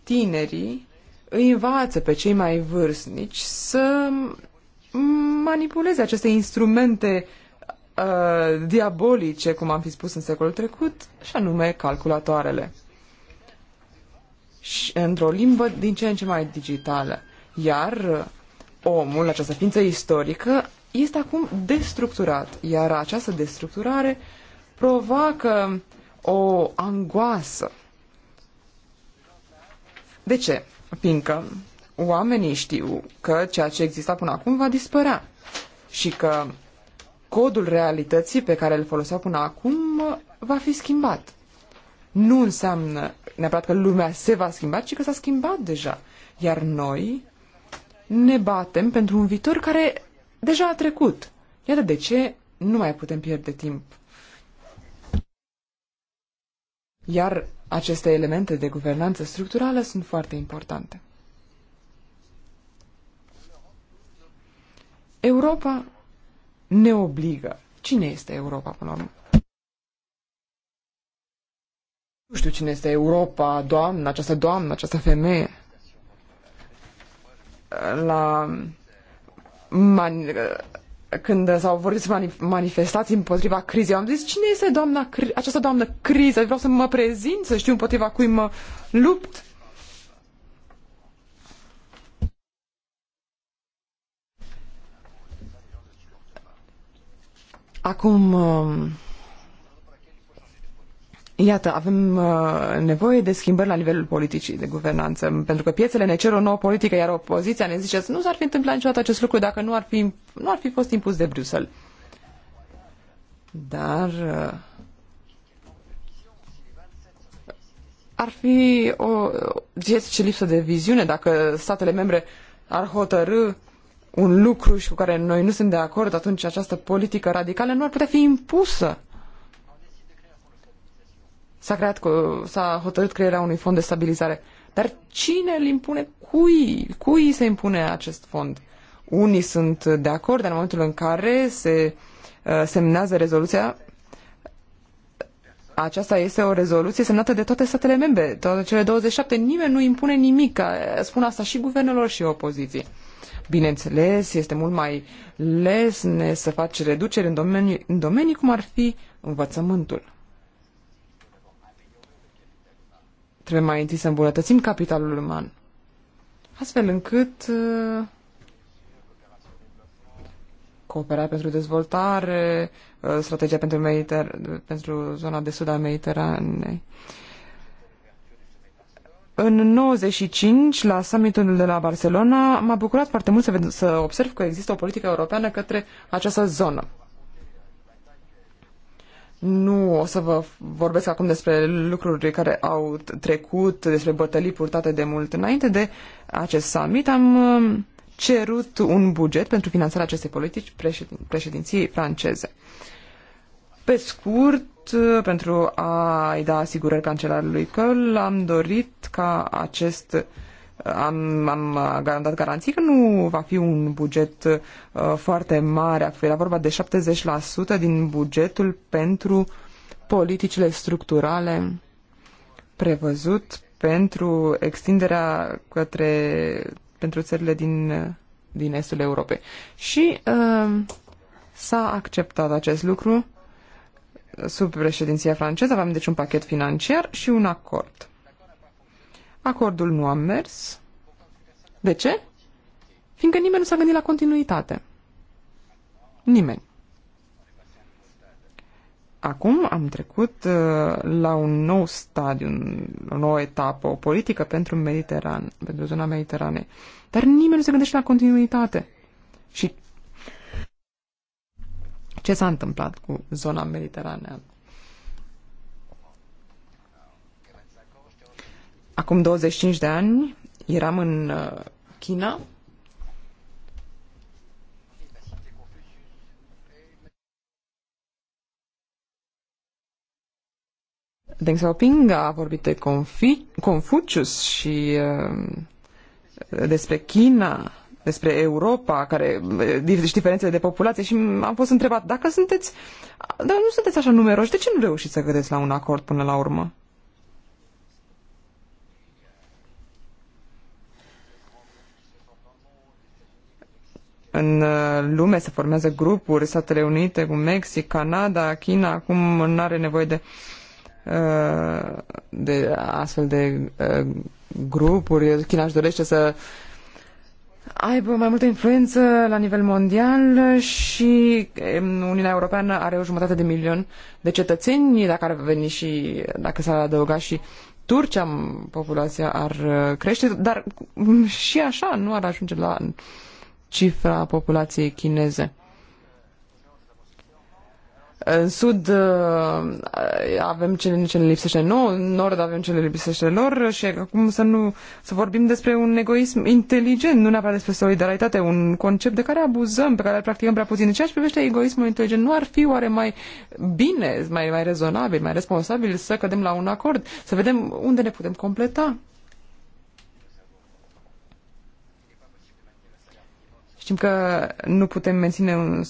tinerii îi învață pe cei mai vârstnici să manipuleze aceste instrumente Uh, diabolice, cum am fi spus în secolul trecut, și anume calculatoarele. Și într-o limbă din ce în ce mai digitală. Iar uh, omul, această ființă istorică, este acum destructurat, iar această destructurare provoacă o angoasă. De ce? Fiindcă oamenii știu că ceea ce exista până acum va dispărea și că codul realității pe care îl foloseau până acum va fi schimbat. Nu înseamnă neapărat că lumea se va schimba, ci că s-a schimbat deja. Iar noi ne batem pentru un viitor care deja a trecut. Iată de ce nu mai putem pierde timp. Iar aceste elemente de guvernanță structurală sunt foarte importante. Europa ne obligă. Cine este Europa până la urmă? Nu știu cine este Europa, doamnă, această doamnă, această femeie. La man, când s-au vorbit manif manifestați împotriva crizei, am zis cine este doamna, această doamnă criză, vreau să mă prezint, să știu împotriva cui mă lupt. Acum, um, Iată, avem uh, nevoie de schimbări la nivelul politicii de guvernanță, pentru că piețele ne cer o nouă politică, iar opoziția ne zice că nu s-ar fi întâmplat niciodată acest lucru dacă nu ar fi, nu ar fi fost impus de Bruxelles. Dar uh, ar fi o ce lipsă de viziune dacă statele membre ar hotărâ un lucru și cu care noi nu suntem de acord, atunci această politică radicală nu ar putea fi impusă. S-a, creat s-a hotărât crearea unui fond de stabilizare. Dar cine îl impune? Cui? Cui se impune acest fond? Unii sunt de acord, dar în momentul în care se uh, semnează rezoluția, aceasta este o rezoluție semnată de toate statele membre, toate cele 27. Nimeni nu impune nimic. Spun asta și guvernelor și opoziției. Bineînțeles, este mult mai lesne să faci reduceri în domenii, în domenii cum ar fi învățământul. Trebuie mai întâi să îmbunătățim capitalul uman, astfel încât uh, cooperarea pentru dezvoltare, uh, strategia pentru, Mediter- pentru zona de sud a Mediteranei, în 95, la summitul de la Barcelona, m-a bucurat foarte mult să, ved- să observ că există o politică europeană către această zonă. Nu o să vă vorbesc acum despre lucruri care au trecut, despre bătălii purtate de mult. Înainte de acest summit am um, cerut un buget pentru finanțarea acestei politici președin- președinției franceze. Pe scurt, Uh, pentru a-i da asigurări cancelarului l am dorit ca acest uh, am, am garantat garanții că nu va fi un buget uh, foarte mare. Era vorba de 70% din bugetul pentru politicile structurale prevăzut pentru extinderea către pentru țările din, din estul Europei. Și uh, s-a acceptat acest lucru sub președinția franceză aveam deci un pachet financiar și un acord. Acordul nu a mers. De ce? Fiindcă nimeni nu s-a gândit la continuitate. Nimeni. Acum am trecut uh, la un nou stadiu, o nouă etapă, o politică pentru Mediteran, pentru zona Mediteranei. Dar nimeni nu se gândește la continuitate. Și ce s-a întâmplat cu zona mediteraneană. Acum 25 de ani eram în uh, China Deng Xiaoping a vorbit de Confi- Confucius și uh, despre China despre Europa, care, eh, diferențele de populație și am fost întrebat dacă sunteți, dar nu sunteți așa numeroși, de ce nu reușiți să gădeți la un acord până la urmă? În eh, lume se formează grupuri, Statele Unite cu Mexic, Canada, China, acum nu are nevoie de, eh, de astfel de grupuri. China își dorește să aibă mai multă influență la nivel mondial și Uniunea Europeană are o jumătate de milion de cetățeni, dacă ar veni și, dacă s-ar adăuga și Turcia, populația ar uh, crește, dar mm, și așa nu ar ajunge la cifra populației chineze. În sud uh, avem ce, ce ne lipsește nouă, în nord avem ce le lipsește lor și acum să nu să vorbim despre un egoism inteligent, nu neapărat despre solidaritate, un concept de care abuzăm, pe care îl practicăm prea puțin. În ceea ce privește egoismul inteligent, nu ar fi oare mai bine, mai, mai rezonabil, mai responsabil să cădem la un acord, să vedem unde ne putem completa? Știm că nu putem menține un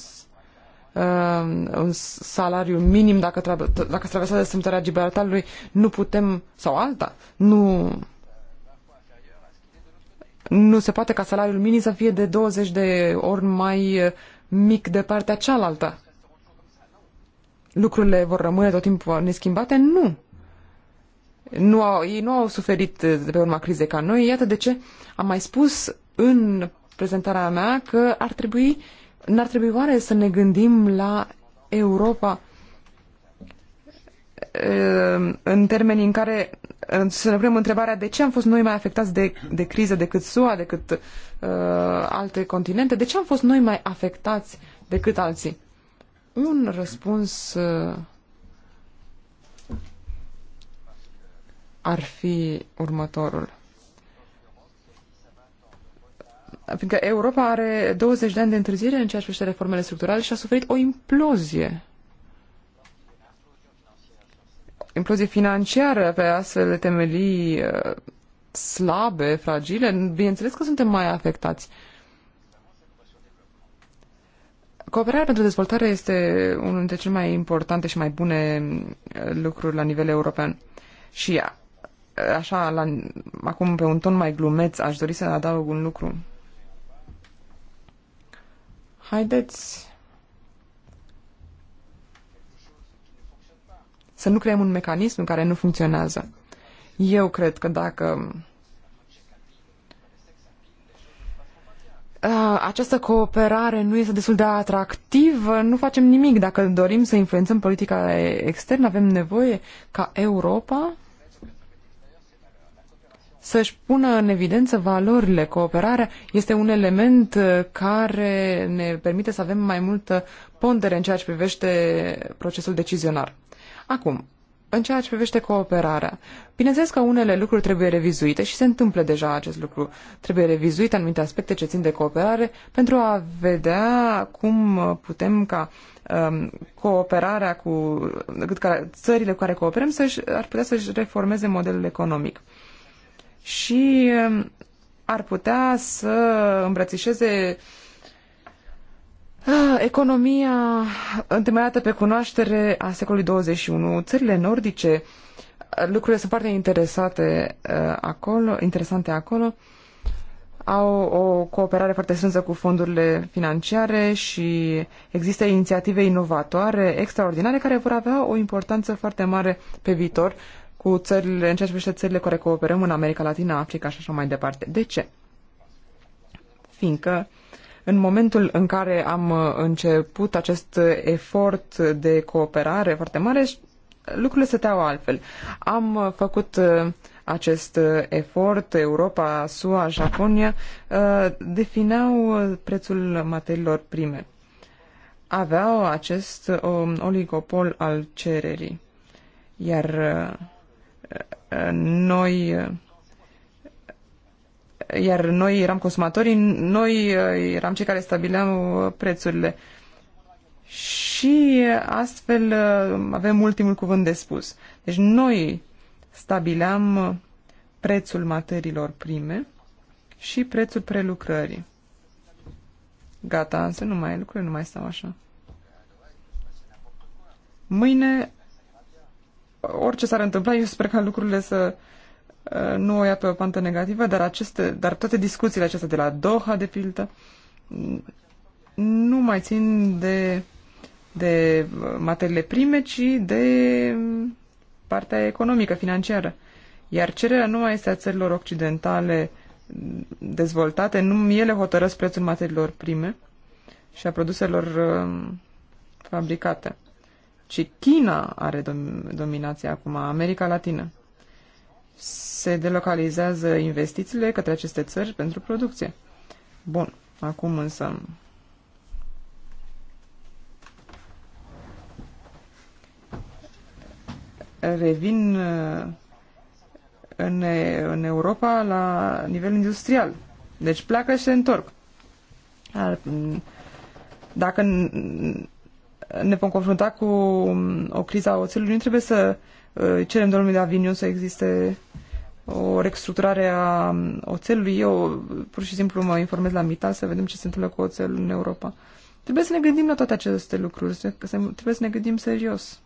Um, un salariu minim dacă, tra- dacă se traversează sâmbătarea Gibraltarului, nu putem, sau alta, nu, nu se poate ca salariul minim să fie de 20 de ori mai uh, mic de partea cealaltă. Lucrurile vor rămâne tot timpul neschimbate? Nu. nu au, ei nu au suferit uh, de pe urma crizei ca noi. Iată de ce am mai spus în prezentarea mea că ar trebui uh, N-ar trebui oare să ne gândim la Europa în termenii în care să ne punem întrebarea de ce am fost noi mai afectați de, de criză decât SUA, decât uh, alte continente, de ce am fost noi mai afectați decât alții? Un răspuns uh, ar fi următorul fiindcă Europa are 20 de ani de întârziere în ceea ce privește reformele structurale și a suferit o implozie. Implozie financiară pe astfel de temelii uh, slabe, fragile, bineînțeles că suntem mai afectați. Cooperarea pentru dezvoltare este unul dintre cele mai importante și mai bune uh, lucruri la nivel european. Și uh, așa, la, acum pe un ton mai glumeț, aș dori să adaug un lucru. Haideți să nu creăm un mecanism care nu funcționează. Eu cred că dacă această cooperare nu este destul de atractivă, nu facem nimic. Dacă dorim să influențăm politica externă, avem nevoie ca Europa să-și pună în evidență valorile. Cooperarea este un element uh, care ne permite să avem mai multă pondere în ceea ce privește procesul decizionar. Acum, în ceea ce privește cooperarea. Bineînțeles că unele lucruri trebuie revizuite și se întâmplă deja acest lucru. Trebuie revizuite anumite aspecte ce țin de cooperare pentru a vedea cum putem ca um, cooperarea cu ca țările cu care cooperăm să ar putea să-și reformeze modelul economic și um, ar putea să îmbrățișeze ah, economia întemeiată pe cunoaștere a secolului 21. Țările nordice, lucrurile sunt foarte interesate uh, acolo, interesante acolo, au o cooperare foarte strânsă cu fondurile financiare și există inițiative inovatoare, extraordinare, care vor avea o importanță foarte mare pe viitor cu țările, în ceea ce privește țările care cooperăm în America Latina, Africa și așa mai departe. De ce? Fiindcă în momentul în care am uh, început acest efort de cooperare foarte mare, lucrurile stăteau altfel. Am uh, făcut uh, acest efort, Europa, SUA, Japonia, defineau prețul materiilor prime. Aveau acest um, oligopol al cererii. Iar noi iar noi eram consumatorii, noi uh, eram cei care stabileam uh, prețurile. Și astfel uh, avem ultimul cuvânt de spus. Deci noi stabileam prețul materiilor prime și prețul prelucrării. Gata, însă nu mai lucrurile nu mai stau așa. Mâine orice s-ar întâmpla, eu sper ca lucrurile să uh, nu o ia pe o pantă negativă, dar, aceste, dar toate discuțiile acestea de la Doha, de pildă, nu mai țin de, de materiile prime, ci de partea economică, financiară. Iar cererea nu mai este a țărilor occidentale dezvoltate, nu ele hotărăsc prețul materiilor prime și a produselor uh, fabricate și China are dom- dominația acum, America Latină. Se delocalizează investițiile către aceste țări pentru producție. Bun, acum însă revin în, în Europa la nivel industrial. Deci pleacă și se întorc. Dacă ne vom confrunta cu um, o criză a oțelului, nu trebuie să uh, cerem domnului Avignon să existe o restructurare a um, oțelului. Eu pur și simplu mă informez la mita, să vedem ce se întâmplă cu oțelul în Europa. Trebuie să ne gândim la toate aceste lucruri, trebuie să ne gândim serios.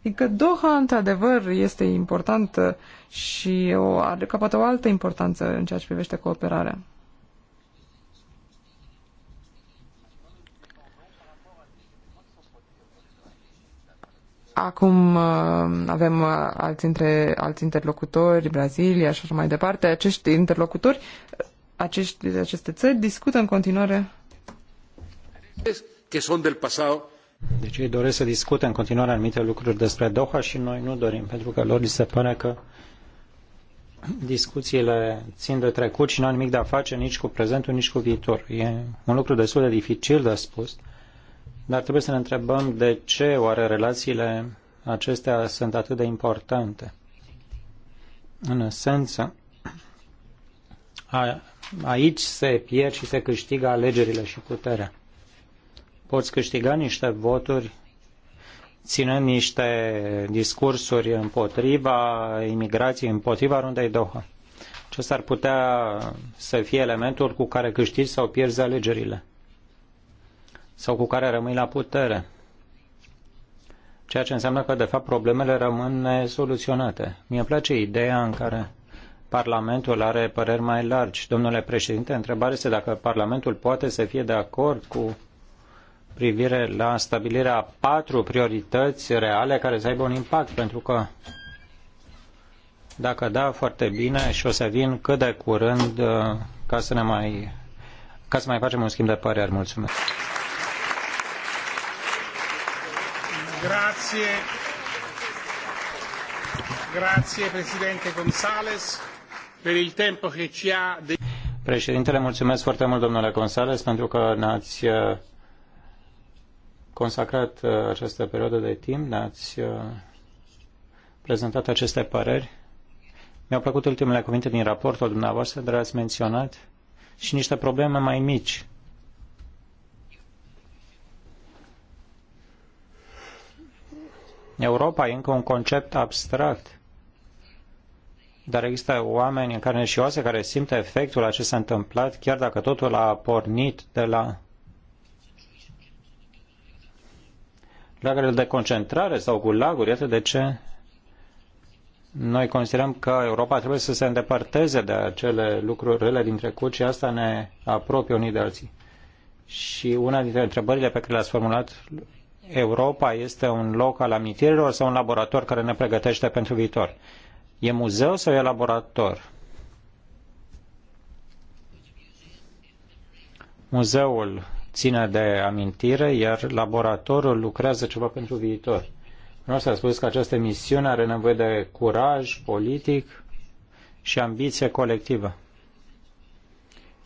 Fiindcă Doha, într-adevăr, este importantă și o, are capăt o altă importanță în ceea ce privește cooperarea. Acum uh, avem uh, alți, între, alți interlocutori, Brazilia și așa mai departe. Acești interlocutori, acești, aceste țări discută în continuare. Deci ei doresc să discute în continuare anumite lucruri despre Doha și noi nu dorim, pentru că lor li se pare că discuțiile țin de trecut și nu au nimic de a face nici cu prezentul, nici cu viitor. E un lucru destul de dificil de spus dar trebuie să ne întrebăm de ce oare relațiile acestea sunt atât de importante. În esență, a, aici se pierd și se câștigă alegerile și puterea. Poți câștiga niște voturi ținând niște discursuri împotriva imigrației, împotriva rundei Doha. Acesta ar putea să fie elementul cu care câștigi sau pierzi alegerile sau cu care rămâi la putere. Ceea ce înseamnă că, de fapt, problemele rămân nesoluționate. Mie îmi place ideea în care Parlamentul are păreri mai largi. Domnule președinte, întrebarea este dacă Parlamentul poate să fie de acord cu privire la stabilirea a patru priorități reale care să aibă un impact, pentru că dacă da, foarte bine și o să vin cât de curând uh, ca să ne mai ca să mai facem un schimb de păreri. Mulțumesc. Grazie. Grazie Presidente Gonzales per il tempo che ci ha Președintele, mulțumesc foarte mult, domnule Gonzales, pentru că ne-ați uh, consacrat uh, această perioadă de timp, ne-ați uh, prezentat aceste păreri. Mi-au plăcut ultimele cuvinte din raportul dumneavoastră, dar ați menționat și niște probleme mai mici Europa e încă un concept abstract, dar există oameni în carne și oase care simt efectul a ce s-a întâmplat, chiar dacă totul a pornit de la lagările de concentrare sau gulaguri, iată de ce noi considerăm că Europa trebuie să se îndepărteze de acele lucruri rele din trecut și asta ne apropie unii de alții. Și una dintre întrebările pe care le-ați formulat Europa este un loc al amintirilor sau un laborator care ne pregătește pentru viitor? E muzeu sau e laborator? Muzeul ține de amintire, iar laboratorul lucrează ceva pentru viitor. s-a spus că această misiune are nevoie de curaj politic și ambiție colectivă.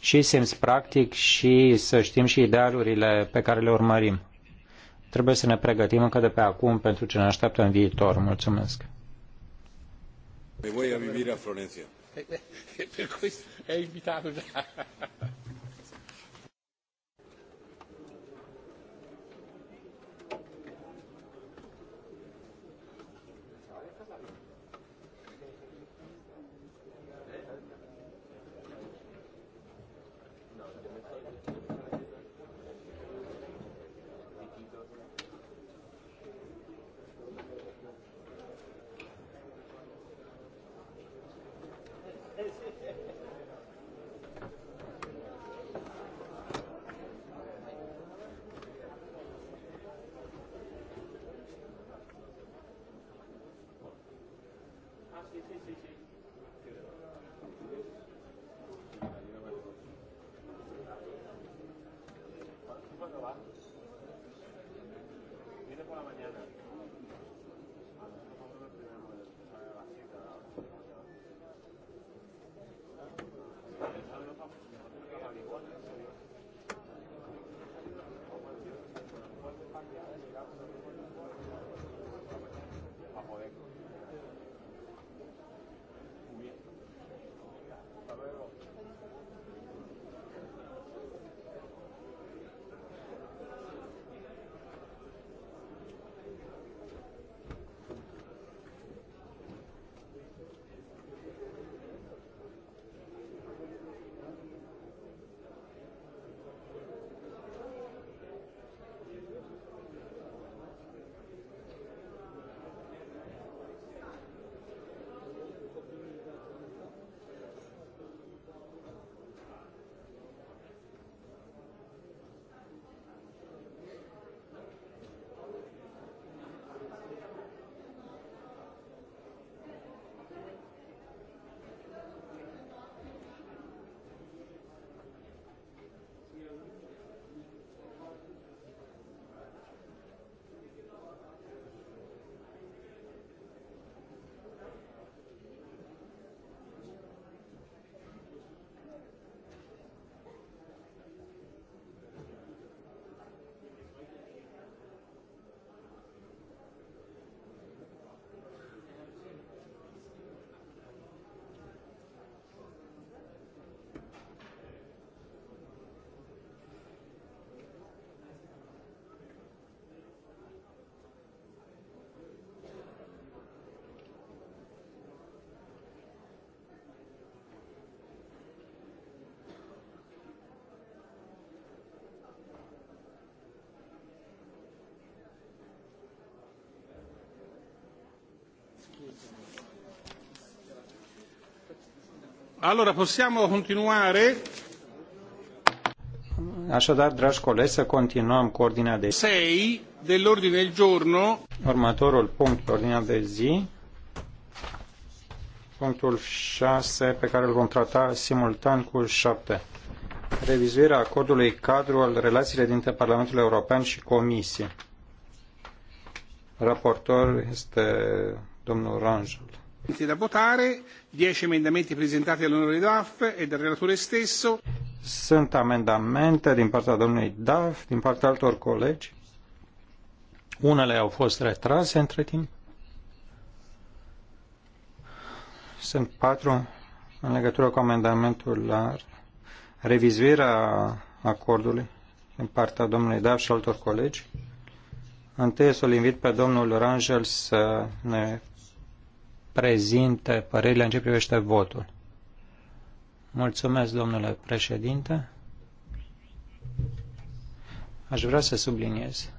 Și simț practic și să știm și idealurile pe care le urmărim. Trebuie să ne pregătim încă de pe acum pentru ce ne așteaptă în viitor. Mulțumesc. Me voy a vivir a Florencia. Pero es invitado ya. Allora possiamo continuare? Așadar, dragi colegi, să continuăm cu ordinea de 6 dell'ordine del giorno. Următorul punct pe ordinea de zi, punctul 6 pe care îl vom trata simultan cu 7. Revizuirea acordului cadru al relațiilor dintre Parlamentul European și Comisie. Raportor este domnul Rangel. Da votare, 10 emendamenti prezentate dall'onorevole Duff e dal relatore stesso. Sunt amendamente din partea domnului Duff, din partea altor colegi. Unele au fost retrase între timp. Sunt patru în legătură cu amendamentul la revizuirea acordului din partea domnului Dav și altor colegi. Întâi să-l invit pe domnul Rangel să ne prezinte părerile în ce privește votul. Mulțumesc, domnule președinte. Aș vrea să subliniez,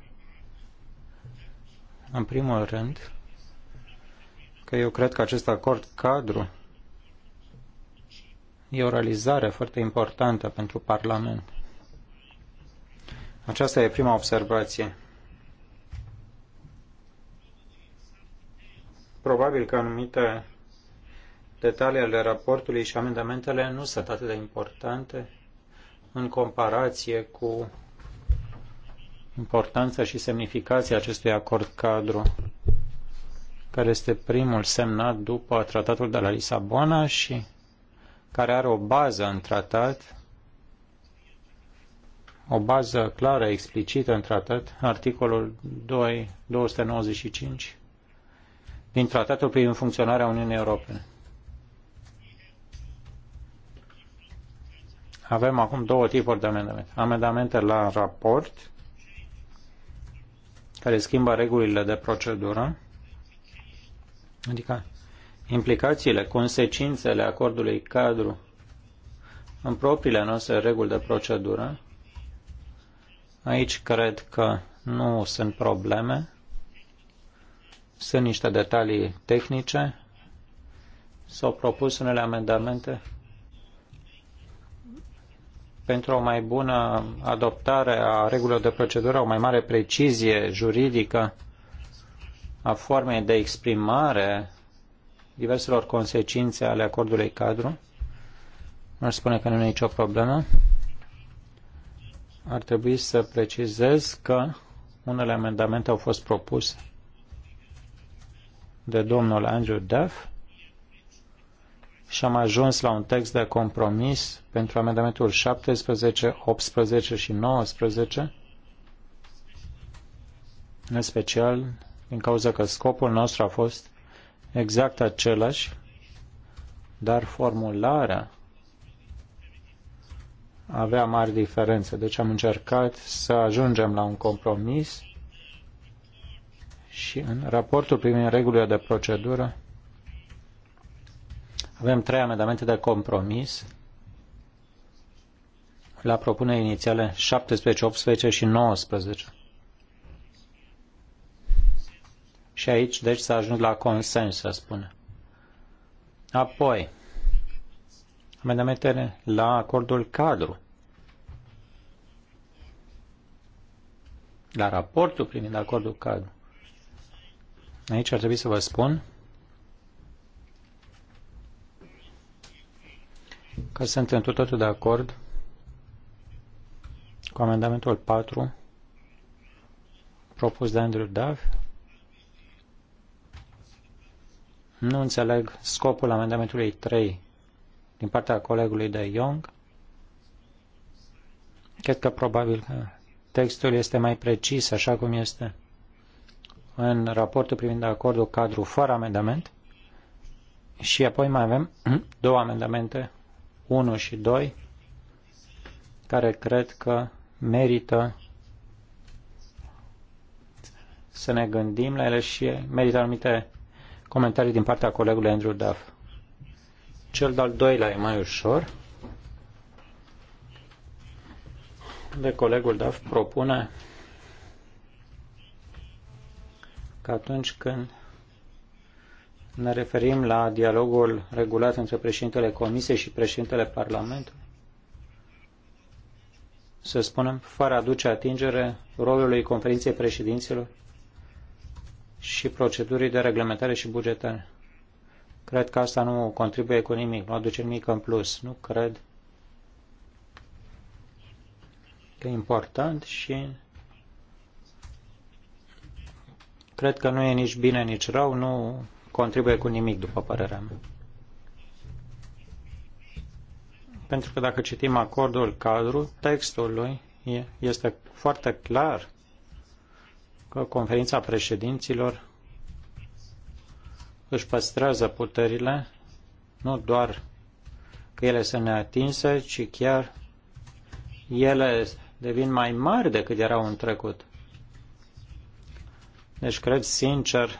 în primul rând, că eu cred că acest acord cadru e o realizare foarte importantă pentru Parlament. Aceasta e prima observație. Probabil că anumite detalii ale raportului și amendamentele nu sunt atât de importante în comparație cu importanța și semnificația acestui acord cadru, care este primul semnat după tratatul de la Lisabona și care are o bază în tratat, o bază clară, explicită în tratat, articolul 2, 295, din Tratatul privind funcționarea Uniunii Europene. Avem acum două tipuri de amendamente. Amendamente la raport, care schimbă regulile de procedură, adică implicațiile, consecințele acordului cadru în propriile noastre reguli de procedură. Aici cred că nu sunt probleme sunt niște detalii tehnice. S-au propus unele amendamente pentru o mai bună adoptare a regulilor de procedură, o mai mare precizie juridică a formei de exprimare diverselor consecințe ale acordului cadru. Nu aș spune că nu e nicio problemă. Ar trebui să precizez că unele amendamente au fost propuse de domnul Andrew Duff și am ajuns la un text de compromis pentru amendamentul 17, 18 și 19, în special din cauza că scopul nostru a fost exact același, dar formularea avea mari diferențe. Deci am încercat să ajungem la un compromis și în raportul privind regulile de procedură avem trei amendamente de compromis la propunerea inițiale 17, 18 și 19. Și aici, deci, s-a ajuns la consens, să spune. Apoi, amendamentele la acordul cadru. La raportul privind acordul cadru. Aici ar trebui să vă spun că sunt în totul de acord cu amendamentul 4 propus de Andrew Duff. Nu înțeleg scopul amendamentului 3 din partea colegului de Young. Cred că probabil textul este mai precis așa cum este în raportul privind acordul cadru fără amendament și apoi mai avem două amendamente, 1 și 2, care cred că merită să ne gândim la ele și merită anumite comentarii din partea colegului Andrew Duff. Cel de-al doilea e mai ușor. De colegul Duff propune că atunci când ne referim la dialogul regulat între președintele Comisiei și președintele Parlamentului, să spunem, fără a duce atingere rolului conferinței președinților și procedurii de reglementare și bugetare. Cred că asta nu contribuie cu nimic, nu aduce nimic în plus. Nu cred că e important și Cred că nu e nici bine, nici rău, nu contribuie cu nimic, după părerea mea. Pentru că dacă citim acordul cadru, textul lui este foarte clar că conferința președinților își păstrează puterile, nu doar că ele sunt neatinse, ci chiar ele devin mai mari decât erau în trecut. Deci cred sincer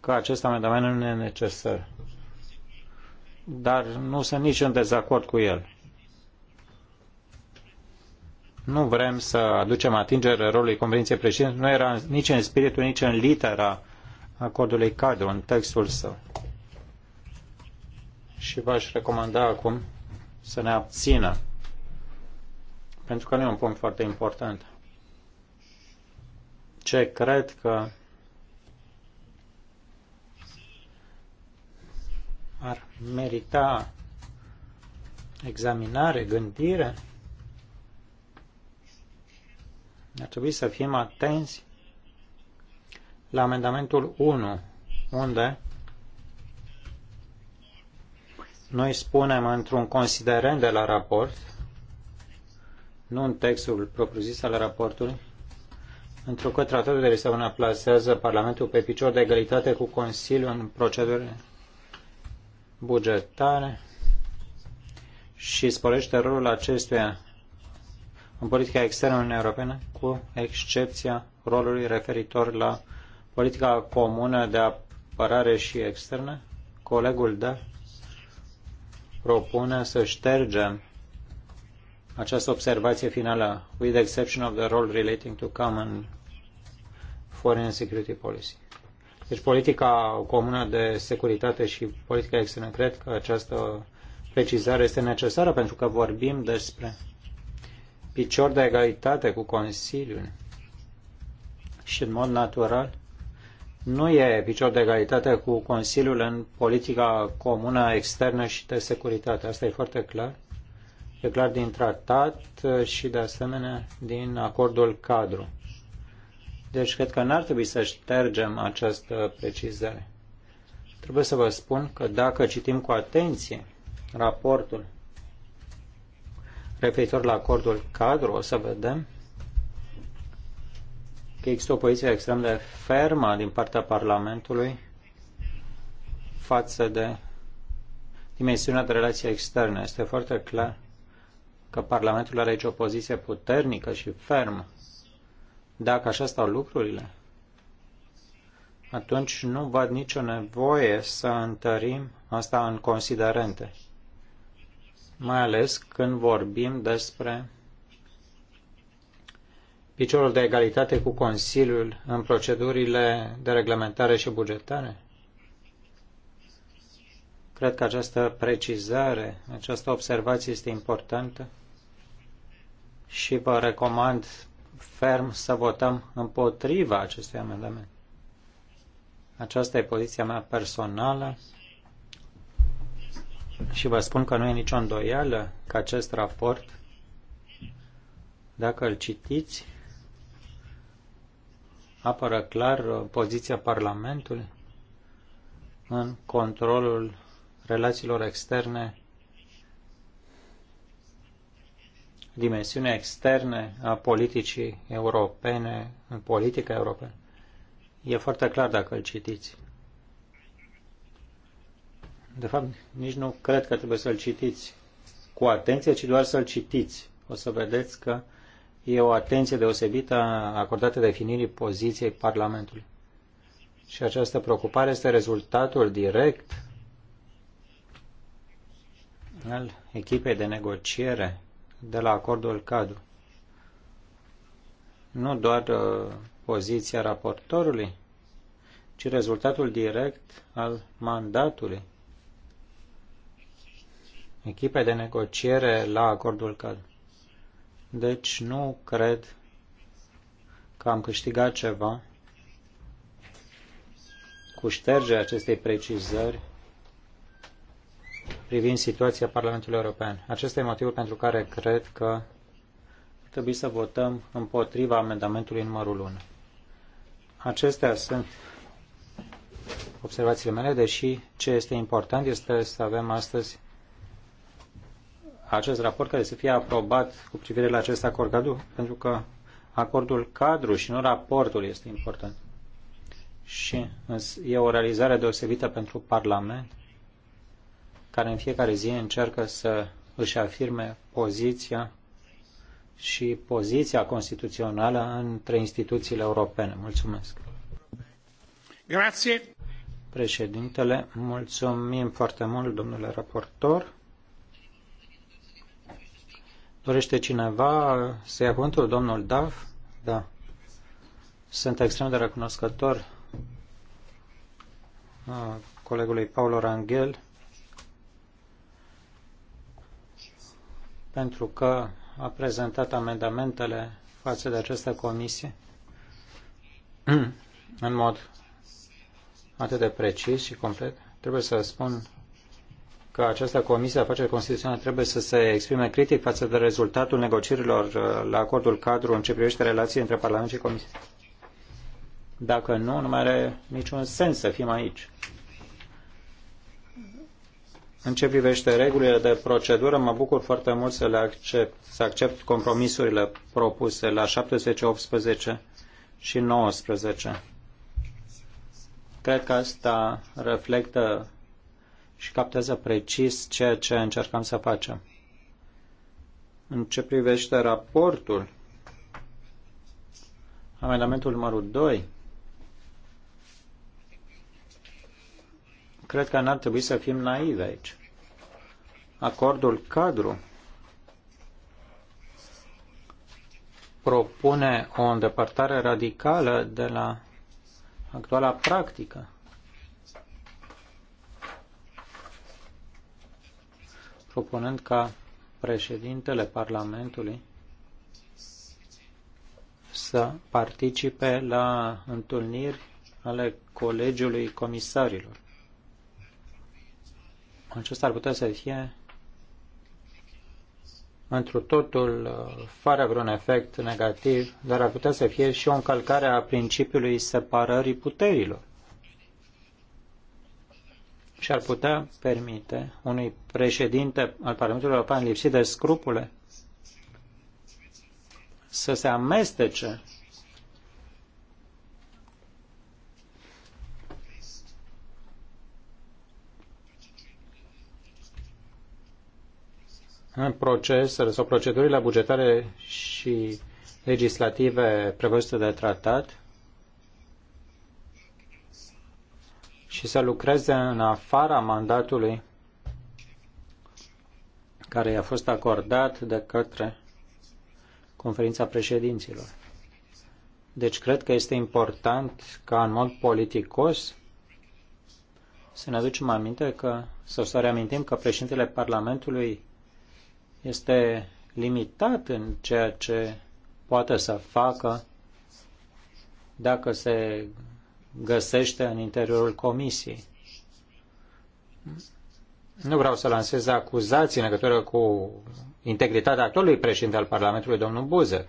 că acest amendament nu e necesar. Dar nu sunt nici în dezacord cu el. Nu vrem să aducem atingere rolului Convenției Președinte. Nu era nici în spiritul, nici în litera acordului cadru, în textul său. Și v-aș recomanda acum să ne abțină, pentru că nu e un punct foarte important ce cred că ar merita examinare, gândire, ar trebui să fim atenți la amendamentul 1, unde noi spunem într-un considerent de la raport, nu în textul propriu-zis al raportului, întrucât tratatul de Lisabona plasează Parlamentul pe picior de egalitate cu Consiliul în procedurile bugetare și sporește rolul acestuia în politica externă Uniunii Europene, cu excepția rolului referitor la politica comună de apărare și externă. Colegul de propune să ștergem această observație finală, with exception of the role relating to common Foreign Security Policy. Deci politica comună de securitate și politica externă, cred că această precizare este necesară pentru că vorbim despre picior de egalitate cu Consiliul și în mod natural nu e picior de egalitate cu Consiliul în politica comună externă și de securitate. Asta e foarte clar. E clar din tratat și de asemenea din acordul cadru. Deci cred că n-ar trebui să ștergem această precizare. Trebuie să vă spun că dacă citim cu atenție raportul referitor la acordul cadru, o să vedem că există o poziție extrem de fermă din partea Parlamentului față de dimensiunea de relații externe. Este foarte clar că Parlamentul are aici o poziție puternică și fermă. Dacă așa stau lucrurile, atunci nu văd nicio nevoie să întărim asta în considerente, mai ales când vorbim despre piciorul de egalitate cu Consiliul în procedurile de reglementare și bugetare? Cred că această precizare, această observație este importantă și vă recomand ferm să votăm împotriva acestui amendament. Aceasta e poziția mea personală și vă spun că nu e nicio îndoială că acest raport, dacă îl citiți, apără clar poziția Parlamentului în controlul relațiilor externe dimensiune externe a politicii europene, în politica europeană. E foarte clar dacă îl citiți. De fapt, nici nu cred că trebuie să-l citiți cu atenție, ci doar să-l citiți. O să vedeți că e o atenție deosebită acordată definirii poziției Parlamentului. Și această preocupare este rezultatul direct al echipei de negociere de la acordul cadru. Nu doar uh, poziția raportorului, ci rezultatul direct al mandatului echipe de negociere la acordul cadru. Deci nu cred că am câștigat ceva cu ștergerea acestei precizări privind situația Parlamentului European. Acesta e motivul pentru care cred că trebuie să votăm împotriva amendamentului numărul 1. Acestea sunt observațiile mele, deși ce este important este să avem astăzi acest raport care să fie aprobat cu privire la acest acord cadru, pentru că acordul cadru și nu raportul este important. Și e o realizare deosebită pentru Parlament care în fiecare zi încearcă să își afirme poziția și poziția constituțională între instituțiile europene. Mulțumesc. Grazie. Președintele, mulțumim foarte mult, domnule raportor. Dorește cineva să ia cuvântul, domnul Daf? Da. Sunt extrem de recunoscător uh, colegului Paulo Rangel pentru că a prezentat amendamentele față de această comisie în mod atât de precis și complet. Trebuie să spun că această comisie afaceri constituționale trebuie să se exprime critic față de rezultatul negocierilor uh, la acordul cadru în ce privește relații între Parlament și Comisie. Dacă nu, nu mai are niciun sens să fim aici. În ce privește regulile de procedură, mă bucur foarte mult să le accept, să accept compromisurile propuse la 17, 18 și 19. Cred că asta reflectă și captează precis ceea ce încercăm să facem. În ce privește raportul, amendamentul numărul 2, Cred că n-ar trebui să fim naivi aici. Acordul cadru propune o îndepărtare radicală de la actuala practică. propunând ca președintele Parlamentului să participe la întâlniri ale Colegiului Comisarilor. Acesta ar putea să fie într totul uh, fără vreun efect negativ, dar ar putea să fie și o încălcare a principiului separării puterilor. Și ar putea permite unui președinte al Parlamentului European lipsit de scrupule să se amestece în procesele sau procedurile bugetare și legislative prevăzute de tratat și să lucreze în afara mandatului care i-a fost acordat de către conferința președinților. Deci cred că este important ca în mod politicos să ne aducem aminte că, sau să reamintim că președintele Parlamentului este limitat în ceea ce poate să facă dacă se găsește în interiorul comisiei. Nu vreau să lansez acuzații în legătură cu integritatea actualului președinte al Parlamentului, domnul Buză,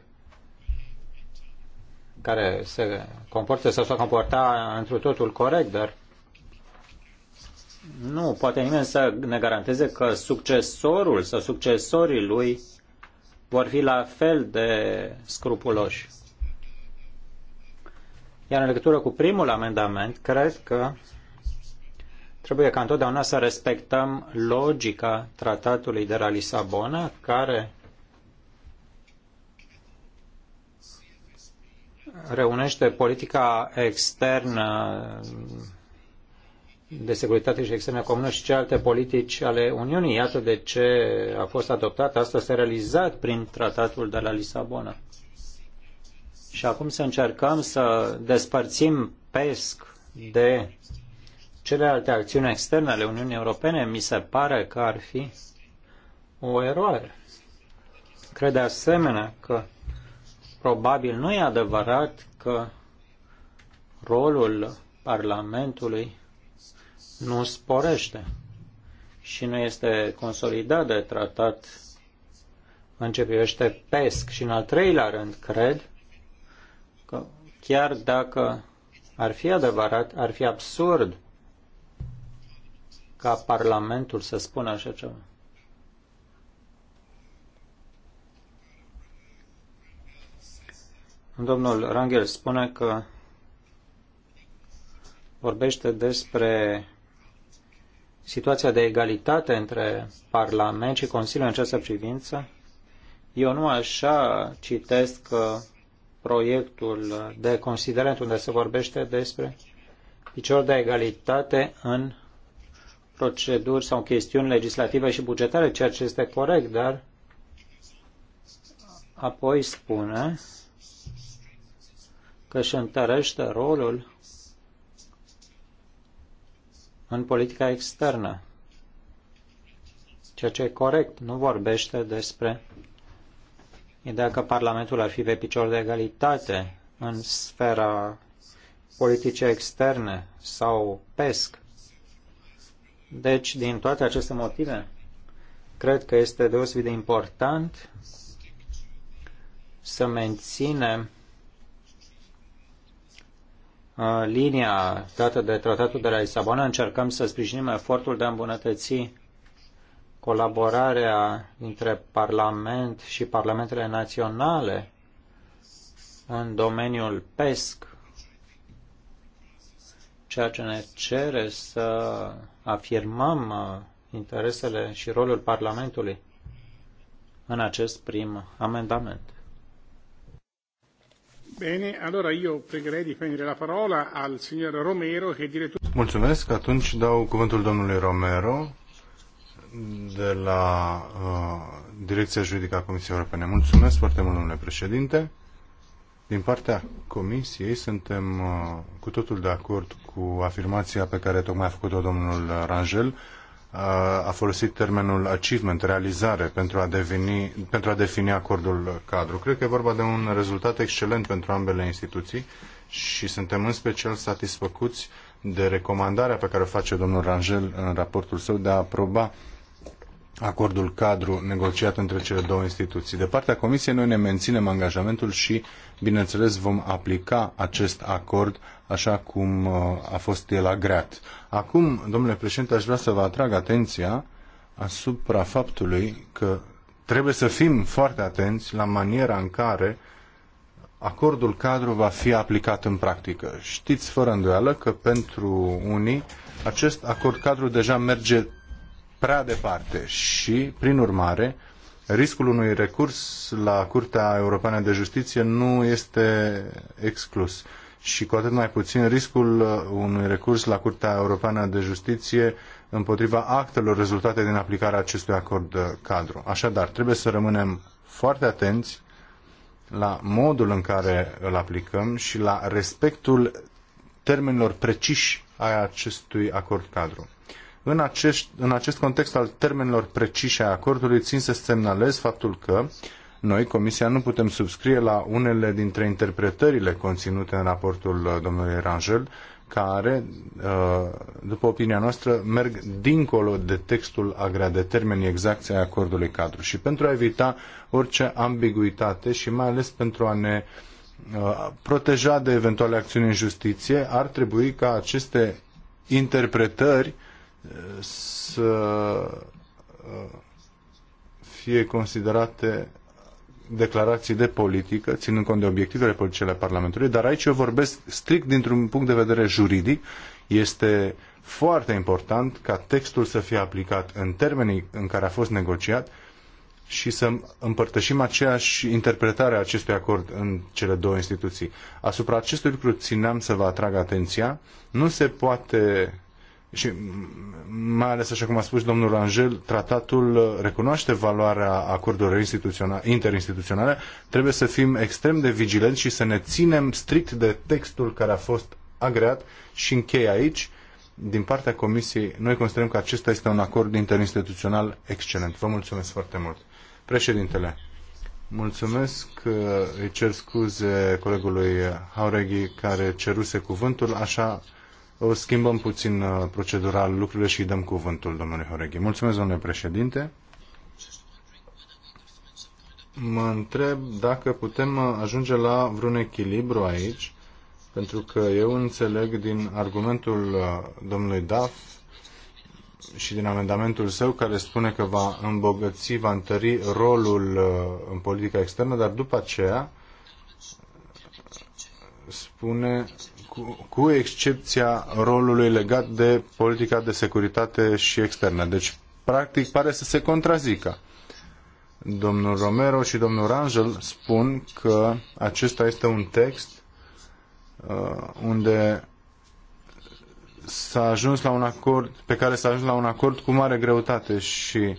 care se comportă sau s-a comportat într un totul corect, dar nu, poate nimeni să ne garanteze că succesorul sau succesorii lui vor fi la fel de scrupuloși. Iar în legătură cu primul amendament, cred că trebuie ca întotdeauna să respectăm logica tratatului de la Lisabona, care reunește politica externă de securitate și externe comună și celelalte politici ale Uniunii. Iată de ce a fost adoptat, asta s-a realizat prin tratatul de la Lisabona. Și acum să încercăm să despărțim PESC de celelalte acțiuni externe ale Uniunii Europene, mi se pare că ar fi o eroare. Cred de asemenea că probabil nu e adevărat că rolul Parlamentului nu sporește și nu este consolidat de tratat în ce privește PESC. Și în al treilea rând, cred că chiar dacă ar fi adevărat, ar fi absurd ca Parlamentul să spună așa ceva. Domnul Rangel spune că vorbește despre situația de egalitate între Parlament și Consiliu în această privință. Eu nu așa citesc uh, proiectul de considerent unde se vorbește despre picior de egalitate în proceduri sau chestiuni legislative și bugetare, ceea ce este corect, dar apoi spune că își întărește rolul în politica externă, ceea ce e corect. Nu vorbește despre ideea că Parlamentul ar fi pe picior de egalitate în sfera politice externe sau PESC. Deci, din toate aceste motive, cred că este deosebit de important să menținem linia dată de Tratatul de la Lisabona, încercăm să sprijinim efortul de a îmbunătăți colaborarea dintre Parlament și Parlamentele Naționale în domeniul PESC, ceea ce ne cere să afirmăm uh, interesele și rolul Parlamentului în acest prim amendament. Bine, allora io pregherei di prendere la parola al signor Romero, che direttore... Mulțumesc, atunci dau cuvântul domnului Romero de la uh, Direcția Juridică a Comisiei Europene. Mulțumesc foarte mult, domnule președinte. Din partea Comisiei suntem uh, cu totul de acord cu afirmația pe care tocmai a făcut-o domnul Rangel a folosit termenul achievement, realizare, pentru a, deveni, pentru a defini acordul cadru. Cred că e vorba de un rezultat excelent pentru ambele instituții și suntem în special satisfăcuți de recomandarea pe care o face domnul Rangel în raportul său de a aproba acordul cadru negociat între cele două instituții. De partea Comisiei, noi ne menținem angajamentul și, bineînțeles, vom aplica acest acord așa cum uh, a fost el agreat. Acum, domnule președinte, aș vrea să vă atrag atenția asupra faptului că trebuie să fim foarte atenți la maniera în care acordul cadru va fi aplicat în practică. Știți fără îndoială că pentru unii acest acord cadru deja merge prea departe și, prin urmare, riscul unui recurs la Curtea Europeană de Justiție nu este exclus. Și cu atât mai puțin riscul unui recurs la Curtea Europeană de Justiție împotriva actelor rezultate din aplicarea acestui acord cadru. Așadar, trebuie să rămânem foarte atenți la modul în care îl aplicăm și la respectul termenilor preciși ai acestui acord cadru. În acest, în acest context al termenilor precise a acordului, țin să semnalez faptul că noi, Comisia, nu putem subscrie la unele dintre interpretările conținute în raportul uh, domnului Rangel, care, uh, după opinia noastră, merg dincolo de textul agrea de termenii exacti ai acordului cadru. Și pentru a evita orice ambiguitate și mai ales pentru a ne uh, proteja de eventuale acțiuni în justiție, ar trebui ca aceste interpretări să uh, fie considerate declarații de politică, ținând cont de obiectivele politice ale Parlamentului, dar aici eu vorbesc strict dintr-un punct de vedere juridic. Este foarte important ca textul să fie aplicat în termenii în care a fost negociat și să împărtășim aceeași interpretare a acestui acord în cele două instituții. Asupra acestui lucru țineam să vă atrag atenția. Nu se poate și mai ales, așa cum a spus domnul Angel, tratatul uh, recunoaște valoarea acordurilor interinstituționale, trebuie să fim extrem de vigilenți și să ne ținem strict de textul care a fost agreat și închei aici. Din partea Comisiei, noi considerăm că acesta este un acord interinstituțional excelent. Vă mulțumesc foarte mult. Președintele, mulțumesc. Uh, îi cer scuze colegului Haureghi care ceruse cuvântul, așa schimbăm puțin uh, procedural lucrurile și îi dăm cuvântul domnului Horeghi. Mulțumesc, domnule președinte. Mă întreb dacă putem uh, ajunge la vreun echilibru aici, pentru că eu înțeleg din argumentul uh, domnului Daf și din amendamentul său care spune că va îmbogăți, va întări rolul în politica externă, dar după aceea spune cu, cu excepția rolului legat de politica de securitate și externă. Deci, practic, pare să se contrazică. Domnul Romero și domnul Rangel spun că acesta este un text uh, unde s-a ajuns la un acord, pe care s-a ajuns la un acord cu mare greutate și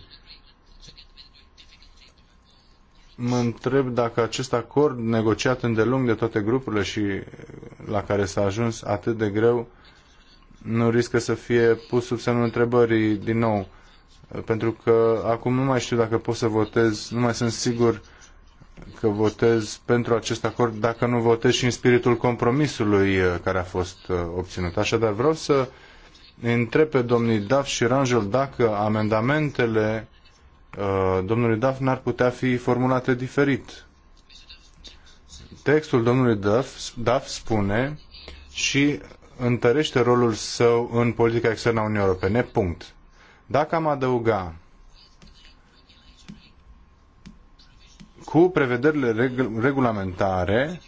mă întreb dacă acest acord negociat îndelung de toate grupurile și la care s-a ajuns atât de greu nu riscă să fie pus sub semnul întrebării din nou. Pentru că acum nu mai știu dacă pot să votez, nu mai sunt sigur că votez pentru acest acord dacă nu votez și în spiritul compromisului uh, care a fost uh, obținut. Așadar vreau să întreb pe domnii Daf și Rangel dacă amendamentele Uh, domnului Duff n-ar putea fi formulate diferit. Textul domnului Duff, Duff spune și întărește rolul său în politica externă a Uniunii Europene. Punct. Dacă am adăuga cu prevederile reg- regulamentare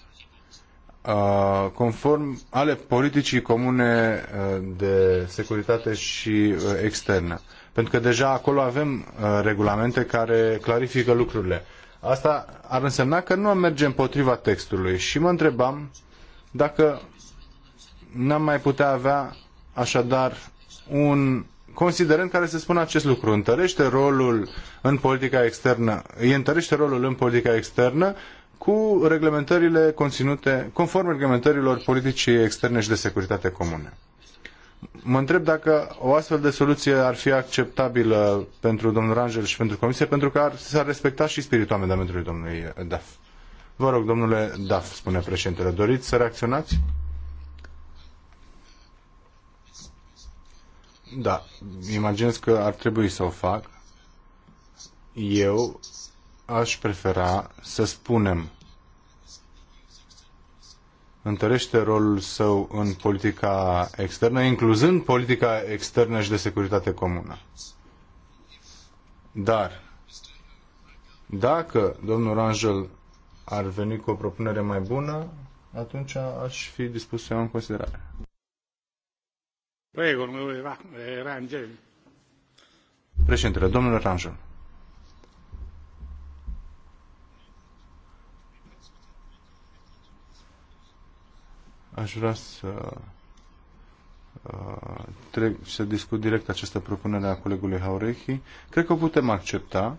uh, conform ale politicii comune uh, de securitate și externă pentru că deja acolo avem uh, regulamente care clarifică lucrurile. Asta ar însemna că nu am merge împotriva textului și mă întrebam dacă n-am mai putea avea așadar un considerent care se spune acest lucru, întărește rolul în politica externă, îi întărește rolul în politica externă cu reglementările conținute, conform reglementărilor politicii externe și de securitate comune mă întreb dacă o astfel de soluție ar fi acceptabilă pentru domnul Rangel și pentru Comisie, pentru că ar, s-ar respecta și spiritul amendamentului domnului Daf. Vă rog, domnule Daf, spune președintele, doriți să reacționați? Da, imaginez că ar trebui să o fac. Eu aș prefera să spunem întărește rolul său în politica externă, incluzând politica externă și de securitate comună. Dar, dacă domnul Rangel ar veni cu o propunere mai bună, atunci aș fi dispus să iau în considerare. Președintele, domnule Rangel. Aș vrea să uh, trec, să discut direct această propunere a colegului Haurehi. Cred că o putem accepta,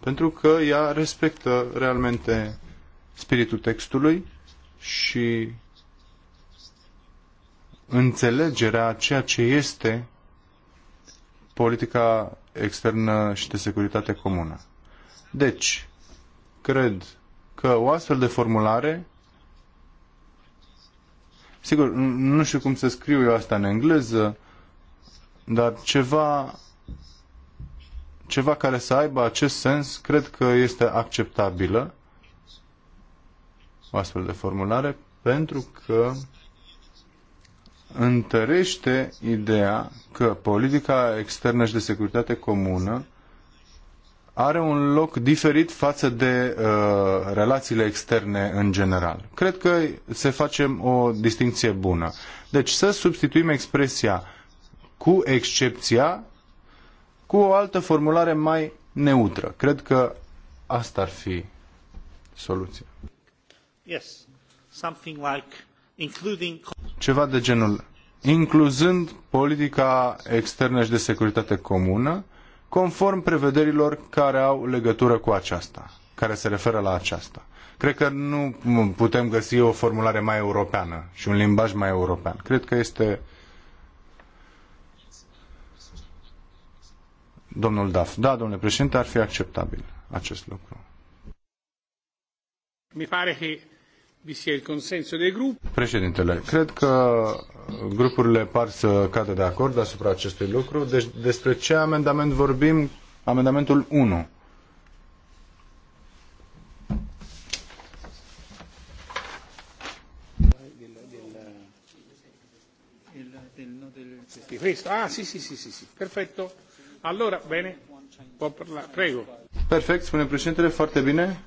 pentru că ea respectă realmente spiritul textului și înțelegerea a ceea ce este politica externă și de securitate comună. Deci, cred că o astfel de formulare Sigur, nu știu cum să scriu eu asta în engleză, dar ceva, ceva care să aibă acest sens, cred că este acceptabilă o astfel de formulare, pentru că întărește ideea că politica externă și de securitate comună are un loc diferit față de uh, relațiile externe în general. Cred că se facem o distinție bună. Deci să substituim expresia cu excepția cu o altă formulare mai neutră. Cred că asta ar fi soluția. Yes. Something like including... Ceva de genul incluzând politica externă și de securitate comună, conform prevederilor care au legătură cu aceasta, care se referă la aceasta. Cred că nu putem găsi o formulare mai europeană și un limbaj mai european. Cred că este domnul Daf. Da, domnule președinte, ar fi acceptabil acest lucru. Mi pare că Președintele, cred că grupurile par să cadă de acord asupra acestui lucru. Deci despre ce amendament vorbim? Amendamentul 1. questo? Ah, sì, sì, sì, sì, sì. Perfetto. Allora, bene. Può parlare. Prego. Perfect, spune președintele, foarte bine.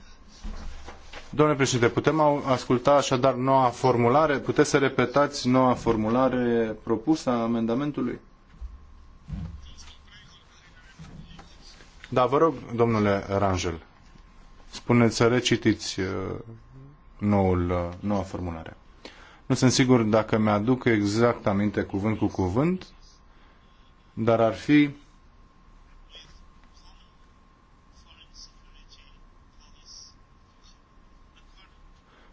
Domnule președinte, putem asculta așadar noua formulare? Puteți să repetați noua formulare propusă a amendamentului? Da, vă rog, domnule Rangel, spuneți să recitiți uh, noul, uh, noua formulare. Nu sunt sigur dacă mi-aduc exact aminte cuvânt cu cuvânt, dar ar fi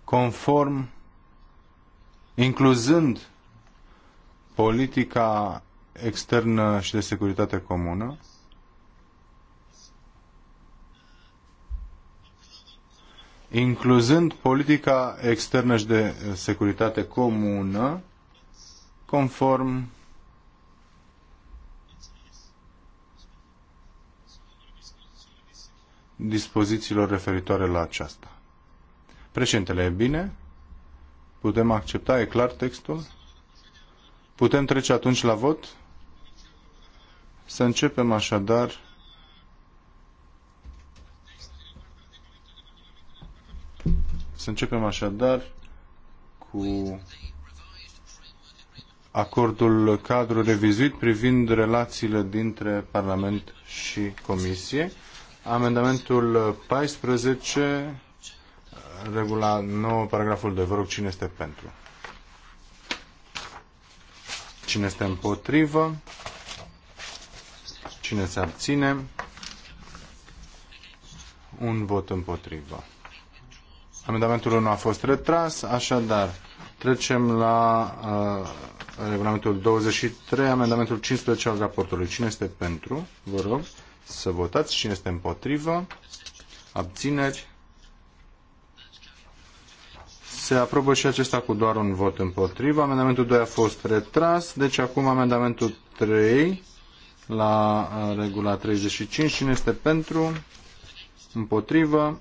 conform, incluzând politica externă și de securitate comună, incluzând politica externă și de securitate comună, conform dispozițiilor referitoare la aceasta. Președintele, e bine? Putem accepta? E clar textul? Putem trece atunci la vot? Să începem așadar Să începem așadar cu acordul cadru revizuit privind relațiile dintre Parlament și Comisie. Amendamentul 14 regula 9, paragraful 2. Vă rog, cine este pentru? Cine este împotrivă? Cine se abține? Un vot împotrivă. Amendamentul 1 a fost retras, așadar trecem la uh, regulamentul 23, amendamentul 15 al raportului. Cine este pentru? Vă rog să votați. Cine este împotrivă? Abțineri? Se aprobă și acesta cu doar un vot împotrivă. Amendamentul 2 a fost retras, deci acum amendamentul 3 la uh, regula 35. Cine este pentru? Împotrivă?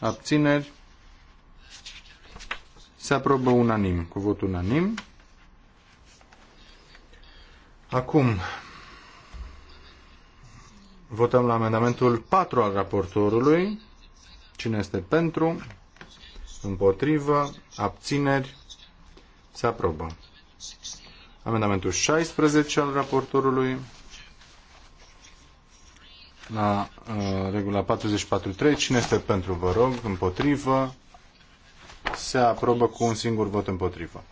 Abțineri? Se aprobă unanim, cu vot unanim. Acum, votăm la amendamentul 4 al raportorului. Cine este pentru? împotrivă, abțineri, se aprobă. Amendamentul 16 al raportorului la uh, regula 44.3. Cine este pentru, vă rog, împotrivă, se aprobă cu un singur vot împotrivă.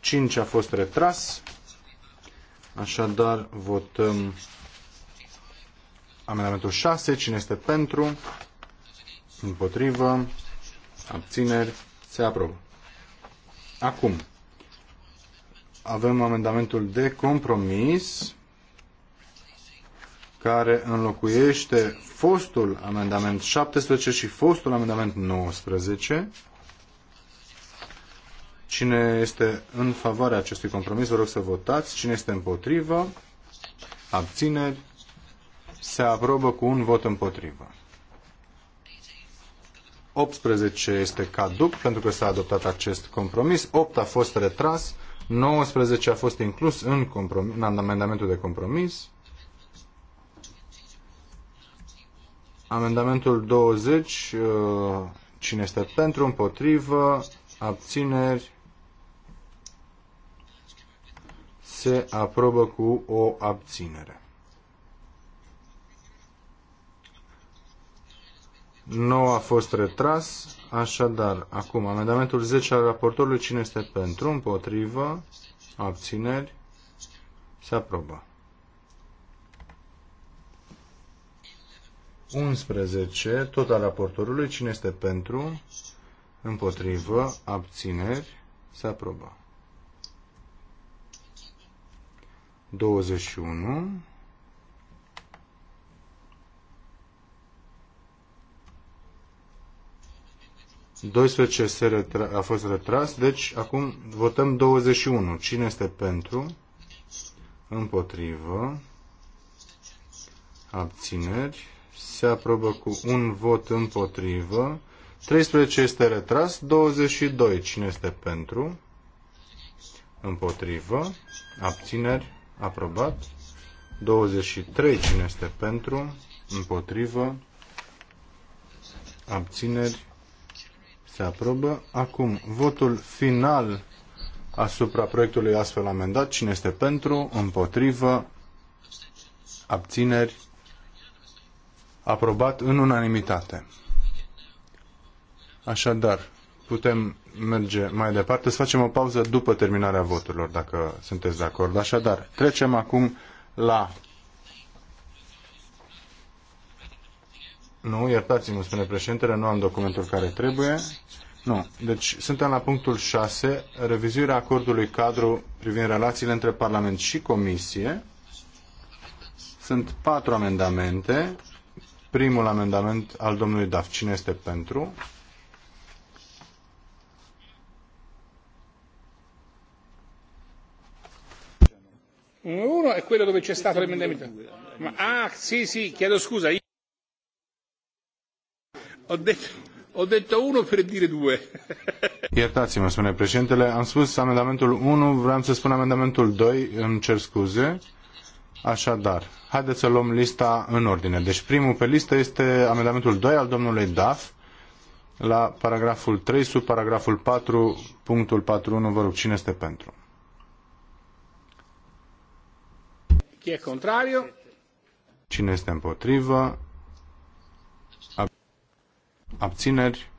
5 a fost retras, așadar votăm amendamentul 6. Cine este pentru? Împotrivă. Abțineri. Se aprobă. Acum. Avem amendamentul de compromis care înlocuiește fostul amendament 17 și fostul amendament 19. Cine este în favoarea acestui compromis, vă rog să votați. Cine este împotrivă, abțineri, se aprobă cu un vot împotrivă. 18 este caduc pentru că s-a adoptat acest compromis, 8 a fost retras, 19 a fost inclus în, în amendamentul de compromis. Amendamentul 20, uh, cine este pentru, împotrivă, abțineri, se aprobă cu o abținere. 9 a fost retras. Așadar, acum, amendamentul 10 al raportorului, cine este pentru, împotrivă, abțineri, se aprobă. 11, tot al raportorului, cine este pentru, împotrivă, abțineri, se aprobă. 21, 12 se retra- a fost retras, deci acum votăm 21. Cine este pentru? Împotrivă. Abțineri. Se aprobă cu un vot împotrivă. 13 este retras. 22. Cine este pentru? Împotrivă. Abțineri. Aprobat. 23. Cine este pentru? Împotrivă. Abțineri se aprobă. Acum, votul final asupra proiectului astfel amendat. Cine este pentru? Împotrivă? Abțineri? Aprobat în unanimitate. Așadar, putem merge mai departe. Să facem o pauză după terminarea voturilor, dacă sunteți de acord. Așadar, trecem acum la Nu, iertați-mă, spune președintele, nu am documentul care trebuie. Nu. Deci suntem la punctul 6, revizuirea acordului cadru privind relațiile între Parlament și Comisie. Sunt patru amendamente. Primul amendament al domnului Daf. Cine este pentru? Uno è quello dove c'è stato l'emendamento. Ah, sì, sì, chiedo scusa. Ho detto, ho detto uno per dire due. Iertați-mă, spune președintele. Am spus amendamentul 1, vreau să spun amendamentul 2, îmi cer scuze. Așadar, haideți să luăm lista în ordine. Deci primul pe listă este amendamentul 2 al domnului Daf la paragraful 3 sub paragraful 4, punctul 4.1. Vă rog, cine este pentru? Chi e contrario? Cine este împotrivă? Abțineri?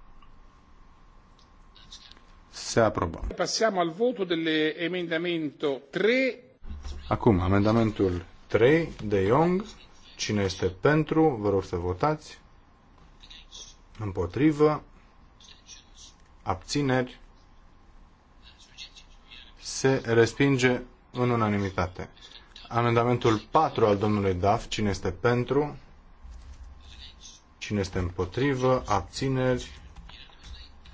Se aprobă. Passiamo al voto dell'emendamento 3. Acum, amendamentul 3 de Young. Cine este pentru? Vă rog să votați. Împotrivă. Abțineri. Se respinge în unanimitate. Amendamentul 4 al domnului Daf. Cine este pentru? Cine este împotrivă? Abțineri.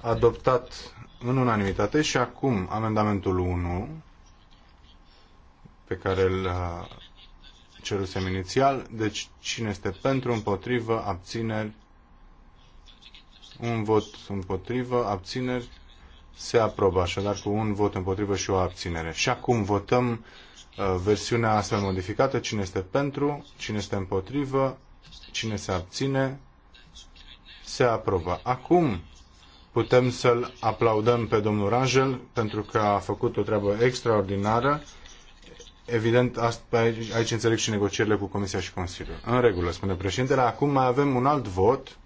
Adoptat în unanimitate și acum amendamentul 1 pe care îl uh, cerusem inițial. Deci cine este pentru, împotrivă, abțineri, un vot împotrivă, abțineri, se aprobă așadar cu un vot împotrivă și o abținere. Și acum votăm uh, versiunea astfel modificată, cine este pentru, cine este împotrivă, cine se abține, se aprobă. Acum putem să-l aplaudăm pe domnul Rangel pentru că a făcut o treabă extraordinară. Evident, aici înțeleg și negocierile cu Comisia și Consiliul. În regulă, spune președintele. Acum mai avem un alt vot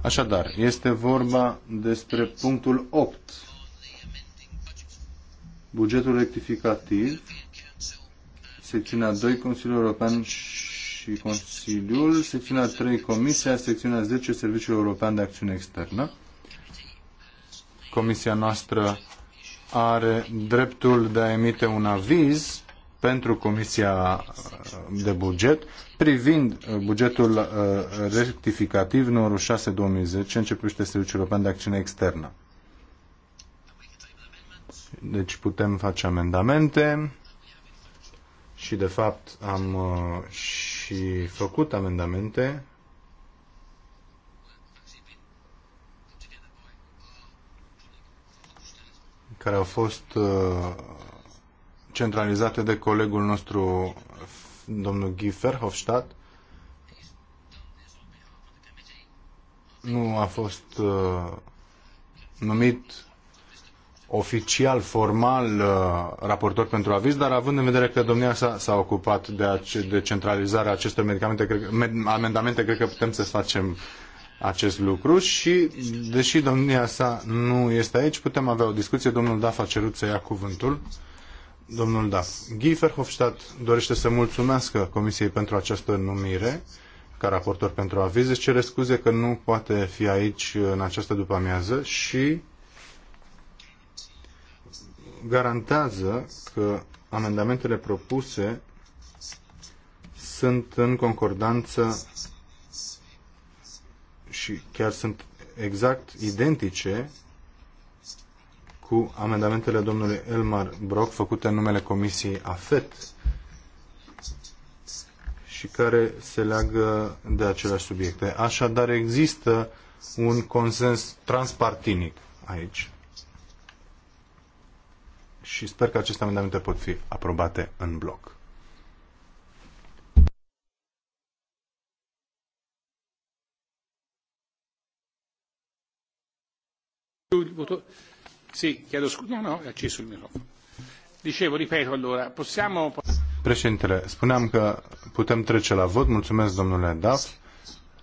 Așadar, este vorba despre punctul 8. Bugetul rectificativ, secțiunea 2, Consiliul European și Consiliul, secțiunea 3, Comisia, secțiunea 10, Serviciul European de Acțiune Externă. Comisia noastră are dreptul de a emite un aviz pentru Comisia de Buget privind uh, bugetul uh, rectificativ numărul 6 2010 în ce privește Serviciul European de Acțiune Externă. Deci putem face amendamente și de fapt am uh, și făcut amendamente care au fost centralizate de colegul nostru, domnul Guy Verhofstadt. Nu a fost uh, numit oficial, formal, uh, raportor pentru aviz, dar având în vedere că domnia sa s-a ocupat de, ace- de centralizarea acestor medicamente, cred, med- amendamente, cred că putem să facem acest lucru și, deși domnia sa nu este aici, putem avea o discuție. Domnul Daf a cerut să ia cuvântul. Uh, domnul da. Guy Verhofstadt dorește să mulțumească Comisiei pentru această numire ca raportor pentru aviz. Își cere scuze că nu poate fi aici în această după-amiază și garantează că amendamentele propuse sunt în concordanță și chiar sunt exact identice cu amendamentele domnului Elmar Brock făcute în numele Comisiei AFET și care se leagă de aceleași subiecte. Așadar, există un consens transpartinic aici și sper că aceste amendamente pot fi aprobate în bloc. Președintele, spuneam că putem trece la vot. Mulțumesc, domnule Duff.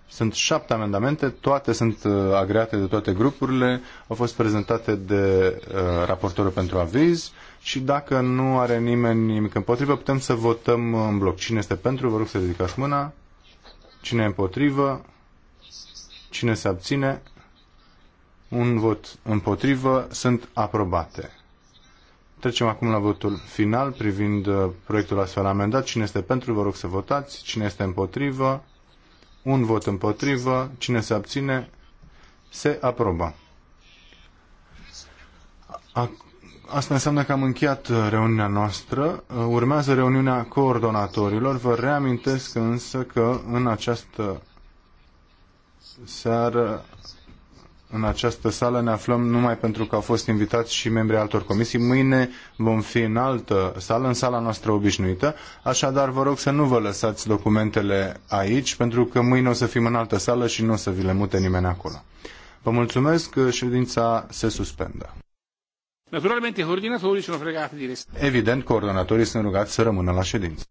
Sunt șapte amendamente, toate sunt uh, agreate de toate grupurile, au fost prezentate de uh, raportorul pentru aviz și dacă nu are nimeni nimic împotrivă, putem să votăm în bloc. Cine este pentru, vă rog să ridicați mâna. Cine e împotrivă? Cine se abține? un vot împotrivă, sunt aprobate. Trecem acum la votul final privind uh, proiectul astfel amendat. Cine este pentru, vă rog să votați. Cine este împotrivă, un vot împotrivă. Cine se abține, se aprobă. Asta înseamnă că am încheiat uh, reuniunea noastră. Uh, urmează reuniunea coordonatorilor. Vă reamintesc însă că în această seară în această sală ne aflăm numai pentru că au fost invitați și membrii altor comisii. Mâine vom fi în altă sală, în sala noastră obișnuită, așadar vă rog să nu vă lăsați documentele aici, pentru că mâine o să fim în altă sală și nu o să vi le mute nimeni acolo. Vă mulțumesc, ședința se suspendă. Naturalmente, coordonatorii sunt fregați Evident, coordonatorii sunt rugați să rămână la ședință.